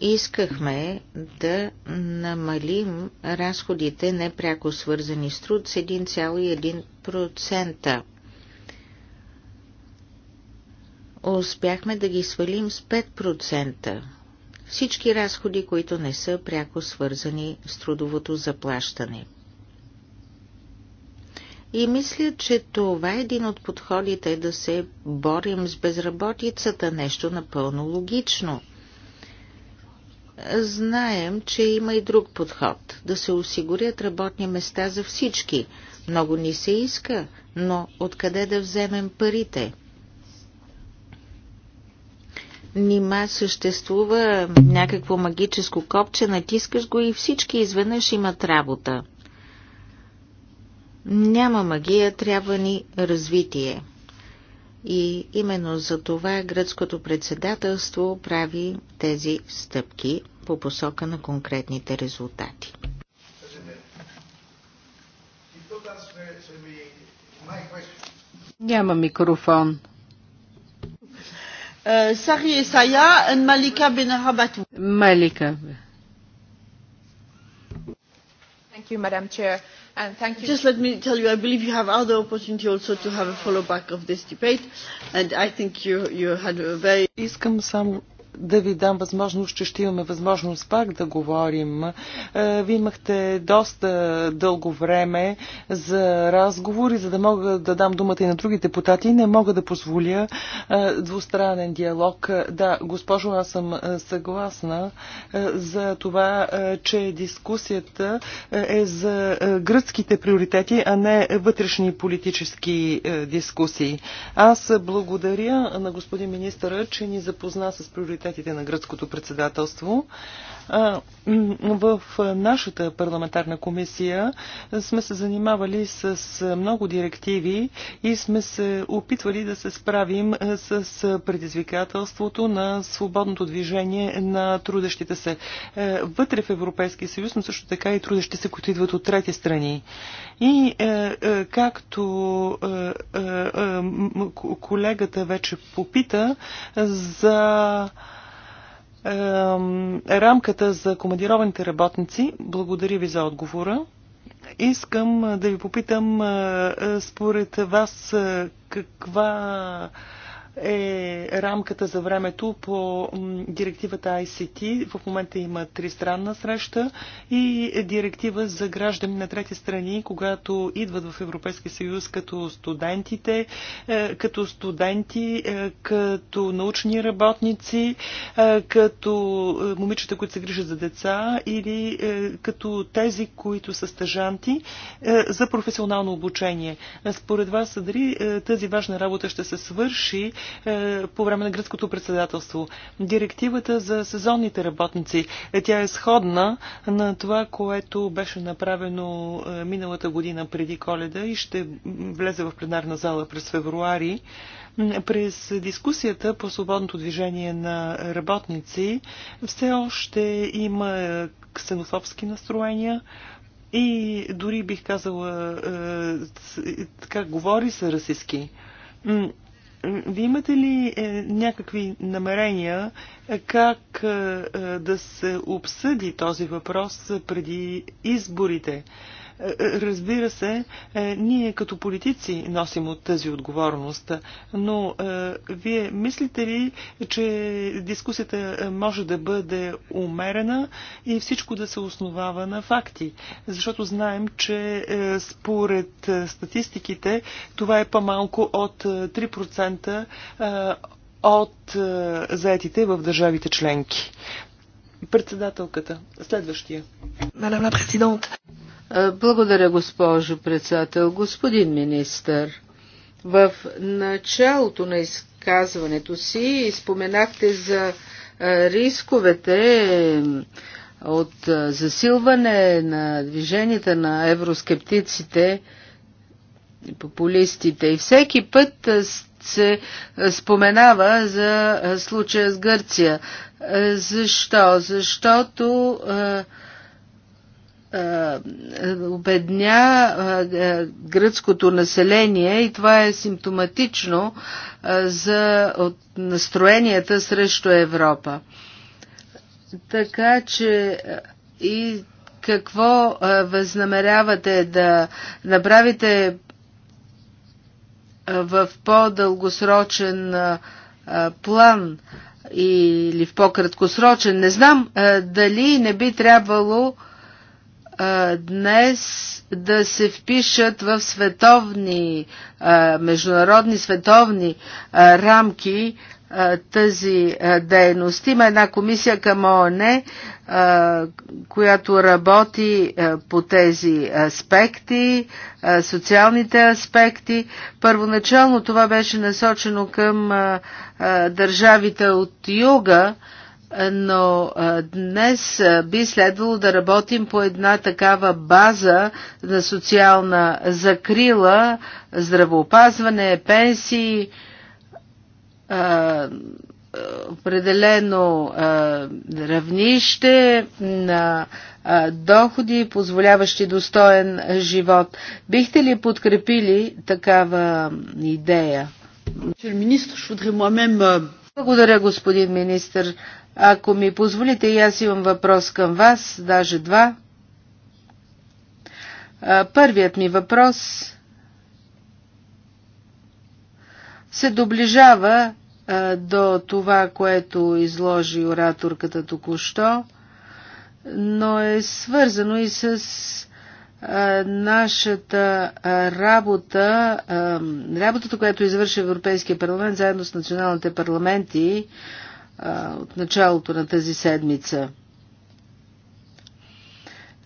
S3: искахме да намалим разходите непряко свързани с труд с 1,1%. Успяхме да ги свалим с 5%. Всички разходи, които не са пряко свързани с трудовото заплащане – и мисля, че това е един от подходите да се борим с безработицата, нещо напълно логично. Знаем, че има и друг подход – да се осигурят работни места за всички. Много ни се иска, но откъде да вземем парите? Нима съществува някакво магическо копче, натискаш го и всички изведнъж имат работа – няма магия, трябва ни развитие. И именно за това гръцкото председателство прави тези стъпки по посока на конкретните резултати.
S2: Няма микрофон. Е, Сари Сая, Малика Бенахабату. Малика. Thank you, Madam Chair. And thank you. Just let me tell you, I believe you have other opportunity also to have a follow-back of this
S4: debate, and I think you, you had a very... Искам само да ви дам възможност, че ще имаме възможност пак да говорим. Е, Вие имахте доста дълго време за разговори, за да мога да дам думата и на други депутати. Не мога да позволя е, двустранен диалог. Да, госпожо, аз съм е, съгласна за това, че дискусията е за гръцките приоритети, а не вътрешни политически дискусии. Аз благодаря на господин министъра, че ни запозна с приоритетите приоритетите на гръцкото председателство. В нашата парламентарна комисия сме се занимавали с много директиви и сме се опитвали да се справим с предизвикателството на свободното движение на трудещите се вътре в Европейския съюз, но също така и трудещи се, които идват от трети страни. И както колегата вече попита за рамката за командированите работници. Благодаря ви за отговора. Искам да ви попитам според вас каква е рамката за времето по директивата ICT. В момента има тристранна среща и директива за граждани на трети страни, когато идват в Европейския съюз като студентите, е, като студенти, е, като научни работници, е, като момичета, които се грижат за деца или като тези, които са стъжанти за професионално обучение. Според вас, дали тази важна работа ще се свърши е, по време на гръцкото председателство. Директивата за сезонните работници. Е, тя е сходна на това, което беше направено е, миналата година преди коледа и ще влезе в пленарна зала през февруари. През дискусията по свободното движение на работници все още има ксенофобски настроения, и дори бих казала, така говори се расистски. Вие имате ли е, някакви намерения е, как е, да се обсъди този въпрос преди изборите? Разбира се, е, ние като политици носим от тази отговорност, но е, вие мислите ли, че дискусията може да бъде умерена и всичко да се основава на факти? Защото знаем, че е, според статистиките това е по-малко от 3% от заетите в държавите членки. Председателката. Следващия. Мадам президент. Е,
S1: благодаря, госпожо председател. Господин министър, в началото на изказването си споменахте за е, рисковете от е, засилване на движенията на евроскептиците, популистите. И всеки път се споменава за случая с Гърция. Защо? Защото е, обедня е, гръцкото население и това е симптоматично е, за настроенията срещу Европа. Така че и какво възнамерявате да направите в по-дългосрочен план или в по-краткосрочен? Не знам дали не би трябвало днес да се впишат в световни, международни световни рамки тази дейност. Има една комисия към ООН, която работи по тези аспекти, социалните аспекти. Първоначално това беше насочено към държавите от юга, но днес би следвало да работим по една такава база на социална закрила, здравоопазване, пенсии, определено равнище на доходи, позволяващи достоен живот. Бихте ли подкрепили такава идея? Благодаря, господин министр. Ако ми позволите, и аз имам въпрос към вас, даже два. Първият ми въпрос се доближава до това, което изложи ораторката току-що, но е свързано и с нашата работа, работата, която извърши Европейския парламент заедно с националните парламенти от началото на тази седмица.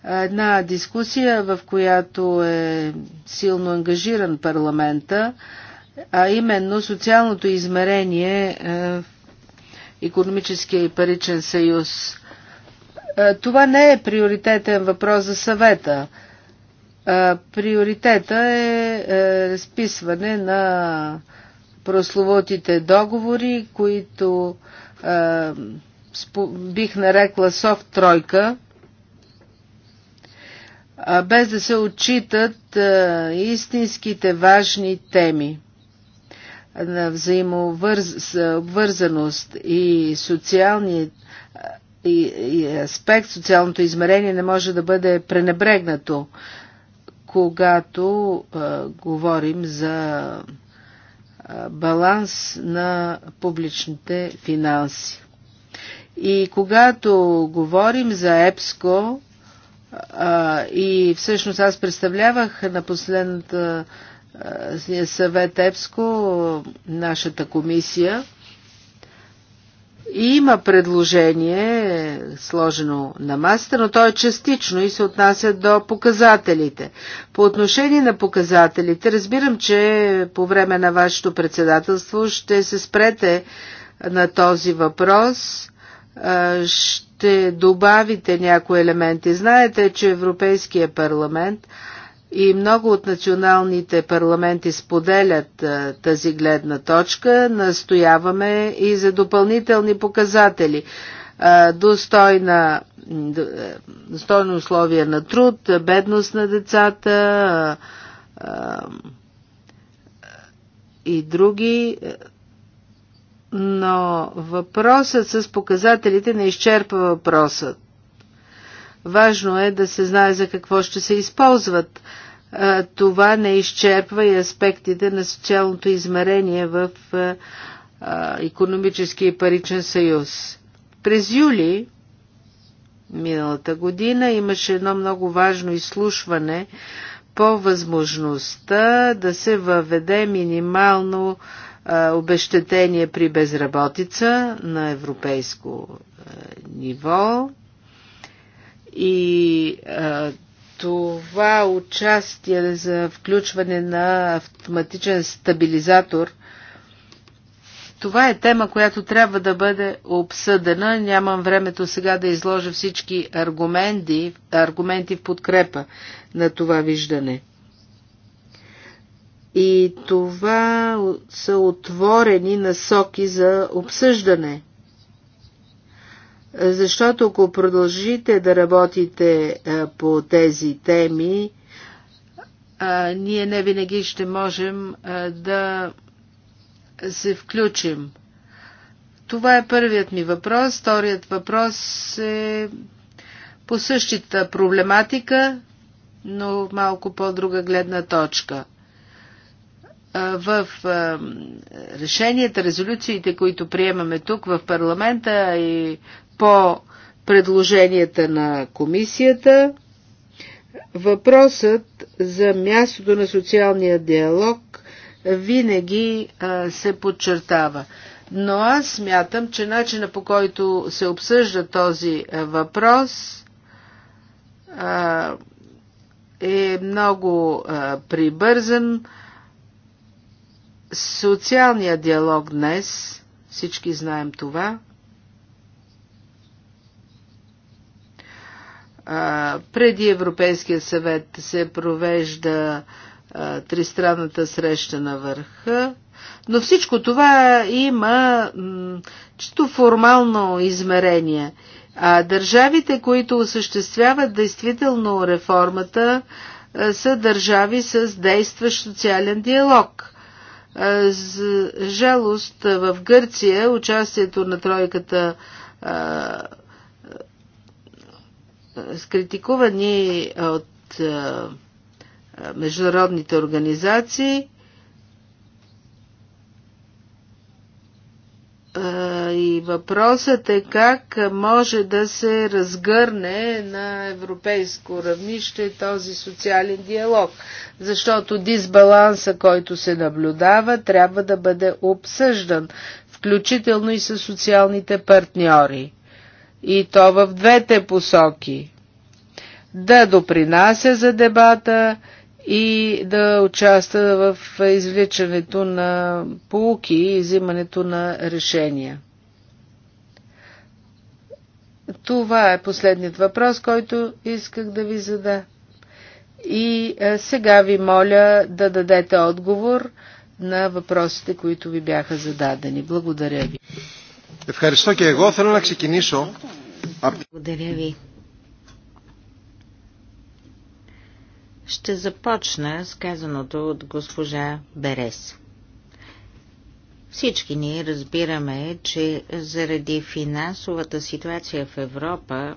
S1: Една дискусия, в която е силно ангажиран парламента, а именно социалното измерение в е, економическия и паричен съюз. Това не е приоритетен въпрос за съвета. Приоритета е, е разписване на прословутите договори, които бих нарекла софт тройка, без да се отчитат истинските важни теми на взаимовързаност и социални и, и аспект, социалното измерение не може да бъде пренебрегнато, когато а, говорим за баланс на публичните финанси. И когато говорим за ЕПСКО, и всъщност аз представлявах на последната съвет ЕПСКО нашата комисия, има предложение, сложено на масата, но то е частично и се отнася до показателите. По отношение на показателите, разбирам, че по време на вашето председателство ще се спрете на този въпрос, ще добавите някои елементи. Знаете, че Европейския парламент и много от националните парламенти споделят тази гледна точка. Настояваме и за допълнителни показатели. Достойна, достойно условия на труд, бедност на децата и други. Но въпросът с показателите не изчерпва въпросът. Важно е да се знае за какво ще се използват това не изчерпва и аспектите на социалното измерение в економически и паричен съюз. През юли миналата година имаше едно много важно изслушване по възможността да се въведе минимално обещетение при безработица на европейско ниво. И това участие за включване на автоматичен стабилизатор, това е тема, която трябва да бъде обсъдена. Нямам времето сега да изложа всички аргументи, аргументи в подкрепа на това виждане. И това са отворени насоки за обсъждане – защото ако продължите да работите по тези теми, ние не винаги ще можем да се включим. Това е първият ми въпрос. Вторият въпрос е по същата проблематика, но малко по-друга гледна точка. В решенията, резолюциите, които приемаме тук в парламента и по предложенията на комисията. Въпросът за мястото на социалния диалог винаги а, се подчертава. Но аз смятам, че начина по който се обсъжда този въпрос а, е много а, прибързан. Социалният диалог днес, всички знаем това, а, преди Европейския съвет се провежда тристранната среща на върха, но всичко това има чисто формално измерение. А държавите, които осъществяват действително реформата, са държави с действащ социален диалог. С жалост в Гърция участието на тройката скритикувани от международните организации и въпросът е как може да се разгърне на европейско равнище този социален диалог, защото дисбаланса, който се наблюдава, трябва да бъде обсъждан, включително и с социалните партньори и то в двете посоки. Да допринася за дебата и да участва в извличането на полуки и взимането на решения. Това е последният въпрос, който исках да ви зада. И сега ви моля да дадете отговор на въпросите, които ви бяха зададени. Благодаря ви.
S4: Ευχαριστώ και εγώ. Θέλω να ξεκινήσω.
S3: Благодаря ви. Ще започна с казаното от госпожа Берес. Всички ние разбираме, че заради финансовата ситуация в Европа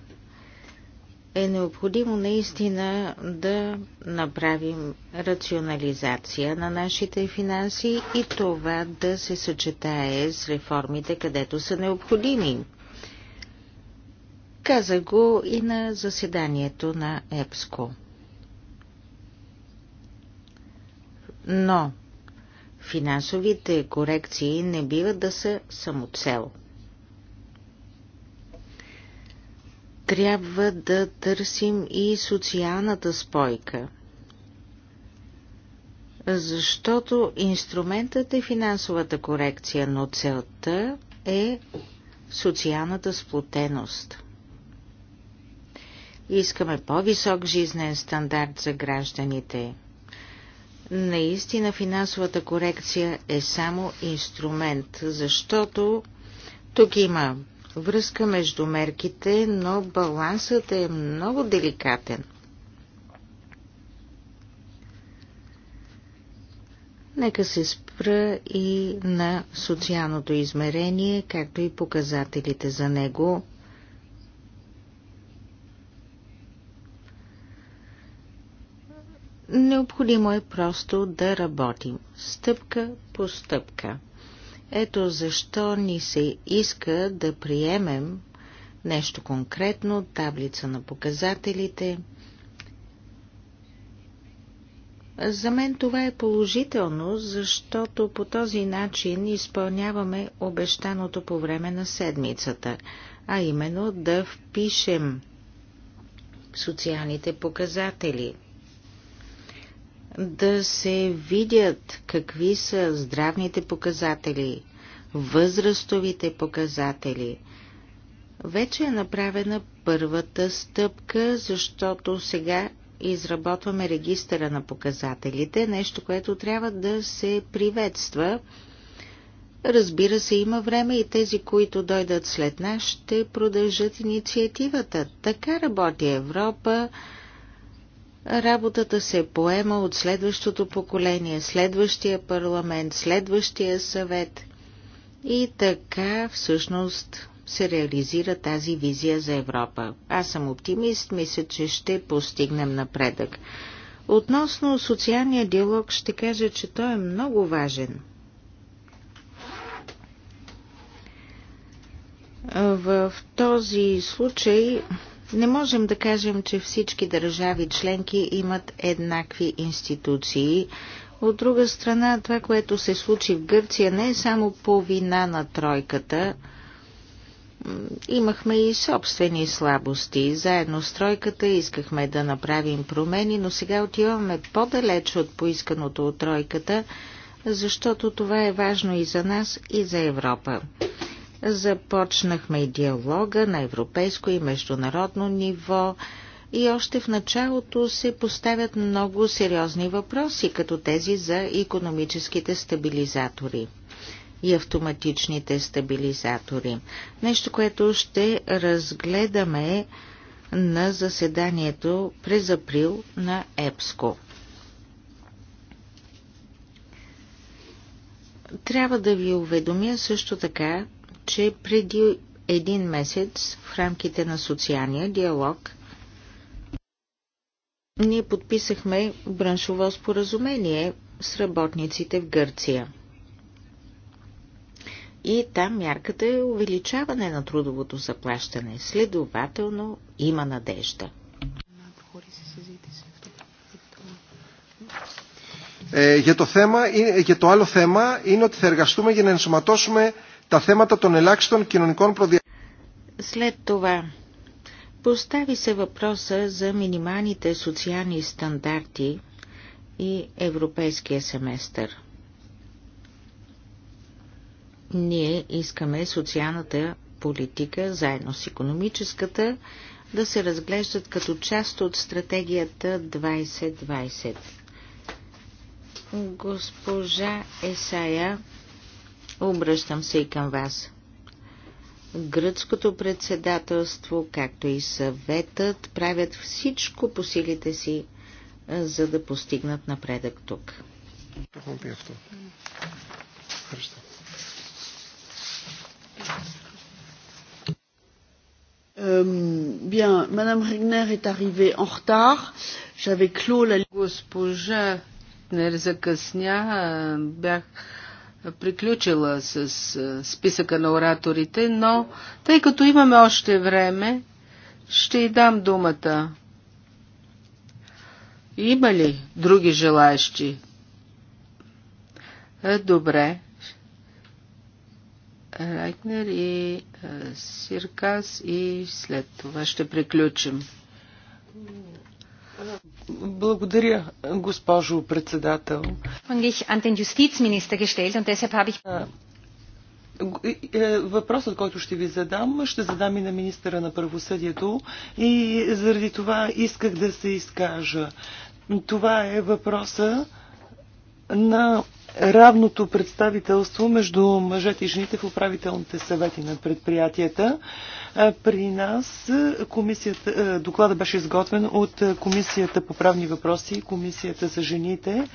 S3: е необходимо наистина да направим рационализация на нашите финанси и това да се съчетае с реформите, където са необходими. Каза го и на заседанието на ЕПСКО. Но финансовите корекции не биват да са самоцел. цел трябва да търсим и социалната спойка. Защото инструментът е финансовата корекция, но целта е социалната сплотеност. Искаме по-висок жизнен стандарт за гражданите. Наистина финансовата корекция е само инструмент, защото тук има връзка между мерките, но балансът е много деликатен. Нека се спра и на социалното измерение, както и показателите за него. Необходимо е просто да работим стъпка по стъпка – ето защо ни се иска да приемем нещо конкретно, таблица на показателите. За мен това е положително, защото по този начин изпълняваме обещаното по време на седмицата, а именно да впишем социалните показатели – да се видят какви са здравните показатели, възрастовите показатели. Вече е направена първата стъпка, защото сега изработваме регистъра на показателите, нещо, което трябва да се приветства. Разбира се, има време и тези, които дойдат след нас, ще продължат инициативата. Така работи Европа Работата се поема от следващото поколение, следващия парламент, следващия съвет. И така всъщност се реализира тази визия за Европа. Аз съм оптимист, мисля, че ще постигнем напредък. Относно социалния диалог ще кажа, че той е много важен. В този случай не можем да кажем, че всички държави членки имат еднакви институции. От друга страна, това, което се случи в Гърция, не е само по вина на тройката. Имахме и собствени слабости. Заедно с тройката искахме да направим промени, но сега отиваме по-далеч от поисканото от тройката, защото това е важно и за нас, и за Европа. Започнахме и диалога на европейско и международно ниво и още в началото се поставят много сериозни въпроси, като тези за економическите стабилизатори и автоматичните стабилизатори. Нещо, което ще разгледаме на заседанието през април на ЕПСКО. Трябва да ви уведомя също така, че преди един месец в рамките на социалния диалог ние подписахме браншово споразумение с работниците в Гърция. И там мярката е увеличаване на трудовото заплащане. Следователно има надежда.
S2: Ε, για, το θέμα, για το άλλο θέμα είναι ότι θα εργαστούμε για να ενσωματώσουμε τα θέματα των ελάχιστων κοινωνικών προδιαγραφών.
S3: След това постави се въпроса за минималните социални стандарти и европейския семестър. Ние искаме социалната политика, заедно с економическата, да се разглеждат като част от стратегията 2020. Госпожа Есая Обръщам се и към вас. Гръцкото председателство, както и съветът, правят всичко по силите си, за да постигнат напредък тук.
S2: Bien, Madame Regner est arrivée en retard. J'avais clos la... Госпожа не закъсня. Бях приключила
S1: с списъка на ораторите, но тъй като имаме още време, ще й дам думата. Има ли други желаящи? Добре. Райкнер и Сиркас и след
S4: това ще приключим. Благодаря, госпожо председател. Е, въпросът, който ще ви задам, ще задам и на министъра на правосъдието и заради това исках да се изкажа. Това е въпроса на равното представителство между мъжете и жените в управителните съвети на предприятията. При нас комисията, доклада беше изготвен от Комисията по правни въпроси и Комисията за жените,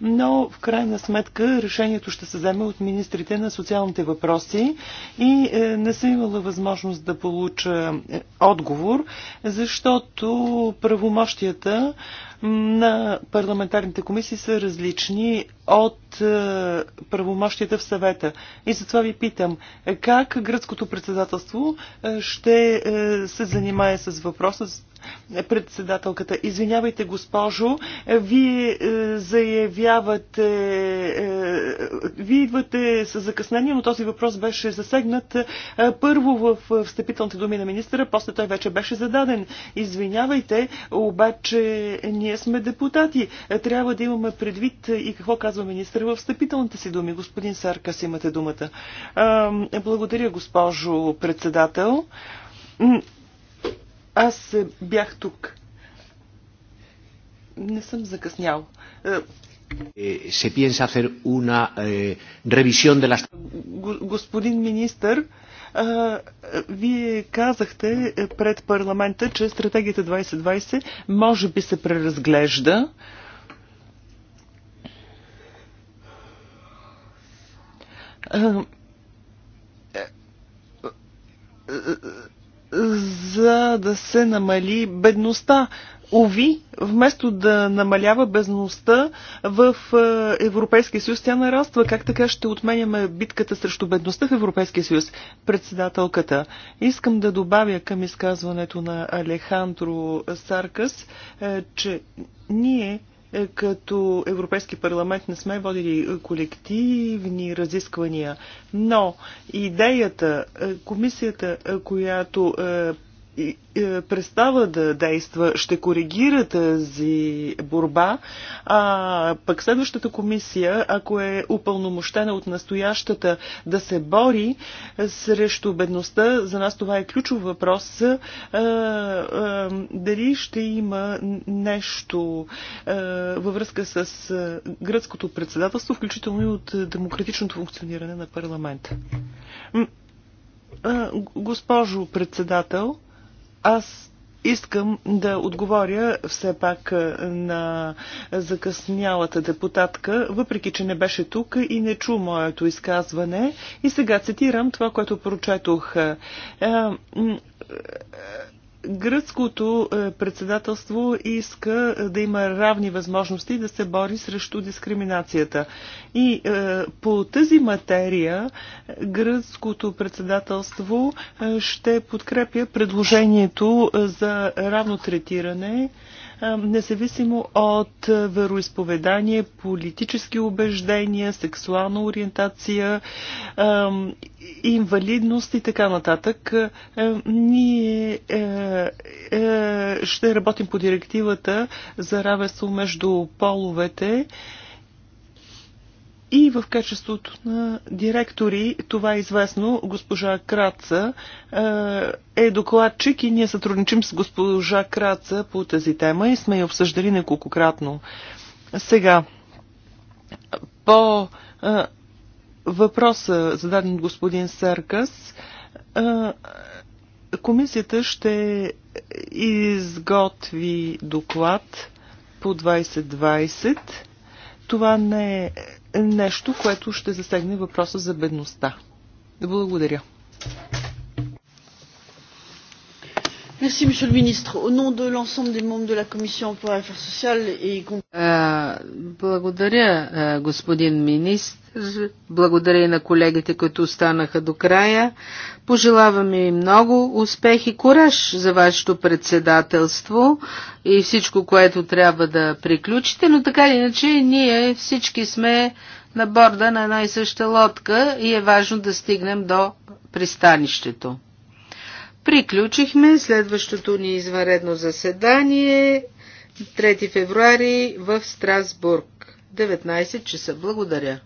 S4: но в крайна сметка решението ще се вземе от министрите на социалните въпроси и не съм имала възможност да получа отговор, защото правомощията на парламентарните комисии са различни от е, правомощията в съвета. И затова ви питам, как гръцкото председателство е, ще е, се занимае с въпроса Председателката, извинявайте госпожо, вие е, заявявате, е, вие идвате с закъснение, но този въпрос беше засегнат е, първо в встъпителните думи на министра, после той вече беше зададен. Извинявайте, обаче ние сме депутати. Трябва да имаме предвид и какво казва министра в встъпителните си думи. Господин Саркас, имате думата. Благодаря, госпожо председател. Аз е, бях тук. Не съм закъснял.
S2: Е, е, се пиенса hacer una revisión de las...
S4: Господин министър, вие казахте пред парламента, че стратегията 2020 може би се преразглежда. Uh, за да се намали бедността. Ови, вместо да намалява бедността в е, Европейския съюз, тя нараства. Как така ще отменяме битката срещу бедността в Европейския съюз? Председателката, искам да добавя към изказването на Алехандро Саркас, е, че ние като Европейски парламент не сме водили колективни разисквания, но идеята, комисията, която е, е, престава да действа, ще коригира тази борба, а пък следващата комисия, ако е упълномощена от настоящата да се бори срещу бедността, за нас това е ключов въпрос. Е, е, дали ще има нещо във връзка с гръцкото председателство, включително и от демократичното функциониране на парламента? Госпожо председател, аз искам да отговоря все пак на закъснялата депутатка, въпреки че не беше тук и не чу моето изказване. И сега цитирам това, което прочетох Гръцкото е, председателство иска е, да има равни възможности да се бори срещу дискриминацията. И е, по тази материя гръцкото председателство ще подкрепя предложението за равно третиране независимо от вероисповедание, политически убеждения, сексуална ориентация, инвалидност и така нататък. Ние ще работим по директивата за равенство между половете. И в качеството на директори, това е известно, госпожа Краца е, е докладчик и ние сътрудничим с госпожа Краца по тази тема и сме я обсъждали неколкократно. Сега, по е, въпроса, зададен от господин Серкас, е, комисията ще изготви доклад по 2020. Това не е е нещо, което ще засегне въпроса за бедността. Благодаря.
S2: Merci, Monsieur le Ministre. Au nom de l'ensemble des membres de la Commission emploi et affaires sociales е,
S1: Благодаря, е, господин министр. Благодаря и на колегите, които останаха до края. Пожелавам и много успех и кораж за вашето председателство и всичко, което трябва да приключите, но така иначе ние всички сме на борда на една и съща лодка и е важно да стигнем до пристанището. Приключихме следващото ни извънредно заседание 3 февруари в Страсбург. 19 часа. Благодаря.